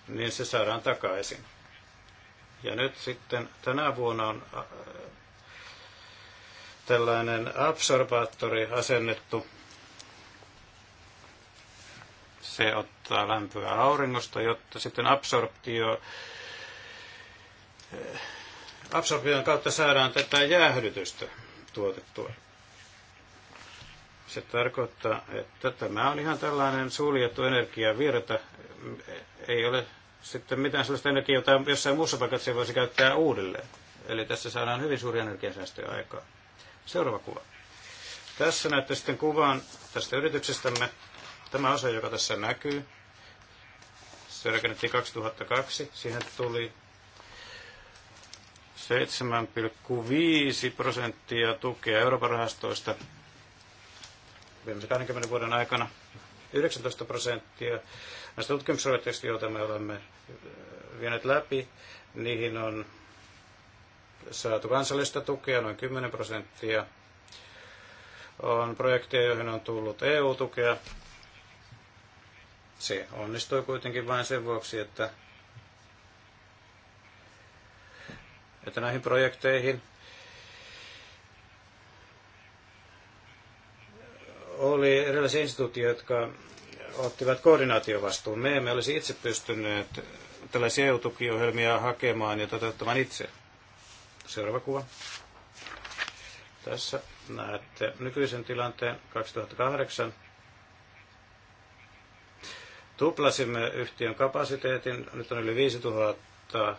niin se saadaan takaisin. Ja nyt sitten tänä vuonna on äh, tällainen absorbaattori asennettu. Se ottaa lämpöä auringosta, jotta sitten absorptio, äh, absorption kautta saadaan tätä jäähdytystä tuotettua. Se tarkoittaa, että tämä on ihan tällainen suljettu energiavirta. Ei ole sitten mitään sellaista energiaa, jota jossain muussa paikassa voisi käyttää uudelleen. Eli tässä saadaan hyvin suuri energiansäästöjä aikaa. Seuraava kuva. Tässä näette sitten kuvan tästä yrityksestämme. Tämä osa, joka tässä näkyy, se rakennettiin 2002. Siihen tuli 7,5 prosenttia tukea Euroopan rahastoista viimeisen 20 vuoden aikana 19 prosenttia näistä tutkimusprojekteista, joita me olemme eh, vieneet läpi, niihin on saatu kansallista tukea noin 10 prosenttia. On projekteja, joihin on tullut EU-tukea. Se onnistui kuitenkin vain sen vuoksi, että, että näihin projekteihin oli erilaisia instituutioita, jotka ottivat koordinaatiovastuun. Me emme olisi itse pystyneet tällaisia EU-tukiohjelmia hakemaan ja toteuttamaan itse. Seuraava kuva. Tässä näette nykyisen tilanteen 2008. Tuplasimme yhtiön kapasiteetin, nyt on yli 5000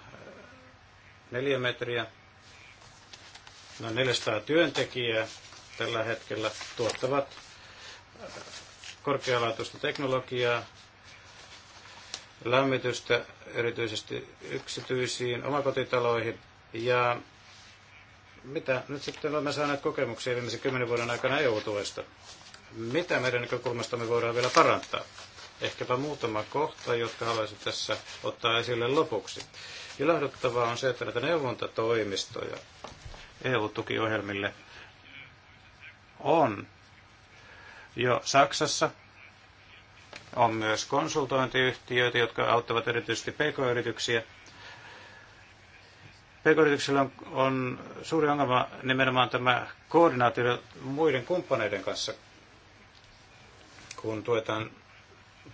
neliömetriä, noin 400 työntekijää tällä hetkellä tuottavat korkealaatuista teknologiaa, lämmitystä erityisesti yksityisiin omakotitaloihin ja mitä nyt sitten olemme saaneet kokemuksia viimeisen kymmenen vuoden aikana EU-tuesta? Mitä meidän näkökulmastamme voidaan vielä parantaa? Ehkäpä muutama kohta, jotka haluaisin tässä ottaa esille lopuksi. Ilahduttavaa on se, että näitä neuvontatoimistoja EU-tukiohjelmille on jo Saksassa. On myös konsultointiyhtiöitä, jotka auttavat erityisesti pk-yrityksiä. PK-yrityksillä on, on suuri ongelma nimenomaan tämä koordinaatio muiden kumppaneiden kanssa, kun tuetaan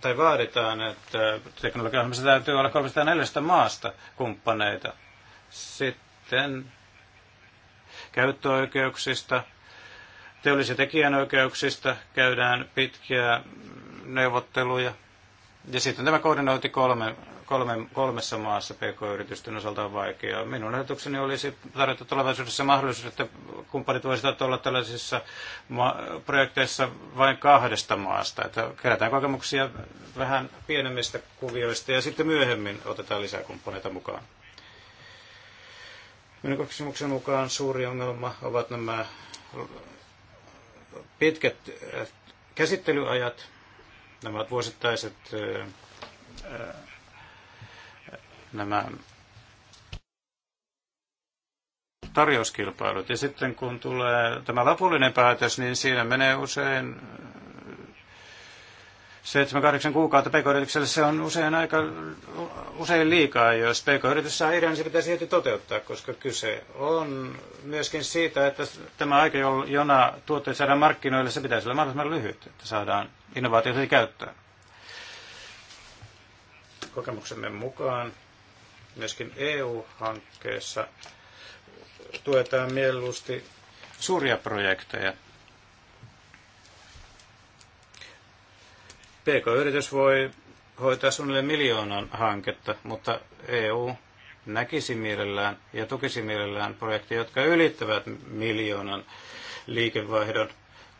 tai vaaditaan, että teknologiaohjelmassa täytyy olla 304 maasta kumppaneita. Sitten käyttöoikeuksista, teollis- ja tekijänoikeuksista käydään pitkiä neuvotteluja. Ja sitten tämä koordinointi kolme, kolme, kolmessa maassa pk-yritysten osalta on vaikeaa. Minun ajatukseni olisi tarjota tulevaisuudessa mahdollisuus, että kumppanit voisivat olla tällaisissa projekteissa vain kahdesta maasta. Että kerätään kokemuksia vähän pienemmistä kuvioista ja sitten myöhemmin otetaan lisää kumppaneita mukaan. Minun kokemuksen mukaan suuri ongelma ovat nämä pitkät äh, käsittelyajat, nämä vuosittaiset äh, äh, nämä tarjouskilpailut. Ja sitten kun tulee tämä lopullinen päätös, niin siinä menee usein 7-8 kuukautta pk-yritykselle se on usein aika usein liikaa, jos pk-yritys saa idean, niin se pitäisi heti toteuttaa, koska kyse on myöskin siitä, että tämä aika, jona tuotteet saadaan markkinoille, se pitäisi olla mahdollisimman lyhyt, että saadaan innovaatioita käyttöön. Kokemuksemme mukaan myöskin EU-hankkeessa tuetaan mieluusti suuria projekteja, PK-yritys voi hoitaa suunnilleen miljoonan hanketta, mutta EU näkisi mielellään ja tukisi mielellään projekteja, jotka ylittävät miljoonan liikevaihdon.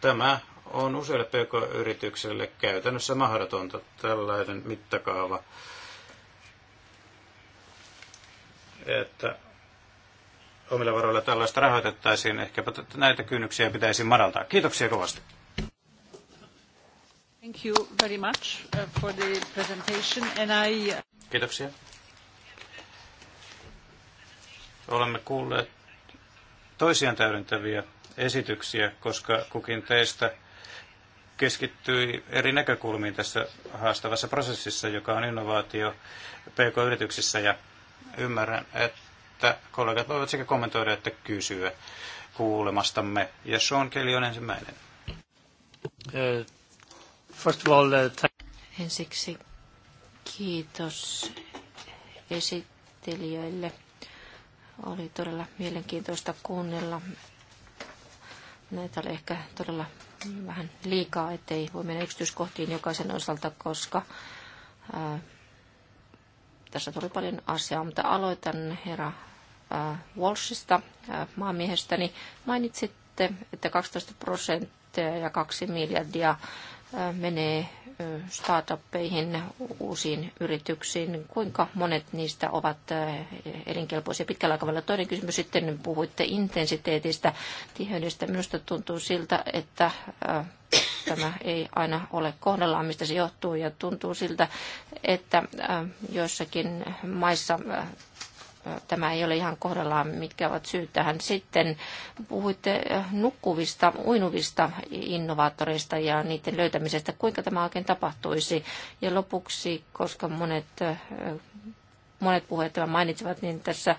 Tämä on useille pk-yrityksille käytännössä mahdotonta tällainen mittakaava. Että omilla varoilla tällaista rahoitettaisiin. Ehkäpä näitä kynnyksiä pitäisi madaltaa. Kiitoksia kovasti. Thank you very much uh, for the presentation I... Uh, Kiitoksia. Olemme kuulleet toisiaan täydentäviä esityksiä, koska kukin teistä keskittyi eri näkökulmiin tässä haastavassa prosessissa, joka on innovaatio PK-yrityksissä ja ymmärrän, että kollegat voivat sekä kommentoida että kysyä kuulemastamme. Ja Sean Kelly on ensimmäinen. Äh, First of all, uh, Ensiksi kiitos esittelijöille. Oli todella mielenkiintoista kuunnella. Näitä oli ehkä todella vähän liikaa, ettei voi mennä yksityiskohtiin jokaisen osalta, koska ää, äh, tässä tuli paljon asiaa, mutta aloitan herra ää, äh, Walshista, ää, äh, maamiehestäni. Mainitsitte, että 12 prosenttia ja 2 miljardia menee startuppeihin, uusiin yrityksiin, kuinka monet niistä ovat elinkelpoisia pitkällä aikavälillä. Toinen kysymys sitten, puhuitte intensiteetistä, tiheydestä. Minusta tuntuu siltä, että tämä ei aina ole kohdallaan, mistä se johtuu, ja tuntuu siltä, että joissakin maissa tämä ei ole ihan kohdallaan, mitkä ovat syyt tähän. Sitten puhuitte äh, nukkuvista, uinuvista innovaattoreista ja niiden löytämisestä. Kuinka tämä oikein tapahtuisi? Ja lopuksi, koska monet, äh, monet puheet tämän mainitsivat, niin tässä äh,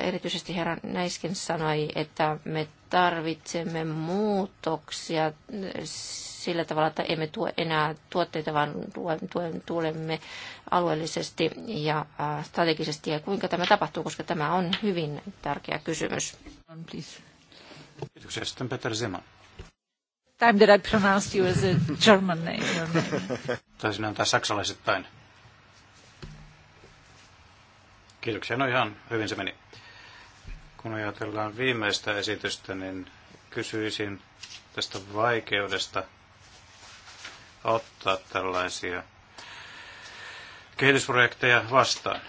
erityisesti herra Näiskin sanoi, että me tarvitsemme muutoksia sillä tavalla, että emme tuo enää tuotteita, vaan tuolemme alueellisesti ja strategisesti. Ja kuinka tämä tapahtuu, koska tämä on hyvin tärkeä kysymys. Kiitoksia. Sitten Peter Zeman. Time that I pronounced you as a German name. Your name. Taisin antaa saksalaisittain. Kiitoksia. No ihan hyvin se meni. Kun ajatellaan viimeistä esitystä, niin kysyisin tästä vaikeudesta – ottaa tällaisia kehitysprojekteja vastaan.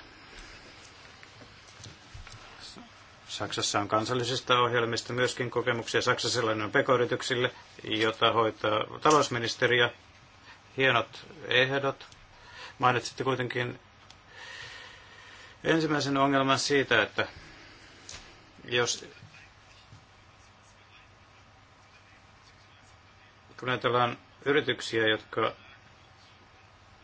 Saksassa on kansallisista ohjelmista myöskin kokemuksia. Saksa sellainen on pekoyrityksille, jota hoitaa talousministeriö. Hienot ehdot. Mainitsitte kuitenkin ensimmäisen ongelman siitä, että jos kun ajatellaan yrityksiä, jotka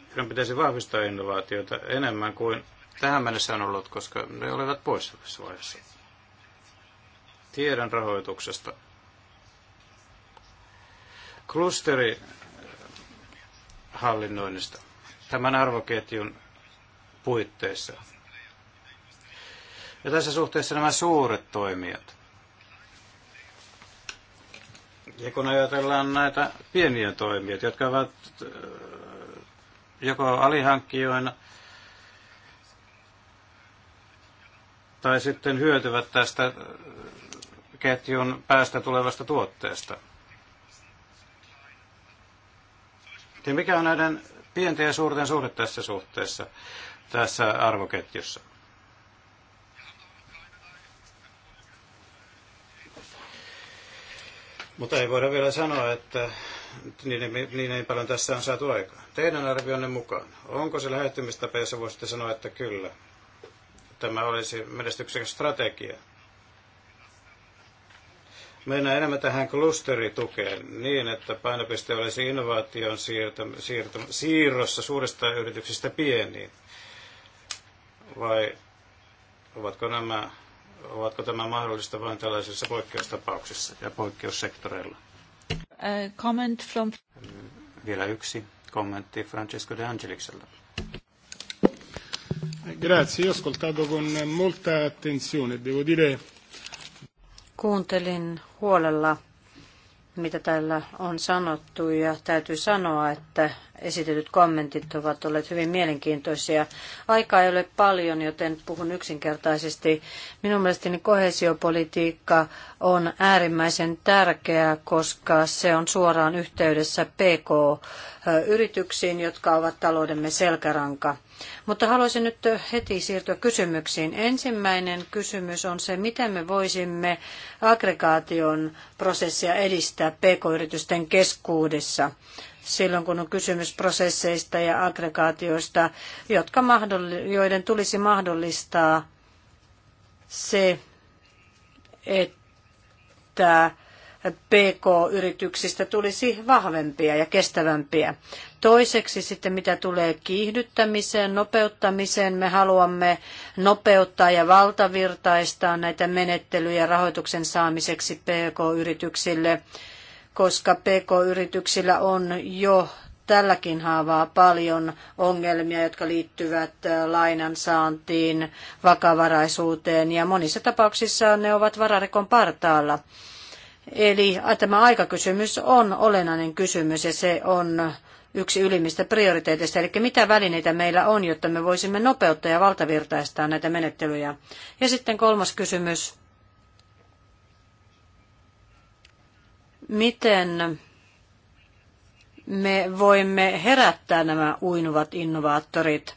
joiden pitäisi vahvistaa innovaatioita enemmän kuin tähän mennessä on ollut, koska ne olivat poissa tässä vaiheessa. Tiedän rahoituksesta. Klusteri hallinnoinnista tämän arvoketjun puitteissa. Ja tässä suhteessa nämä suuret toimijat, ja kun ajatellaan näitä pieniä toimijoita, jotka ovat äh, joko alihankkijoina tai sitten hyötyvät tästä äh, ketjun päästä tulevasta tuotteesta. Ja mikä on näiden pienten ja suurten suhde tässä suhteessa, tässä arvoketjussa? Mutta ei voida vielä sanoa, että niin, niin, niin ei paljon tässä on saatu aikaa. Teidän arvionne mukaan, onko se lähettymistapa, jossa voisitte sanoa, että kyllä, tämä olisi menestyksekäs strategia? Mennään enemmän tähän klusteritukeen niin, että painopiste olisi innovaation siirto, siirto, siirrossa suurista yrityksistä pieniin. Vai ovatko nämä Ovatko tämä mahdollista vain tällaisissa poikkeustapauksissa ja poikkeussektoreilla? Uh, from... Vielä yksi kommentti Francesco De Angelikselta. Grazie, ho ascoltato con molta attenzione, devo dire... Kuuntelin huolella, mitä täällä on sanottu, ja täytyy sanoa, että esitetyt kommentit ovat olleet hyvin mielenkiintoisia. Aika ei ole paljon, joten puhun yksinkertaisesti. Minun mielestäni kohesiopolitiikka on äärimmäisen tärkeää, koska se on suoraan yhteydessä PK-yrityksiin, jotka ovat taloudemme selkäranka. Mutta haluaisin nyt heti siirtyä kysymyksiin. Ensimmäinen kysymys on se, miten me voisimme aggregaation prosessia edistää pk-yritysten keskuudessa silloin, kun on kysymys prosesseista ja aggregaatioista, jotka mahdolli- joiden tulisi mahdollistaa se, että PK-yrityksistä tulisi vahvempia ja kestävämpiä. Toiseksi sitten mitä tulee kiihdyttämiseen, nopeuttamiseen, me haluamme nopeuttaa ja valtavirtaistaa näitä menettelyjä rahoituksen saamiseksi PK-yrityksille koska PK-yrityksillä on jo tälläkin haavaa paljon ongelmia, jotka liittyvät lainansaantiin, vakavaraisuuteen ja monissa tapauksissa ne ovat vararikon partaalla. Eli tämä aikakysymys on olennainen kysymys ja se on yksi ylimmistä prioriteeteista. Eli mitä välineitä meillä on, jotta me voisimme nopeuttaa ja valtavirtaistaa näitä menettelyjä. Ja sitten kolmas kysymys Miten me voimme herättää nämä uinuvat innovaattorit?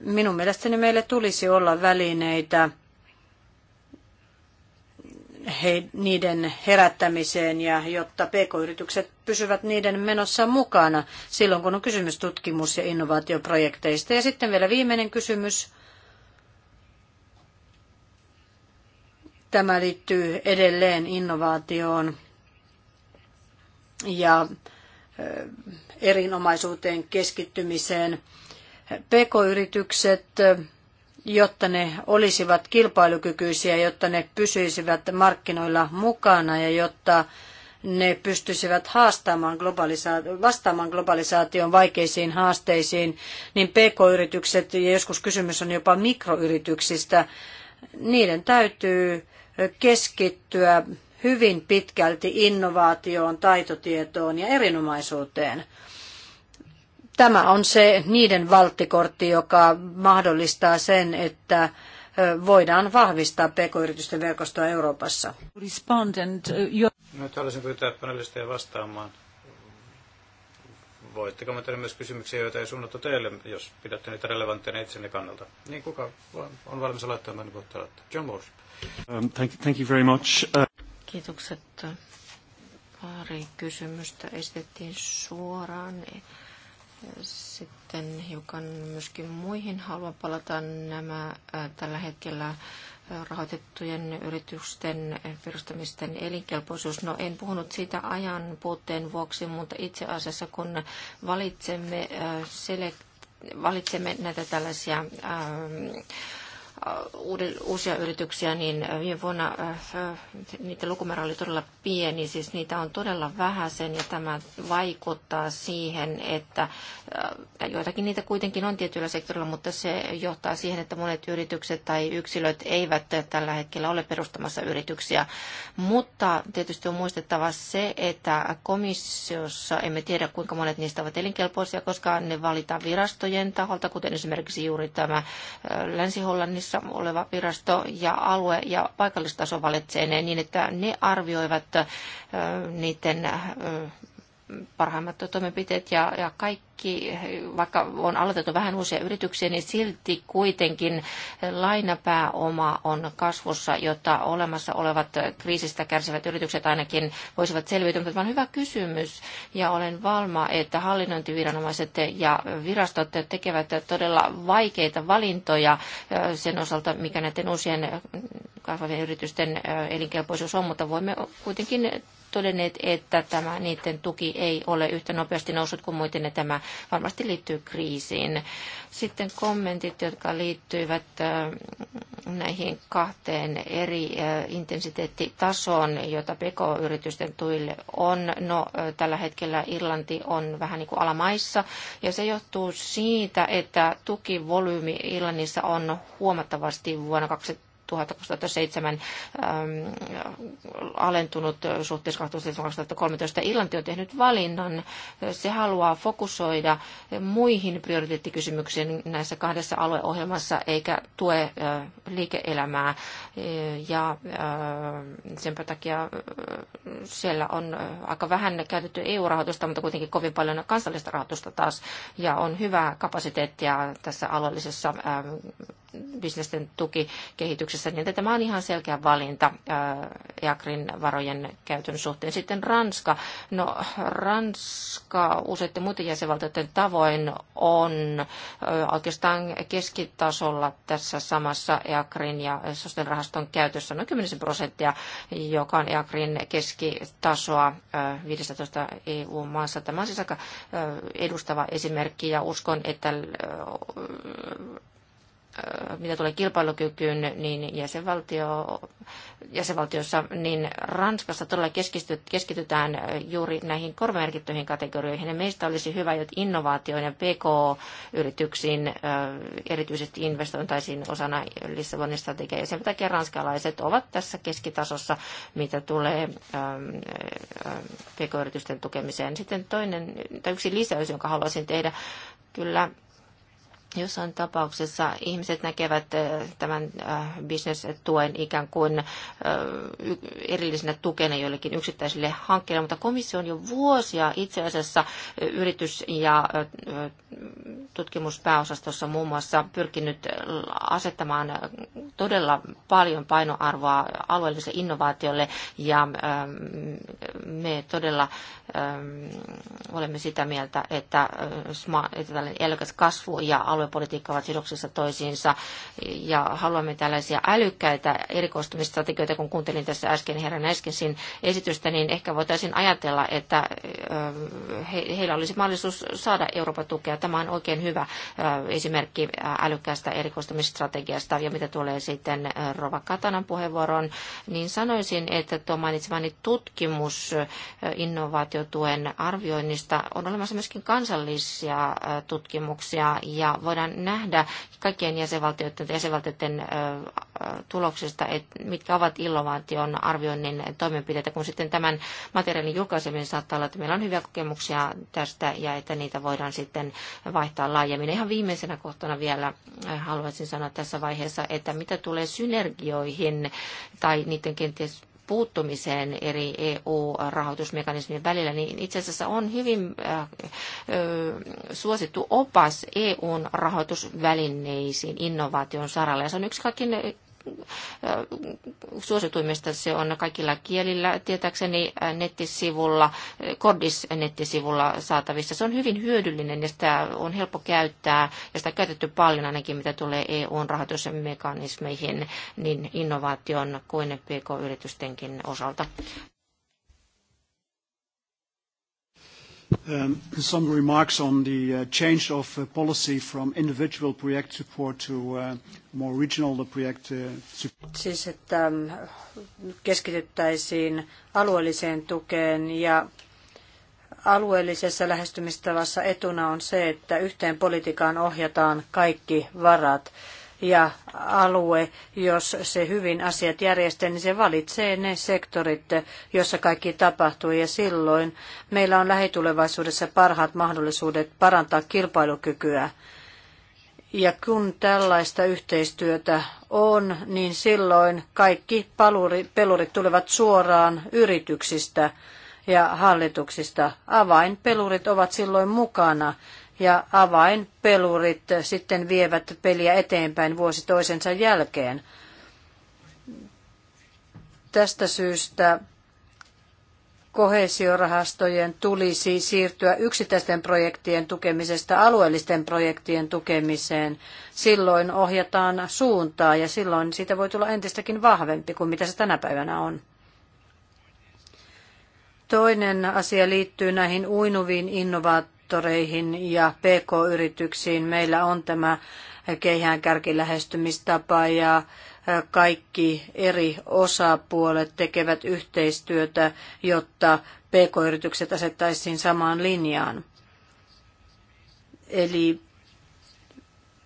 Minun mielestäni meille tulisi olla välineitä he, niiden herättämiseen ja jotta pk-yritykset pysyvät niiden menossa mukana silloin, kun on kysymys tutkimus- ja innovaatioprojekteista. Ja sitten vielä viimeinen kysymys. Tämä liittyy edelleen innovaatioon ja erinomaisuuteen keskittymiseen. PK-yritykset, jotta ne olisivat kilpailukykyisiä, jotta ne pysyisivät markkinoilla mukana ja jotta ne pystyisivät haastamaan globalisa- vastaamaan globalisaation vaikeisiin haasteisiin, niin pk-yritykset, ja joskus kysymys on jopa mikroyrityksistä, niiden täytyy keskittyä hyvin pitkälti innovaatioon, taitotietoon ja erinomaisuuteen. Tämä on se niiden valttikortti, joka mahdollistaa sen, että voidaan vahvistaa pk-yritysten verkostoa Euroopassa. Nyt haluaisin pyytää panelisteja vastaamaan me tehdä myös kysymyksiä, joita ei suunnattu teille, jos pidätte niitä relevantteina itsenne kannalta. Niin kuka on valmis aloittamaan, niin voitte aloittaa. John Morris. Um, thank, thank you very much. Uh... Kiitokset. Pari kysymystä esitettiin suoraan. Sitten hiukan myöskin muihin haluan palata nämä äh, tällä hetkellä rahoitettujen yritysten perustamisten elinkelpoisuus. No en puhunut siitä ajan puutteen vuoksi, mutta itse asiassa kun valitsemme, äh, select, valitsemme näitä tällaisia ähm, Uh, uusia yrityksiä, niin uh, viime vuonna uh, niiden lukumäärä oli todella pieni, siis niitä on todella vähäisen ja tämä vaikuttaa siihen, että joitakin niitä kuitenkin on tietyillä sektorilla, mutta se johtaa siihen, että monet yritykset tai yksilöt eivät tällä hetkellä ole perustamassa yrityksiä. Mutta tietysti on muistettava se, että komissiossa emme tiedä kuinka monet niistä ovat elinkelpoisia, koska ne valitaan virastojen taholta, kuten esimerkiksi juuri tämä Länsi-Hollannissa Luxemburgissa oleva virasto ja alue- ja paikallistaso valitsee ne niin, että ne arvioivat niiden parhaimmat toimenpiteet ja, ja kaikki, vaikka on aloitettu vähän uusia yrityksiä, niin silti kuitenkin lainapääoma on kasvussa, jotta olemassa olevat kriisistä kärsivät yritykset ainakin voisivat selviytyä. Mutta tämä on hyvä kysymys ja olen valma, että hallinnointiviranomaiset ja virastot tekevät todella vaikeita valintoja sen osalta, mikä näiden uusien kasvavien yritysten elinkelpoisuus on, mutta voimme kuitenkin todenneet, että tämä, niiden tuki ei ole yhtä nopeasti noussut kuin muuten, ja tämä varmasti liittyy kriisiin. Sitten kommentit, jotka liittyivät äh, näihin kahteen eri äh, intensiteettitasoon, jota PK-yritysten tuille on. No, äh, tällä hetkellä Irlanti on vähän niin kuin alamaissa, ja se johtuu siitä, että tukivolyymi Irlannissa on huomattavasti vuonna 2020 2007 ähm, alentunut suhteessa 2013. Irlanti on tehnyt valinnan. Se haluaa fokusoida muihin prioriteettikysymyksiin näissä kahdessa alueohjelmassa eikä tue äh, liike-elämää. Äh, ja äh, sen takia siellä on aika vähän käytetty EU-rahoitusta, mutta kuitenkin kovin paljon kansallista rahoitusta taas. Ja on hyvää kapasiteettia tässä alueellisessa ähm, bisnesten tukikehityksessä sopimuksessa, niin tämä on ihan selkeä valinta äh, Jakrin varojen käytön suhteen. Sitten Ranska. No, Ranska useiden muiden jäsenvaltioiden tavoin on äh, oikeastaan keskitasolla tässä samassa Jakrin ja sosiaalirahaston rahaston käytössä noin 10 prosenttia, joka on Jakrin keskitasoa 15 äh, EU-maassa. Tämä on siis aika edustava esimerkki ja uskon, että mitä tulee kilpailukykyyn, niin jäsenvaltio, jäsenvaltiossa, niin Ranskassa todella keskitytään juuri näihin korvamerkittyihin kategorioihin. Ja meistä olisi hyvä, että innovaatioon ja PK-yrityksiin erityisesti investointaisiin osana Lissabonin strategiaa. Ja sen takia ranskalaiset ovat tässä keskitasossa, mitä tulee PK-yritysten tukemiseen. Sitten toinen, tai yksi lisäys, jonka haluaisin tehdä, kyllä Jossain tapauksessa ihmiset näkevät äh, tämän äh, bisnestuen ikään kuin äh, erillisenä tukena joillekin yksittäisille hankkeille, mutta komissio on jo vuosia itse asiassa yritys- ja tutkimuspääosastossa muun muassa pyrkinyt asettamaan todella paljon painoarvoa alueelliselle innovaatiolle ja ähm, me todella ähm, olemme sitä mieltä, että, että tällainen kasvu ja alue aluepolitiikka ovat sidoksissa toisiinsa ja haluamme tällaisia älykkäitä erikoistumistrategioita, kun kuuntelin tässä äsken herran äskensin esitystä, niin ehkä voitaisiin ajatella, että heillä olisi mahdollisuus saada Euroopan tukea. Tämä on oikein hyvä esimerkki älykkäästä erikoistumistrategiasta ja mitä tulee sitten Rova Katanan puheenvuoroon, niin sanoisin, että tuo mainitsemani tutkimus innovaatiotuen arvioinnista on olemassa myöskin kansallisia tutkimuksia ja voidaan nähdä kaikkien jäsenvaltioiden, jäsenvaltioiden tuloksista, että mitkä ovat innovaation arvioinnin toimenpiteitä, kun sitten tämän materiaalin julkaiseminen saattaa olla, että meillä on hyviä kokemuksia tästä ja että niitä voidaan sitten vaihtaa laajemmin. Ihan viimeisenä kohtana vielä haluaisin sanoa tässä vaiheessa, että mitä tulee synergioihin tai niiden kenties puuttumiseen eri EU-rahoitusmekanismien välillä, niin itse asiassa on hyvin äh, äh, suosittu opas EUn rahoitusvälineisiin innovaation saralla. Ja se on yksi kaikkein suosituimmista se on kaikilla kielillä, tietääkseni äh, nettisivulla, äh, Kordis-nettisivulla saatavissa. Se on hyvin hyödyllinen ja sitä on helppo käyttää ja sitä on käytetty paljon ainakin, mitä tulee eu rahoitusmekanismeihin, niin innovaation kuin pk-yritystenkin osalta. Um, some remarks on the uh, change of uh, policy from individual project support to uh, more regional project support. Siis että um, keskityttäisiin alueelliseen tukeen ja alueellisessa lähestymistavassa etuna on se, että yhteen politiikkaan ohjataan kaikki varat ja alue, jos se hyvin asiat järjestää, niin se valitsee ne sektorit, jossa kaikki tapahtuu. Ja silloin meillä on lähitulevaisuudessa parhaat mahdollisuudet parantaa kilpailukykyä. Ja kun tällaista yhteistyötä on, niin silloin kaikki paluri, pelurit tulevat suoraan yrityksistä ja hallituksista. Avainpelurit ovat silloin mukana ja avainpelurit sitten vievät peliä eteenpäin vuosi toisensa jälkeen. Tästä syystä kohesiorahastojen tulisi siirtyä yksittäisten projektien tukemisesta alueellisten projektien tukemiseen. Silloin ohjataan suuntaa ja silloin siitä voi tulla entistäkin vahvempi kuin mitä se tänä päivänä on. Toinen asia liittyy näihin uinuviin innovaatioihin sektoreihin ja PK-yrityksiin. Meillä on tämä keihään kärkilähestymistapa ja kaikki eri osapuolet tekevät yhteistyötä, jotta PK-yritykset asettaisiin samaan linjaan. Eli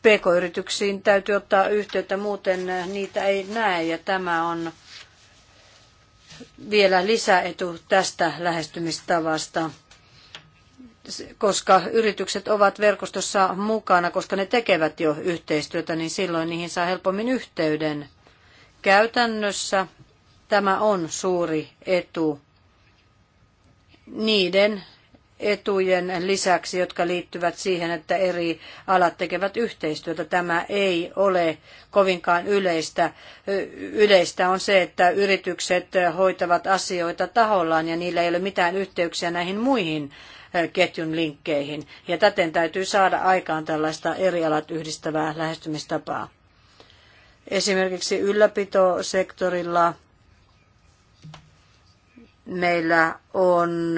PK-yrityksiin täytyy ottaa yhteyttä, muuten niitä ei näe ja tämä on vielä lisäetu tästä lähestymistavasta koska yritykset ovat verkostossa mukana, koska ne tekevät jo yhteistyötä, niin silloin niihin saa helpommin yhteyden. Käytännössä tämä on suuri etu niiden etujen lisäksi, jotka liittyvät siihen, että eri alat tekevät yhteistyötä. Tämä ei ole kovinkaan yleistä. Yleistä on se, että yritykset hoitavat asioita tahollaan ja niillä ei ole mitään yhteyksiä näihin muihin ketjun linkkeihin. Ja täten täytyy saada aikaan tällaista eri alat yhdistävää lähestymistapaa. Esimerkiksi ylläpitosektorilla meillä on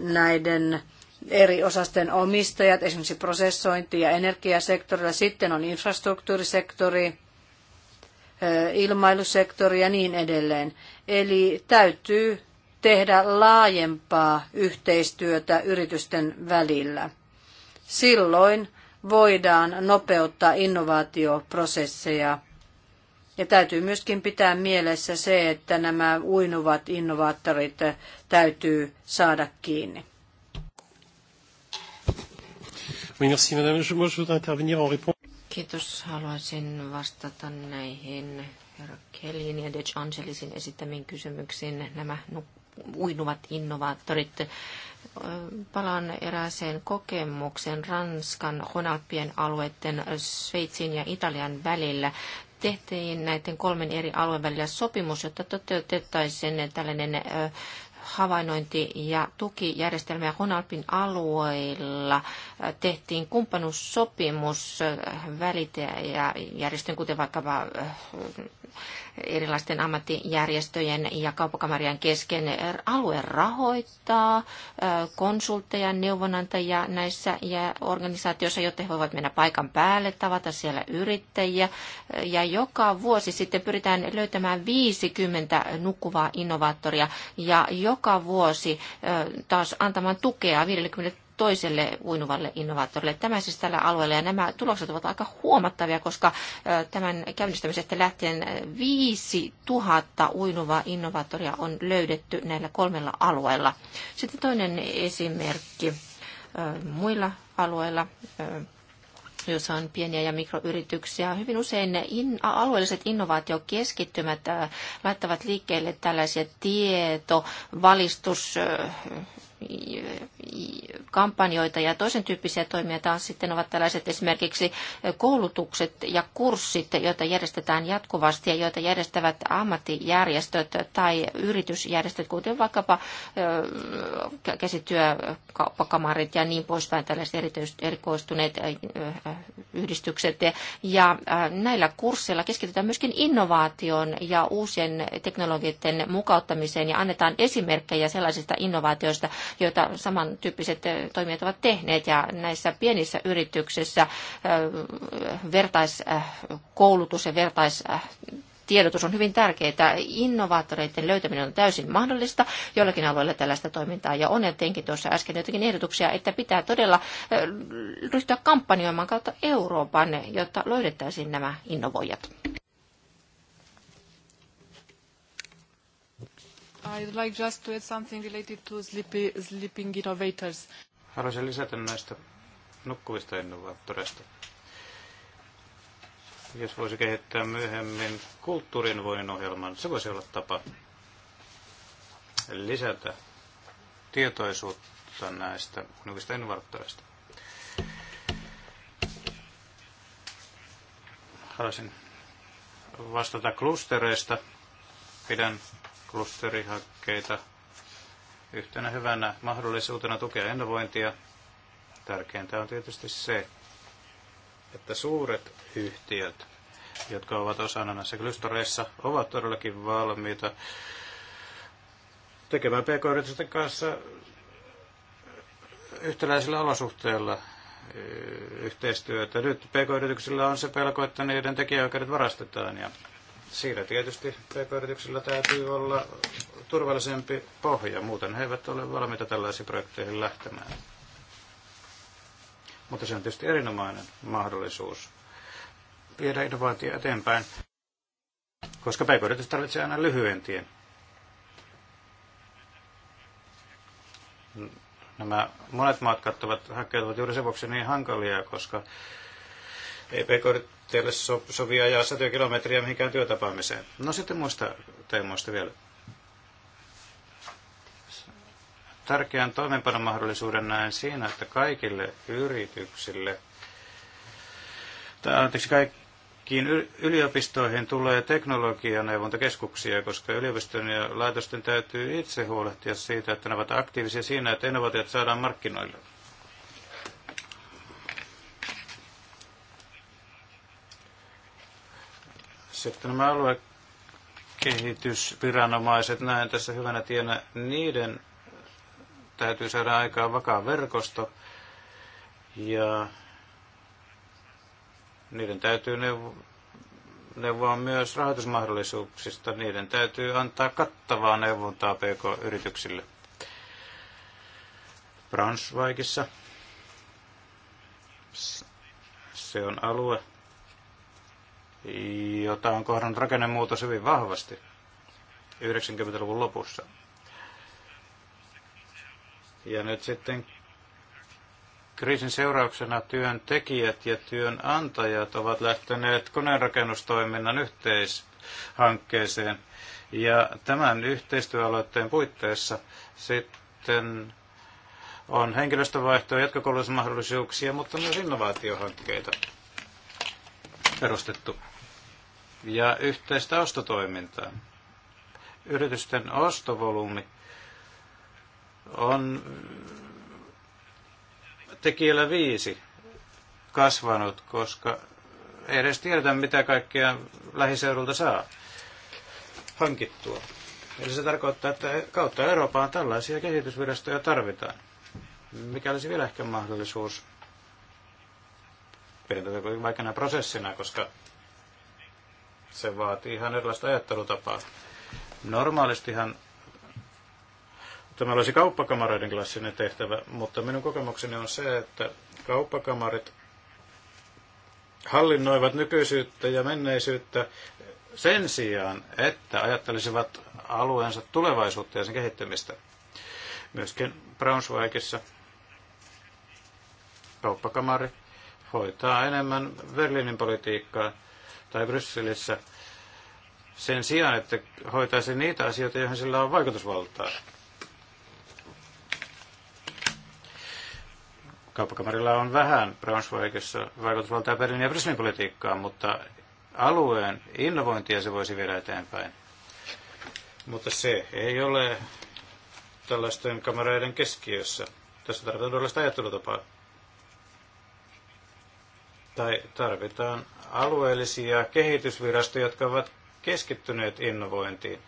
näiden eri osasten omistajat, esimerkiksi prosessointi- ja energiasektorilla, sitten on infrastruktuurisektori, ilmailusektori ja niin edelleen. Eli täytyy tehdä laajempaa yhteistyötä yritysten välillä. Silloin voidaan nopeuttaa innovaatioprosesseja. Ja täytyy myöskin pitää mielessä se, että nämä uinuvat innovaattorit täytyy saada kiinni. Kiitos. Haluaisin vastata näihin herra Kellin ja De Angelisin esittämiin kysymyksiin. Nämä uinuvat innovaattorit. Palaan erääseen kokemuksen Ranskan Honalpien alueiden Sveitsin ja Italian välillä tehtiin näiden kolmen eri alueen välillä sopimus, jotta toteutettaisiin tällainen havainnointi- ja tukijärjestelmiä Honalpin alueilla. Tehtiin kumppanuussopimus äh, välittäjäjärjestön, kuten vaikkapa äh, erilaisten ammattijärjestöjen ja kauppakamarien kesken. Äh, alue rahoittaa konsultteja, neuvonantajia näissä organisaatioissa, jotta he voivat mennä paikan päälle, tavata siellä yrittäjiä. Ja joka vuosi sitten pyritään löytämään 50 nukkuvaa innovaattoria ja jo joka vuosi taas antamaan tukea 50 toiselle uinuvalle innovaattorille. Tämä siis tällä alueella ja nämä tulokset ovat aika huomattavia, koska tämän käynnistämisestä lähtien 5000 uinuvaa innovaattoria on löydetty näillä kolmella alueella. Sitten toinen esimerkki muilla alueilla jossa on pieniä ja mikroyrityksiä. Hyvin usein in, alueelliset innovaatiokeskittymät äh, laittavat liikkeelle tällaisia tieto, valistus, äh, kampanjoita ja toisen tyyppisiä toimia taas sitten ovat tällaiset esimerkiksi koulutukset ja kurssit, joita järjestetään jatkuvasti ja joita järjestävät ammattijärjestöt tai yritysjärjestöt, kuten vaikkapa käsityökauppakamarit ja niin poispäin, tällaiset erikoistuneet yhdistykset. Ja näillä kursseilla keskitytään myöskin innovaatioon ja uusien teknologioiden mukauttamiseen ja annetaan esimerkkejä sellaisista innovaatioista, joita samantyyppiset toimijat ovat tehneet. Ja näissä pienissä yrityksissä vertaiskoulutus äh, ja vertais äh, tiedotus on hyvin tärkeää. Innovaattoreiden löytäminen on täysin mahdollista. Jollakin alueella tällaista toimintaa ja on jotenkin tuossa äsken jotakin ehdotuksia, että pitää todella ryhtyä kampanjoimaan kautta Euroopan, jotta löydettäisiin nämä innovoijat. I'd like just to add something related to sleeping innovators. Haluaisin lisätä näistä nukkuvista innovaattoreista. Jos voisi kehittää myöhemmin kulttuurinvoinnin ohjelman, se voisi olla tapa lisätä tietoisuutta näistä nukkuvista innovaattoreista. Haluaisin vastata klustereista. Pidän klusterihankkeita yhtenä hyvänä mahdollisuutena tukea innovointia. Tärkeintä on tietysti se, että suuret yhtiöt, jotka ovat osana näissä klustereissa, ovat todellakin valmiita tekemään pk-yritysten kanssa yhtäläisillä olosuhteilla yhteistyötä. Nyt pk-yrityksillä on se pelko, että niiden tekijäoikeudet varastetaan ja Siinä tietysti pk-yrityksillä täytyy olla turvallisempi pohja, muuten he eivät ole valmiita tällaisiin projekteihin lähtemään. Mutta se on tietysti erinomainen mahdollisuus viedä innovaatio eteenpäin, koska pk-yritys tarvitsee aina lyhyen tien. Nämä monet maat kattavat hakkeet ovat juuri sen vuoksi niin hankalia, koska ei pk teille so- sovia ajaa satoja kilometriä mihinkään työtapaamiseen. No sitten muista teemoista vielä. Tärkeän toimeenpanomahdollisuuden näen siinä, että kaikille yrityksille, tai anteeksi, kaikkiin yliopistoihin tulee teknologianeuvontakeskuksia, koska yliopistojen ja laitosten täytyy itse huolehtia siitä, että ne ovat aktiivisia siinä, että innovaatiot saadaan markkinoille Sitten nämä aluekehitysviranomaiset näen tässä hyvänä tienä. Niiden täytyy saada aikaan vakaa verkosto ja niiden täytyy neuvoa myös rahoitusmahdollisuuksista. Niiden täytyy antaa kattavaa neuvontaa PK-yrityksille. Braunschweigissa se on alue, jota on kohdannut rakennemuutos hyvin vahvasti 90-luvun lopussa. Ja nyt sitten kriisin seurauksena työntekijät ja työnantajat ovat lähteneet koneenrakennustoiminnan yhteishankkeeseen. Ja tämän yhteistyöaloitteen puitteissa sitten on henkilöstövaihtoa, jatkokoulutusmahdollisuuksia, mutta myös innovaatiohankkeita perustettu ja yhteistä ostotoimintaa. Yritysten ostovolyymi on tekijällä viisi kasvanut, koska ei edes tiedetä, mitä kaikkea lähiseudulta saa hankittua. Eli se tarkoittaa, että kautta Eurooppaan tällaisia kehitysvirastoja tarvitaan. Mikä olisi vielä ehkä mahdollisuus pidetäänkö vaikka prosessina, koska se vaatii ihan erilaista ajattelutapaa. Normaalistihan tämä olisi kauppakamareiden klassinen tehtävä, mutta minun kokemukseni on se, että kauppakamarit hallinnoivat nykyisyyttä ja menneisyyttä sen sijaan, että ajattelisivat alueensa tulevaisuutta ja sen kehittämistä. Myöskin Braunschweigissa kauppakamari hoitaa enemmän Berliinin politiikkaa tai Brysselissä sen sijaan, että hoitaisi niitä asioita, joihin sillä on vaikutusvaltaa. Kauppakamarilla on vähän Braunschweigissa vaikutusvaltaa Berliinin ja Brysselin politiikkaan, mutta alueen innovointia se voisi viedä eteenpäin. Mutta se ei ole tällaisten kamareiden keskiössä. Tässä tarvitaan todellista ajattelutapaa. Tai tarvitaan alueellisia kehitysvirastoja, jotka ovat keskittyneet innovointiin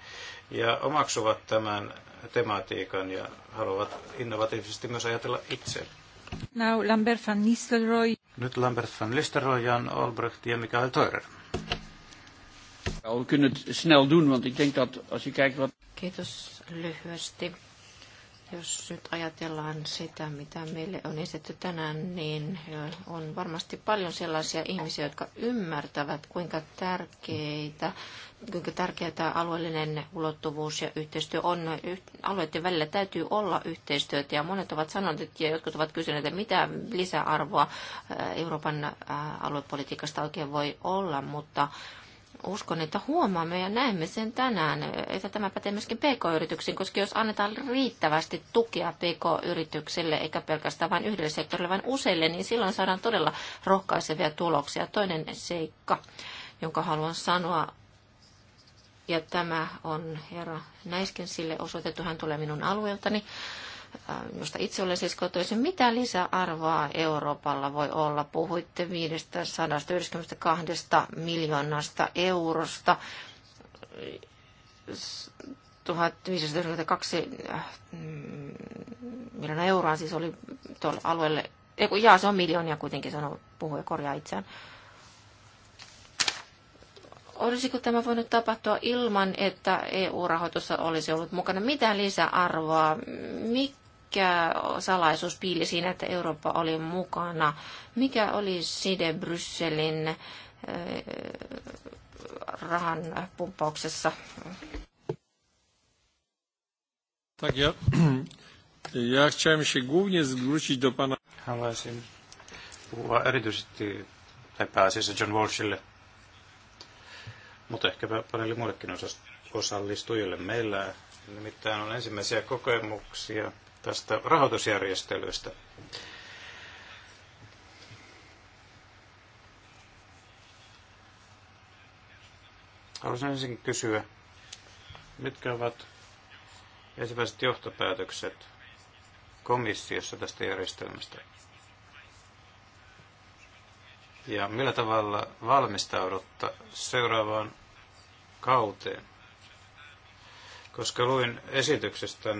ja omaksuvat tämän tematiikan ja haluavat innovatiivisesti myös ajatella itse. Now Lambert van Nistelrooy. Nyt Lambert van Nistelrooy, Jan Olbrecht ja Mikael Teurer. We kunnen het snel doen, want ik denk dat als je kijkt wat... Kiitos lyhyesti. Jos nyt ajatellaan sitä, mitä meille on esitetty tänään, niin on varmasti paljon sellaisia ihmisiä, jotka ymmärtävät, kuinka tärkeitä, kuinka tärkeää alueellinen ulottuvuus ja yhteistyö on. Alueiden välillä täytyy olla yhteistyötä ja monet ovat sanoneet ja jotkut ovat kysyneet, että mitä lisäarvoa Euroopan aluepolitiikasta oikein voi olla, mutta uskon, että huomaamme ja näemme sen tänään, että tämä pätee myöskin pk-yrityksiin, koska jos annetaan riittävästi tukea pk-yrityksille, eikä pelkästään vain yhdelle sektorille, vaan useille, niin silloin saadaan todella rohkaisevia tuloksia. Toinen seikka, jonka haluan sanoa, ja tämä on herra Näisken sille osoitettu, hän tulee minun alueeltani, Äh, josta itse olen siis kotoisin, mitä lisäarvoa Euroopalla voi olla? Puhuitte 592 miljoonasta eurosta. 1592 äh, miljoonaa euroa siis oli tuolla alueelle. Eiku, jaa, se on miljoonia kuitenkin, sanoo puhuja korjaa itseään. Olisiko tämä voinut tapahtua ilman, että EU-rahoitussa olisi ollut mukana mitään lisäarvoa? Mik mikä salaisuus piili siinä, että Eurooppa oli mukana? Mikä oli side Brysselin eh, rahan pumppauksessa? (clears throat) Haluaisin puhua erityisesti, tai pääasiassa John Walshille, mutta ehkä parille muillekin osallistujille. Meillä nimittäin on ensimmäisiä kokemuksia tästä rahoitusjärjestelystä. Haluaisin ensin kysyä, mitkä ovat ensimmäiset johtopäätökset komissiossa tästä järjestelmästä? Ja millä tavalla valmistaudutta seuraavaan kauteen? Koska luin esityksestä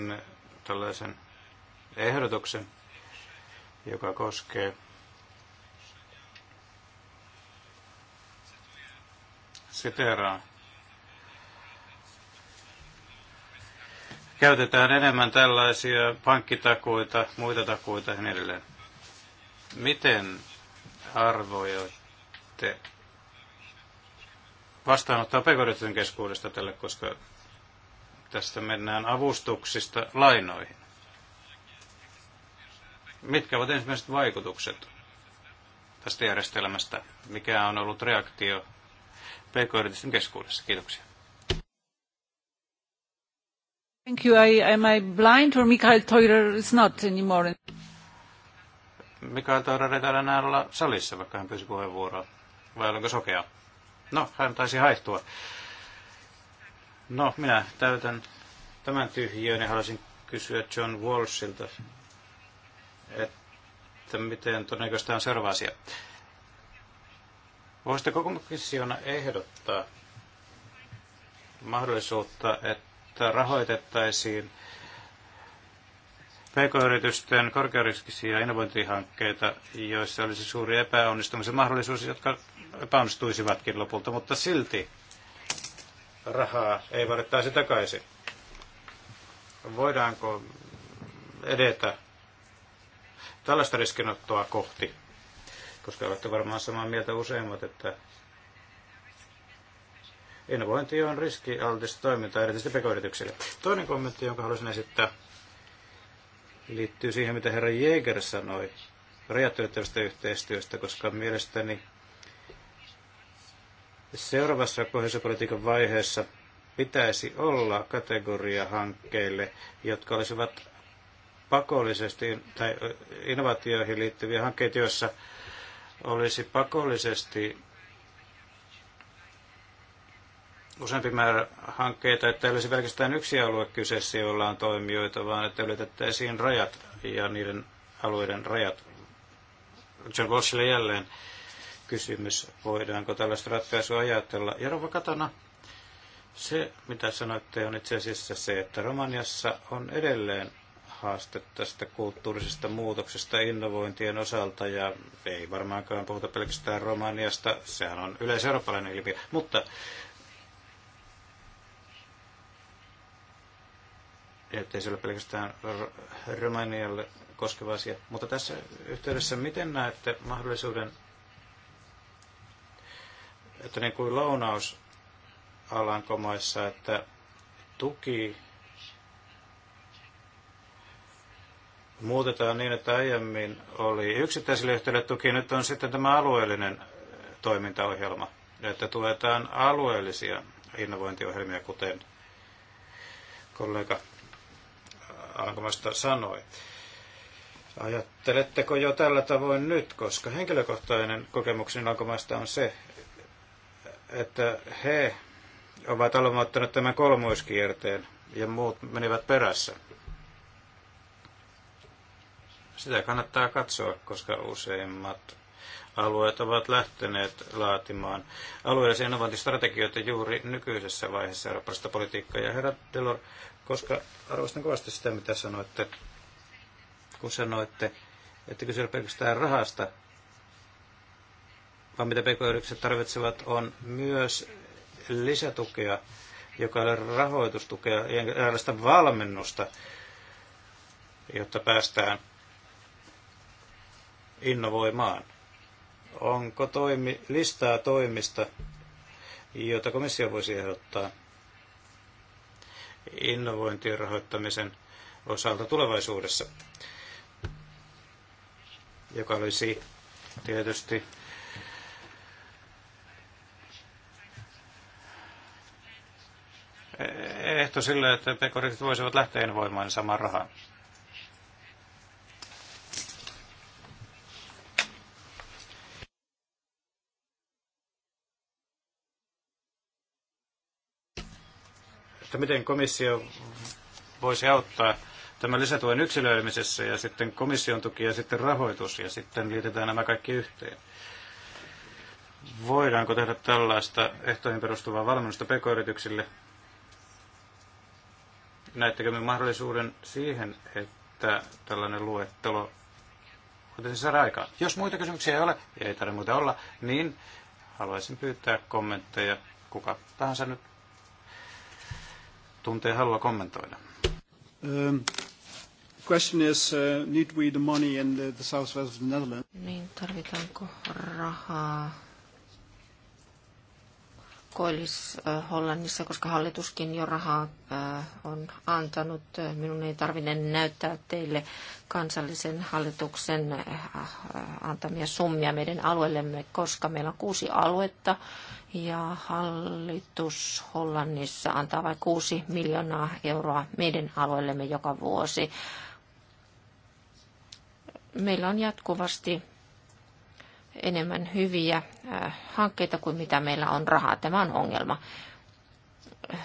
tällaisen ehdotuksen, joka koskee siteeraan. Käytetään enemmän tällaisia pankkitakuita, muita takuita ja niin edelleen. Miten arvoitte vastaanottaa pk keskuudesta tälle, koska tästä mennään avustuksista lainoihin? Mitkä ovat ensimmäiset vaikutukset tästä järjestelmästä? Mikä on ollut reaktio pk-yritysten keskuudessa? Kiitoksia. Thank you. I, am I blind or Mikael Toirer is not anymore? Mikael Toirer ei täällä enää olla salissa, vaikka hän pyysi puheenvuoroa. Vai olenko sokea? No, hän taisi haehtua. No, minä täytän tämän tyhjiön ja haluaisin kysyä John Walshilta että miten todennäköistä on seuraava asia. Voisitteko komission ehdottaa mahdollisuutta, että rahoitettaisiin PK-yritysten korkeariskisiä innovointihankkeita, joissa olisi suuri epäonnistumisen mahdollisuus, jotka epäonnistuisivatkin lopulta, mutta silti rahaa ei varrettaisi takaisin. Voidaanko edetä tällaista riskinottoa kohti, koska olette varmaan samaa mieltä useimmat, että innovointi on riskialtis toiminta, erityisesti pk-yrityksille. Toinen kommentti, jonka haluaisin esittää, liittyy siihen, mitä herra Jäger sanoi rajat yhteistyöstä, koska mielestäni seuraavassa kohdallisuuspolitiikan vaiheessa pitäisi olla kategoriahankkeille, jotka olisivat pakollisesti tai innovaatioihin liittyviä hankkeita, joissa olisi pakollisesti useampi määrä hankkeita, että ei olisi pelkästään yksi alue kyseessä, jolla on toimijoita, vaan että ylitettäisiin rajat ja niiden alueiden rajat. John Walshille jälleen kysymys, voidaanko tällaista ratkaisua ajatella. Ja Rova Katana, se mitä sanoitte on itse asiassa se, että Romaniassa on edelleen haaste tästä kulttuurisesta muutoksesta innovointien osalta, ja ei varmaankaan puhuta pelkästään Romaniasta, sehän on yleiseurooppalainen ilmiö, mutta ettei se ole pelkästään Romanialle koskeva asia. Mutta tässä yhteydessä, miten näette mahdollisuuden, että niin kuin lounausalankomaissa, että tuki muutetaan niin, että aiemmin oli yksittäisille yhtiöille tuki, nyt on sitten tämä alueellinen toimintaohjelma, että tuetaan alueellisia innovointiohjelmia, kuten kollega Alankomasta sanoi. Ajatteletteko jo tällä tavoin nyt, koska henkilökohtainen kokemukseni Alankomaista on se, että he ovat aloittaneet tämän kolmoiskierteen ja muut menivät perässä. Sitä kannattaa katsoa, koska useimmat alueet ovat lähteneet laatimaan alueellisia innovointistrategioita juuri nykyisessä vaiheessa eurooppalaista politiikkaa. Ja herra Delor, koska arvostan kovasti sitä, mitä sanoitte, kun sanoitte, että kyse on pelkästään rahasta, vaan mitä pk-yritykset tarvitsevat on myös lisätukea, joka on rahoitustukea ja valmennusta, jotta päästään innovoimaan. Onko toimi, listaa toimista, joita komissio voisi ehdottaa innovointien rahoittamisen osalta tulevaisuudessa, joka olisi tietysti ehto sille, että pk voisivat lähteä innovoimaan samaan rahaan. että miten komissio voisi auttaa tämän lisätuen yksilöimisessä ja sitten komission tuki ja sitten rahoitus ja sitten liitetään nämä kaikki yhteen. Voidaanko tehdä tällaista ehtoihin perustuvaa valmennusta pekoyrityksille? Näettekö me mahdollisuuden siihen, että tällainen luettelo voitaisiin saada aikaan? Jos muita kysymyksiä ei ole, ei tarvitse muuta olla, niin haluaisin pyytää kommentteja kuka tahansa nyt tuntee halua kommentoida. Um. Question is, uh, need we the money in the, the of the Netherlands? Niin, tarvitaanko rahaa koillis äh, Hollannissa, koska hallituskin jo rahaa äh, on antanut. Minun ei tarvinne näyttää teille kansallisen hallituksen äh, antamia summia meidän alueellemme, koska meillä on kuusi aluetta ja hallitus Hollannissa antaa vain kuusi miljoonaa euroa meidän alueellemme joka vuosi. Meillä on jatkuvasti enemmän hyviä äh, hankkeita kuin mitä meillä on rahaa. Tämä on ongelma. Äh,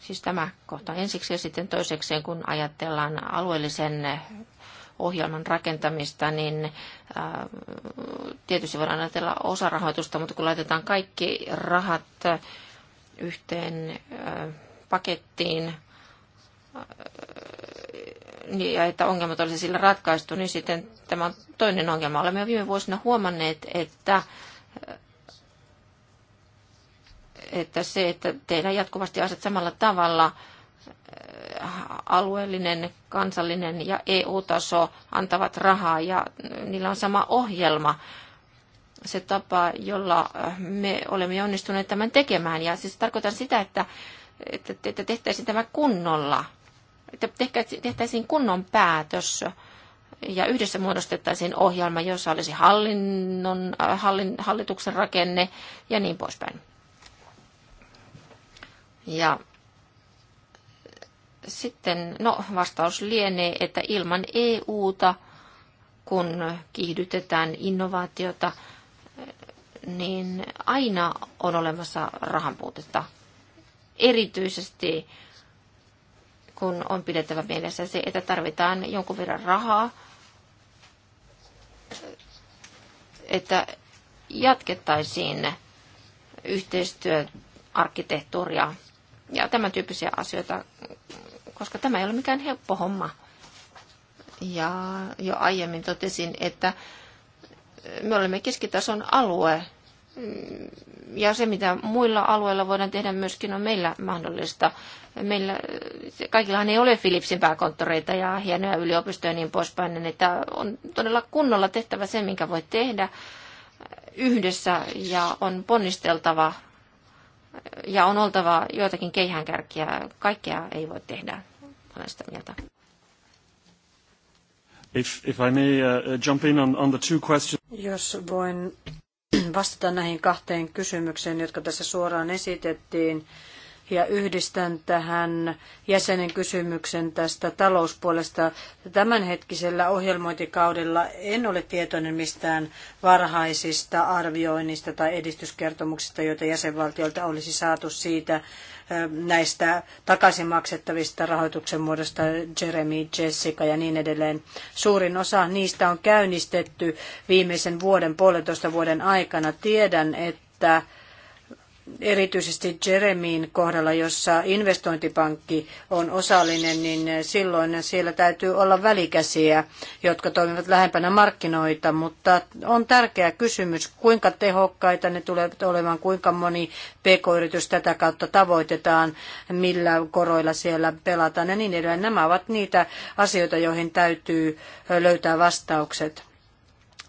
siis tämä kohta ensiksi ja sitten toisekseen, kun ajatellaan alueellisen ohjelman rakentamista, niin äh, tietysti voidaan ajatella osarahoitusta, mutta kun laitetaan kaikki rahat yhteen pakettiin, ja että ongelmat olisi sillä ratkaistu, niin sitten tämä on toinen ongelma. Olemme jo viime vuosina huomanneet, että että se, että tehdään jatkuvasti asiat samalla tavalla, alueellinen, kansallinen ja EU-taso antavat rahaa ja niillä on sama ohjelma. Se tapa, jolla me olemme onnistuneet tämän tekemään. Ja siis tarkoitan sitä, että, että, että tehtäisiin tämä kunnolla että tehtäisiin kunnon päätös ja yhdessä muodostettaisiin ohjelma, jossa olisi hallinnon, äh, hallin, hallituksen rakenne ja niin poispäin. Ja sitten, no vastaus lienee, että ilman EUta, kun kiihdytetään innovaatiota, niin aina on olemassa rahanpuutetta. Erityisesti kun on pidettävä mielessä se, että tarvitaan jonkun verran rahaa, että jatkettaisiin yhteistyöarkkitehtuuria ja tämän tyyppisiä asioita, koska tämä ei ole mikään helppo homma. Ja jo aiemmin totesin, että me olemme keskitason alue ja se, mitä muilla alueilla voidaan tehdä myöskin, on meillä mahdollista. Meillä, kaikillahan ei ole Philipsin pääkonttoreita ja hienoja yliopistoja ja niin poispäin, niin että on todella kunnolla tehtävä se, minkä voi tehdä yhdessä ja on ponnisteltava ja on oltava joitakin keihäänkärkiä. Kaikkea ei voi tehdä, olen sitä mieltä. If, if I may, uh, jump in on, on the two questions. Jos voin vastata näihin kahteen kysymykseen, jotka tässä suoraan esitettiin ja yhdistän tähän jäsenen kysymyksen tästä talouspuolesta. Tämänhetkisellä ohjelmointikaudella en ole tietoinen mistään varhaisista arvioinnista tai edistyskertomuksista, joita jäsenvaltioilta olisi saatu siitä näistä takaisin maksettavista rahoituksen muodosta Jeremy, Jessica ja niin edelleen. Suurin osa niistä on käynnistetty viimeisen vuoden, puolentoista vuoden aikana. Tiedän, että erityisesti Jeremin kohdalla, jossa investointipankki on osallinen, niin silloin siellä täytyy olla välikäsiä, jotka toimivat lähempänä markkinoita, mutta on tärkeä kysymys, kuinka tehokkaita ne tulevat olemaan, kuinka moni pk-yritys tätä kautta tavoitetaan, millä koroilla siellä pelataan ja niin edelleen. Nämä ovat niitä asioita, joihin täytyy löytää vastaukset.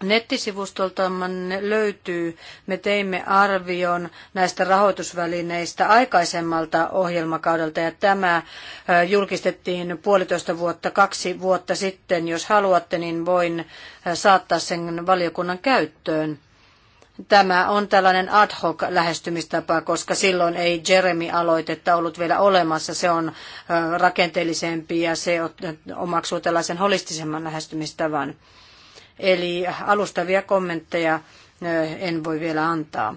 Nettisivustoltamme löytyy, me teimme arvion näistä rahoitusvälineistä aikaisemmalta ohjelmakaudelta ja tämä julkistettiin puolitoista vuotta, kaksi vuotta sitten. Jos haluatte, niin voin saattaa sen valiokunnan käyttöön. Tämä on tällainen ad hoc lähestymistapa, koska silloin ei Jeremy-aloitetta ollut vielä olemassa. Se on rakenteellisempi ja se omaksuu tällaisen holistisemman lähestymistavan. Eli alustavia kommentteja en voi vielä antaa.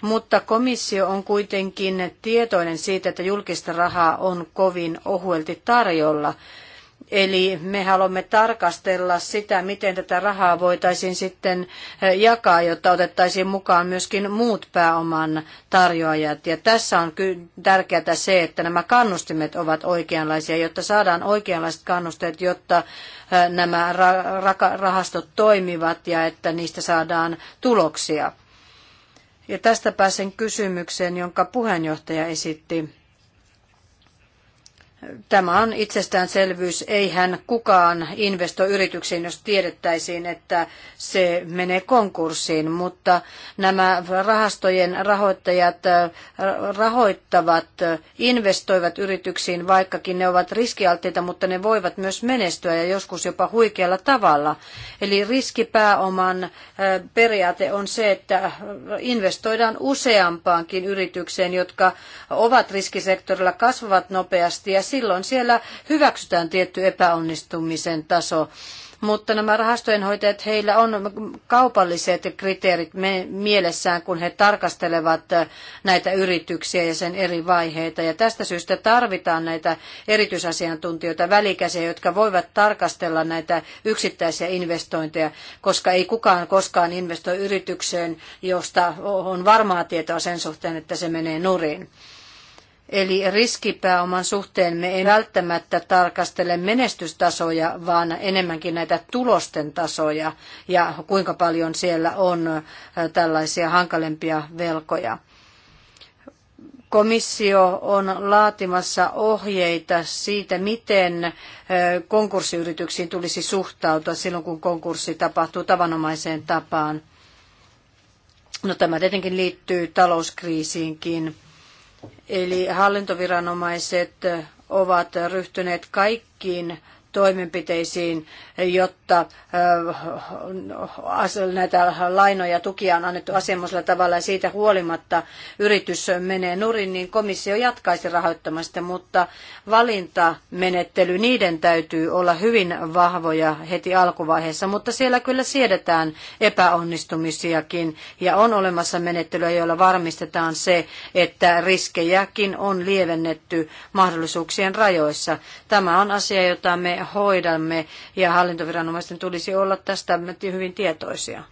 Mutta komissio on kuitenkin tietoinen siitä, että julkista rahaa on kovin ohuelti tarjolla Eli me haluamme tarkastella sitä, miten tätä rahaa voitaisiin sitten eh, jakaa, jotta otettaisiin mukaan myöskin muut pääoman tarjoajat. Ja tässä on tärkeää se, että nämä kannustimet ovat oikeanlaisia, jotta saadaan oikeanlaiset kannusteet, jotta eh, nämä rahastot toimivat ja että niistä saadaan tuloksia. Ja tästä pääsen kysymykseen, jonka puheenjohtaja esitti Tämä on itsestäänselvyys. Eihän kukaan investoi yrityksiin, jos tiedettäisiin, että se menee konkurssiin, mutta nämä rahastojen rahoittajat äh, rahoittavat, äh, investoivat yrityksiin, vaikkakin ne ovat riskialttiita, mutta ne voivat myös menestyä ja joskus jopa huikealla tavalla. Eli riskipääoman äh, periaate on se, että investoidaan useampaankin yritykseen, jotka ovat riskisektorilla, kasvavat nopeasti ja silloin siellä hyväksytään tietty epäonnistumisen taso. Mutta nämä rahastojenhoitajat, heillä on kaupalliset kriteerit mielessään, kun he tarkastelevat näitä yrityksiä ja sen eri vaiheita. Ja tästä syystä tarvitaan näitä erityisasiantuntijoita, välikäsiä, jotka voivat tarkastella näitä yksittäisiä investointeja, koska ei kukaan koskaan investoi yritykseen, josta on varmaa tietoa sen suhteen, että se menee nurin. Eli riskipääoman suhteen me ei välttämättä tarkastele menestystasoja, vaan enemmänkin näitä tulosten tasoja ja kuinka paljon siellä on tällaisia hankalempia velkoja. Komissio on laatimassa ohjeita siitä, miten konkurssiyrityksiin tulisi suhtautua silloin, kun konkurssi tapahtuu tavanomaiseen tapaan. No tämä tietenkin liittyy talouskriisiinkin Eli hallintoviranomaiset ovat ryhtyneet kaikkiin toimenpiteisiin, jotta äh, näitä lainoja tukia on annettu asemuisella tavalla ja siitä huolimatta yritys menee nurin, niin komissio jatkaisi rahoittamasta, mutta valintamenettely, niiden täytyy olla hyvin vahvoja heti alkuvaiheessa, mutta siellä kyllä siedetään epäonnistumisiakin ja on olemassa menettelyä, joilla varmistetaan se, että riskejäkin on lievennetty mahdollisuuksien rajoissa. Tämä on asia, jota me hoidamme ja hallintoviranomaisten tulisi olla tästä hyvin tietoisia.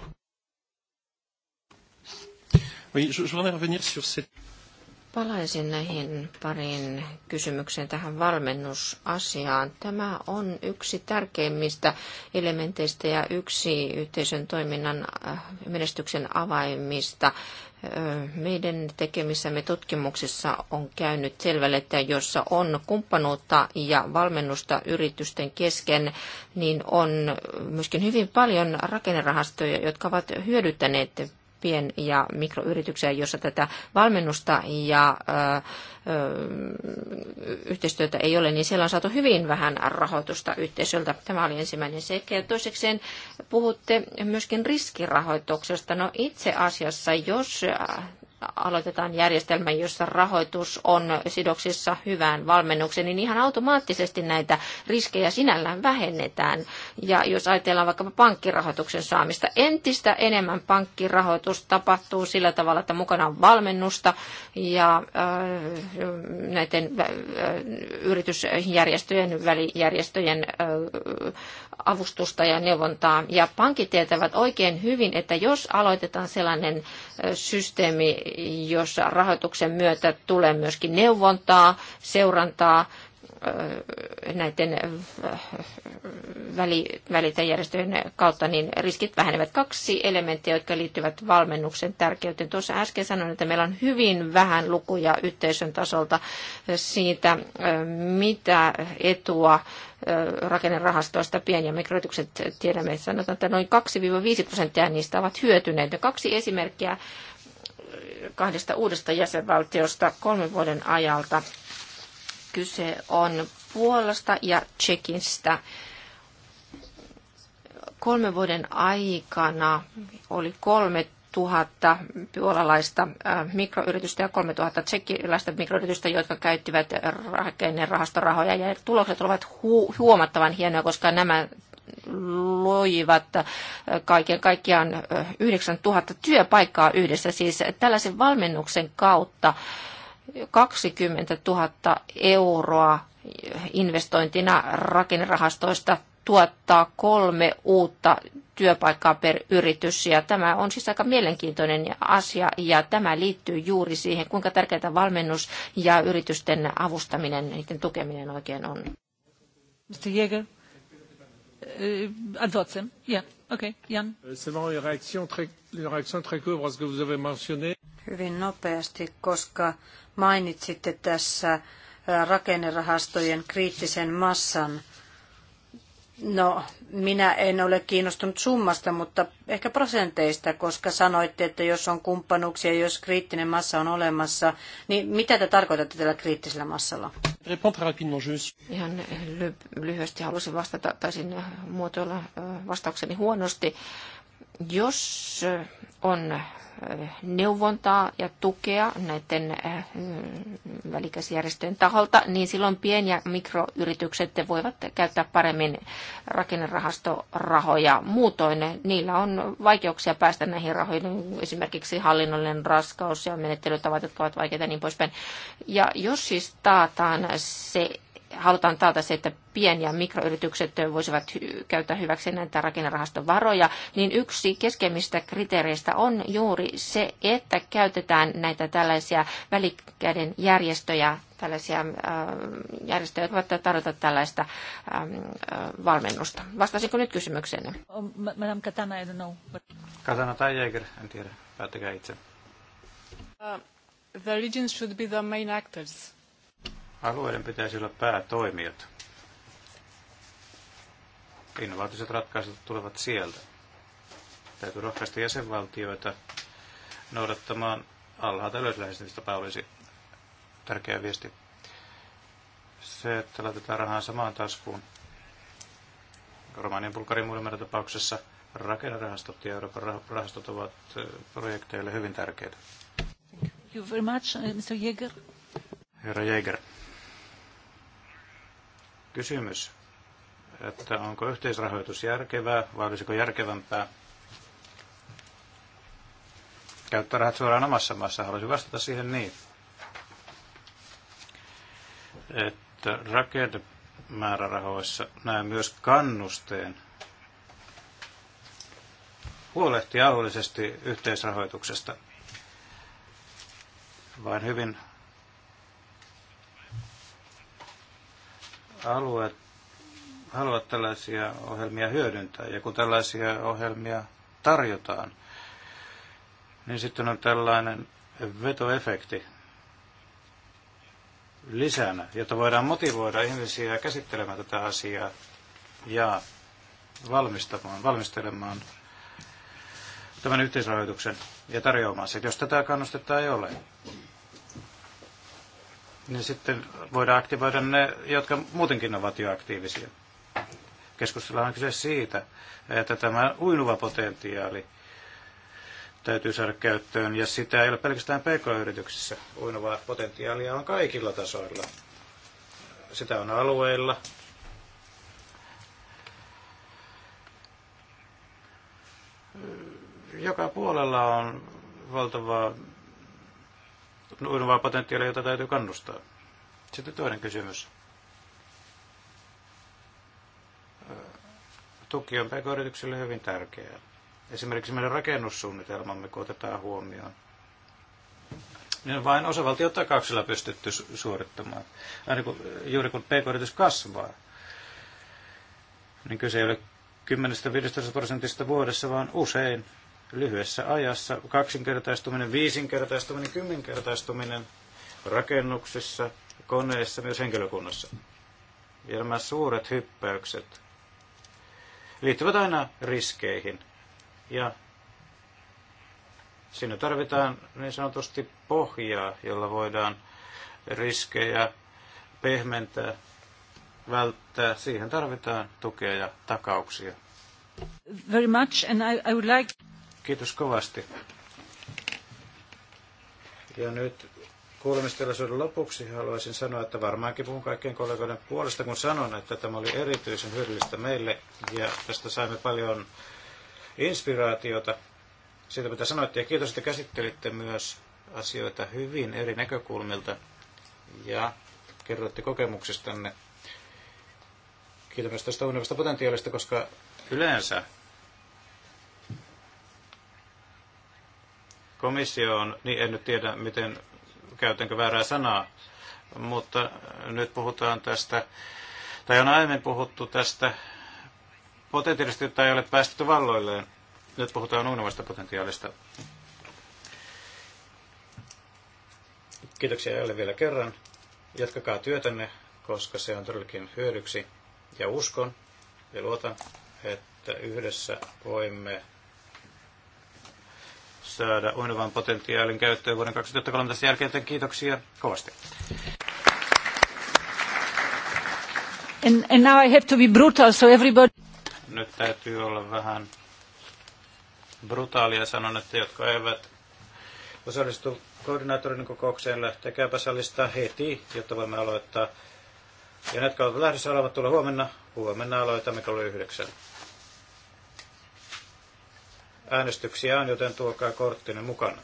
Palaisin näihin pariin kysymykseen tähän valmennusasiaan. Tämä on yksi tärkeimmistä elementeistä ja yksi yhteisön toiminnan äh, menestyksen avaimista meidän tekemissämme tutkimuksissa on käynyt selvälle, että jossa on kumppanuutta ja valmennusta yritysten kesken, niin on myöskin hyvin paljon rakennerahastoja, jotka ovat hyödyttäneet pien- ja mikroyrityksiä, joissa tätä valmennusta ja ö, yhteistyötä ei ole, niin siellä on saatu hyvin vähän rahoitusta yhteisöltä. Tämä oli ensimmäinen seikka. Ja toisekseen puhutte myöskin riskirahoituksesta. No itse asiassa, jos aloitetaan järjestelmä, jossa rahoitus on sidoksissa hyvään valmennukseen, niin ihan automaattisesti näitä riskejä sinällään vähennetään. Ja jos ajatellaan vaikkapa pankkirahoituksen saamista, entistä enemmän pankkirahoitus tapahtuu sillä tavalla, että mukana on valmennusta ja äh, näiden äh, yritysjärjestöjen, välijärjestöjen äh, avustusta ja neuvontaa. Ja pankit tietävät oikein hyvin, että jos aloitetaan sellainen systeemi, jossa rahoituksen myötä tulee myöskin neuvontaa, seurantaa, näiden välitäjärjestöjen kautta, niin riskit vähenevät. Kaksi elementtiä, jotka liittyvät valmennuksen tärkeyteen. Tuossa äsken sanoin, että meillä on hyvin vähän lukuja yhteisön tasolta siitä, mitä etua rakennerahastoista pien- ja mikroyritykset tiedämme, että sanotaan, että noin 2-5 prosenttia niistä ovat hyötyneet. Ja kaksi esimerkkiä kahdesta uudesta jäsenvaltiosta kolmen vuoden ajalta. Kyse on Puolasta ja Tsekistä. Kolmen vuoden aikana oli kolme tuhatta puolalaista äh, mikroyritystä ja 3000 000 tsekkiläistä mikroyritystä, jotka käyttivät rakennerahastorahoja. Ja tulokset olivat hu- huomattavan hienoja, koska nämä loivat äh, kaiken kaikkiaan 9000 äh, työpaikkaa yhdessä. Siis tällaisen valmennuksen kautta 20 000 euroa investointina rakennerahastoista tuottaa kolme uutta työpaikkaa per yritys. Ja tämä on siis aika mielenkiintoinen asia ja tämä liittyy juuri siihen, kuinka tärkeää valmennus ja yritysten avustaminen, niiden tukeminen oikein on. Mr. Jäger, äh, Jan. Hyvin nopeasti, koska mainitsitte tässä äh, rakennerahastojen kriittisen massan. No, minä en ole kiinnostunut summasta, mutta ehkä prosenteista, koska sanoitte, että jos on kumppanuuksia, jos kriittinen massa on olemassa, niin mitä te tarkoitatte tällä kriittisellä massalla? Ihan lyhyesti halusin vastata, taisin muotoilla vastaukseni huonosti. Jos on neuvontaa ja tukea näiden välikäsjärjestöjen taholta, niin silloin pien- ja mikroyritykset voivat käyttää paremmin rakennerahastorahoja. Muutoin niillä on vaikeuksia päästä näihin rahoihin, esimerkiksi hallinnollinen raskaus ja menettelytavat, jotka ovat vaikeita ja niin poispäin. Ja jos siis taataan se, halutaan taata se, että pien- ja mikroyritykset voisivat hy- käyttää hyväksi näitä rakennerahaston varoja, niin yksi keskeimmistä kriteereistä on juuri se, että käytetään näitä tällaisia välikäden järjestöjä, tällaisia äh, järjestöjä, jotka voivat tarjota tällaista ähm, äh, valmennusta. Vastasinko nyt kysymykseen? Oh, Madame Katana, I don't know. Katana tai Jäger, en tiedä. Päättäkää itse. Uh, the regions should be the main actors Alueiden pitäisi olla päätoimijat. Innovaatiset ratkaisut tulevat sieltä. Täytyy rohkaista jäsenvaltioita noudattamaan alhaalta ylös lähestymistapa olisi tärkeä viesti. Se, että laitetaan rahaa samaan taskuun. Romanian Bulgarin muiden tapauksessa rakennerahastot ja Euroopan rahastot ovat projekteille hyvin tärkeitä. Thank you very much, uh, Mr. Jäger. Herra Jäger kysymys, että onko yhteisrahoitus järkevää vai olisiko järkevämpää käyttää rahat suoraan omassa maassa. Haluaisin vastata siihen niin, että rakennemäärärahoissa näen myös kannusteen huolehtia alueellisesti yhteisrahoituksesta. Vain hyvin alueet haluavat tällaisia ohjelmia hyödyntää. Ja kun tällaisia ohjelmia tarjotaan, niin sitten on tällainen vetoefekti lisänä, jotta voidaan motivoida ihmisiä käsittelemään tätä asiaa ja valmistamaan, valmistelemaan tämän yhteisrahoituksen ja tarjoamaan sitä, jos tätä kannustetta ei ole niin sitten voidaan aktivoida ne, jotka muutenkin ovat jo aktiivisia. Keskustellaan on kyse siitä, että tämä uinuva potentiaali täytyy saada käyttöön, ja sitä ei ole pelkästään pk-yrityksissä. Uinuvaa potentiaalia on kaikilla tasoilla. Sitä on alueilla, joka puolella on valtavaa uudenvaa potentiaalia, jota täytyy kannustaa. Sitten toinen kysymys. Tuki on pk hyvin tärkeää. Esimerkiksi meidän rakennussuunnitelmamme, kun otetaan huomioon, niin vain osavaltiot takauksilla pystytty suorittamaan. Aina kun, juuri kun pk-yritys kasvaa, niin kyse ei ole 10-15 prosentista vuodessa, vaan usein lyhyessä ajassa. Kaksinkertaistuminen, viisinkertaistuminen, kymmenkertaistuminen rakennuksissa, koneissa, myös henkilökunnassa. Ja nämä suuret hyppäykset liittyvät aina riskeihin. Ja siinä tarvitaan niin sanotusti pohjaa, jolla voidaan riskejä pehmentää, välttää. Siihen tarvitaan tukea ja takauksia. Very much, and I, I would like... Kiitos kovasti. Ja nyt kuulemistilaisuuden lopuksi haluaisin sanoa, että varmaankin puhun kaikkien kollegoiden puolesta, kun sanon, että tämä oli erityisen hyödyllistä meille ja tästä saimme paljon inspiraatiota siitä, mitä sanoitte. Ja kiitos, että käsittelitte myös asioita hyvin eri näkökulmilta ja kerroitte kokemuksistanne. Kiitos myös tästä unelmasta potentiaalista, koska yleensä Komissio on, niin en nyt tiedä miten, käytänkö väärää sanaa, mutta nyt puhutaan tästä, tai on aiemmin puhuttu tästä potentiaalista, jota ei ole päästetty valloilleen. Nyt puhutaan unelmasta potentiaalista. Kiitoksia jälleen vielä kerran. Jatkakaa työtänne, koska se on todellakin hyödyksi. Ja uskon ja luotan, että yhdessä voimme saada uinuvan potentiaalin käyttöön vuoden 2013 jälkeen, joten kiitoksia kovasti. And, and now I have to be brutal, so everybody... Nyt täytyy olla vähän brutaalia sanon, että jotka eivät osallistu koordinaattorin kokoukseen, lähtekääpä salista heti, jotta voimme aloittaa. Ja ne, jotka ovat lähdössä, alavat tulla huomenna. Huomenna aloitamme kello yhdeksän. Äänestyksiä on, joten tuokaa korttinne mukana.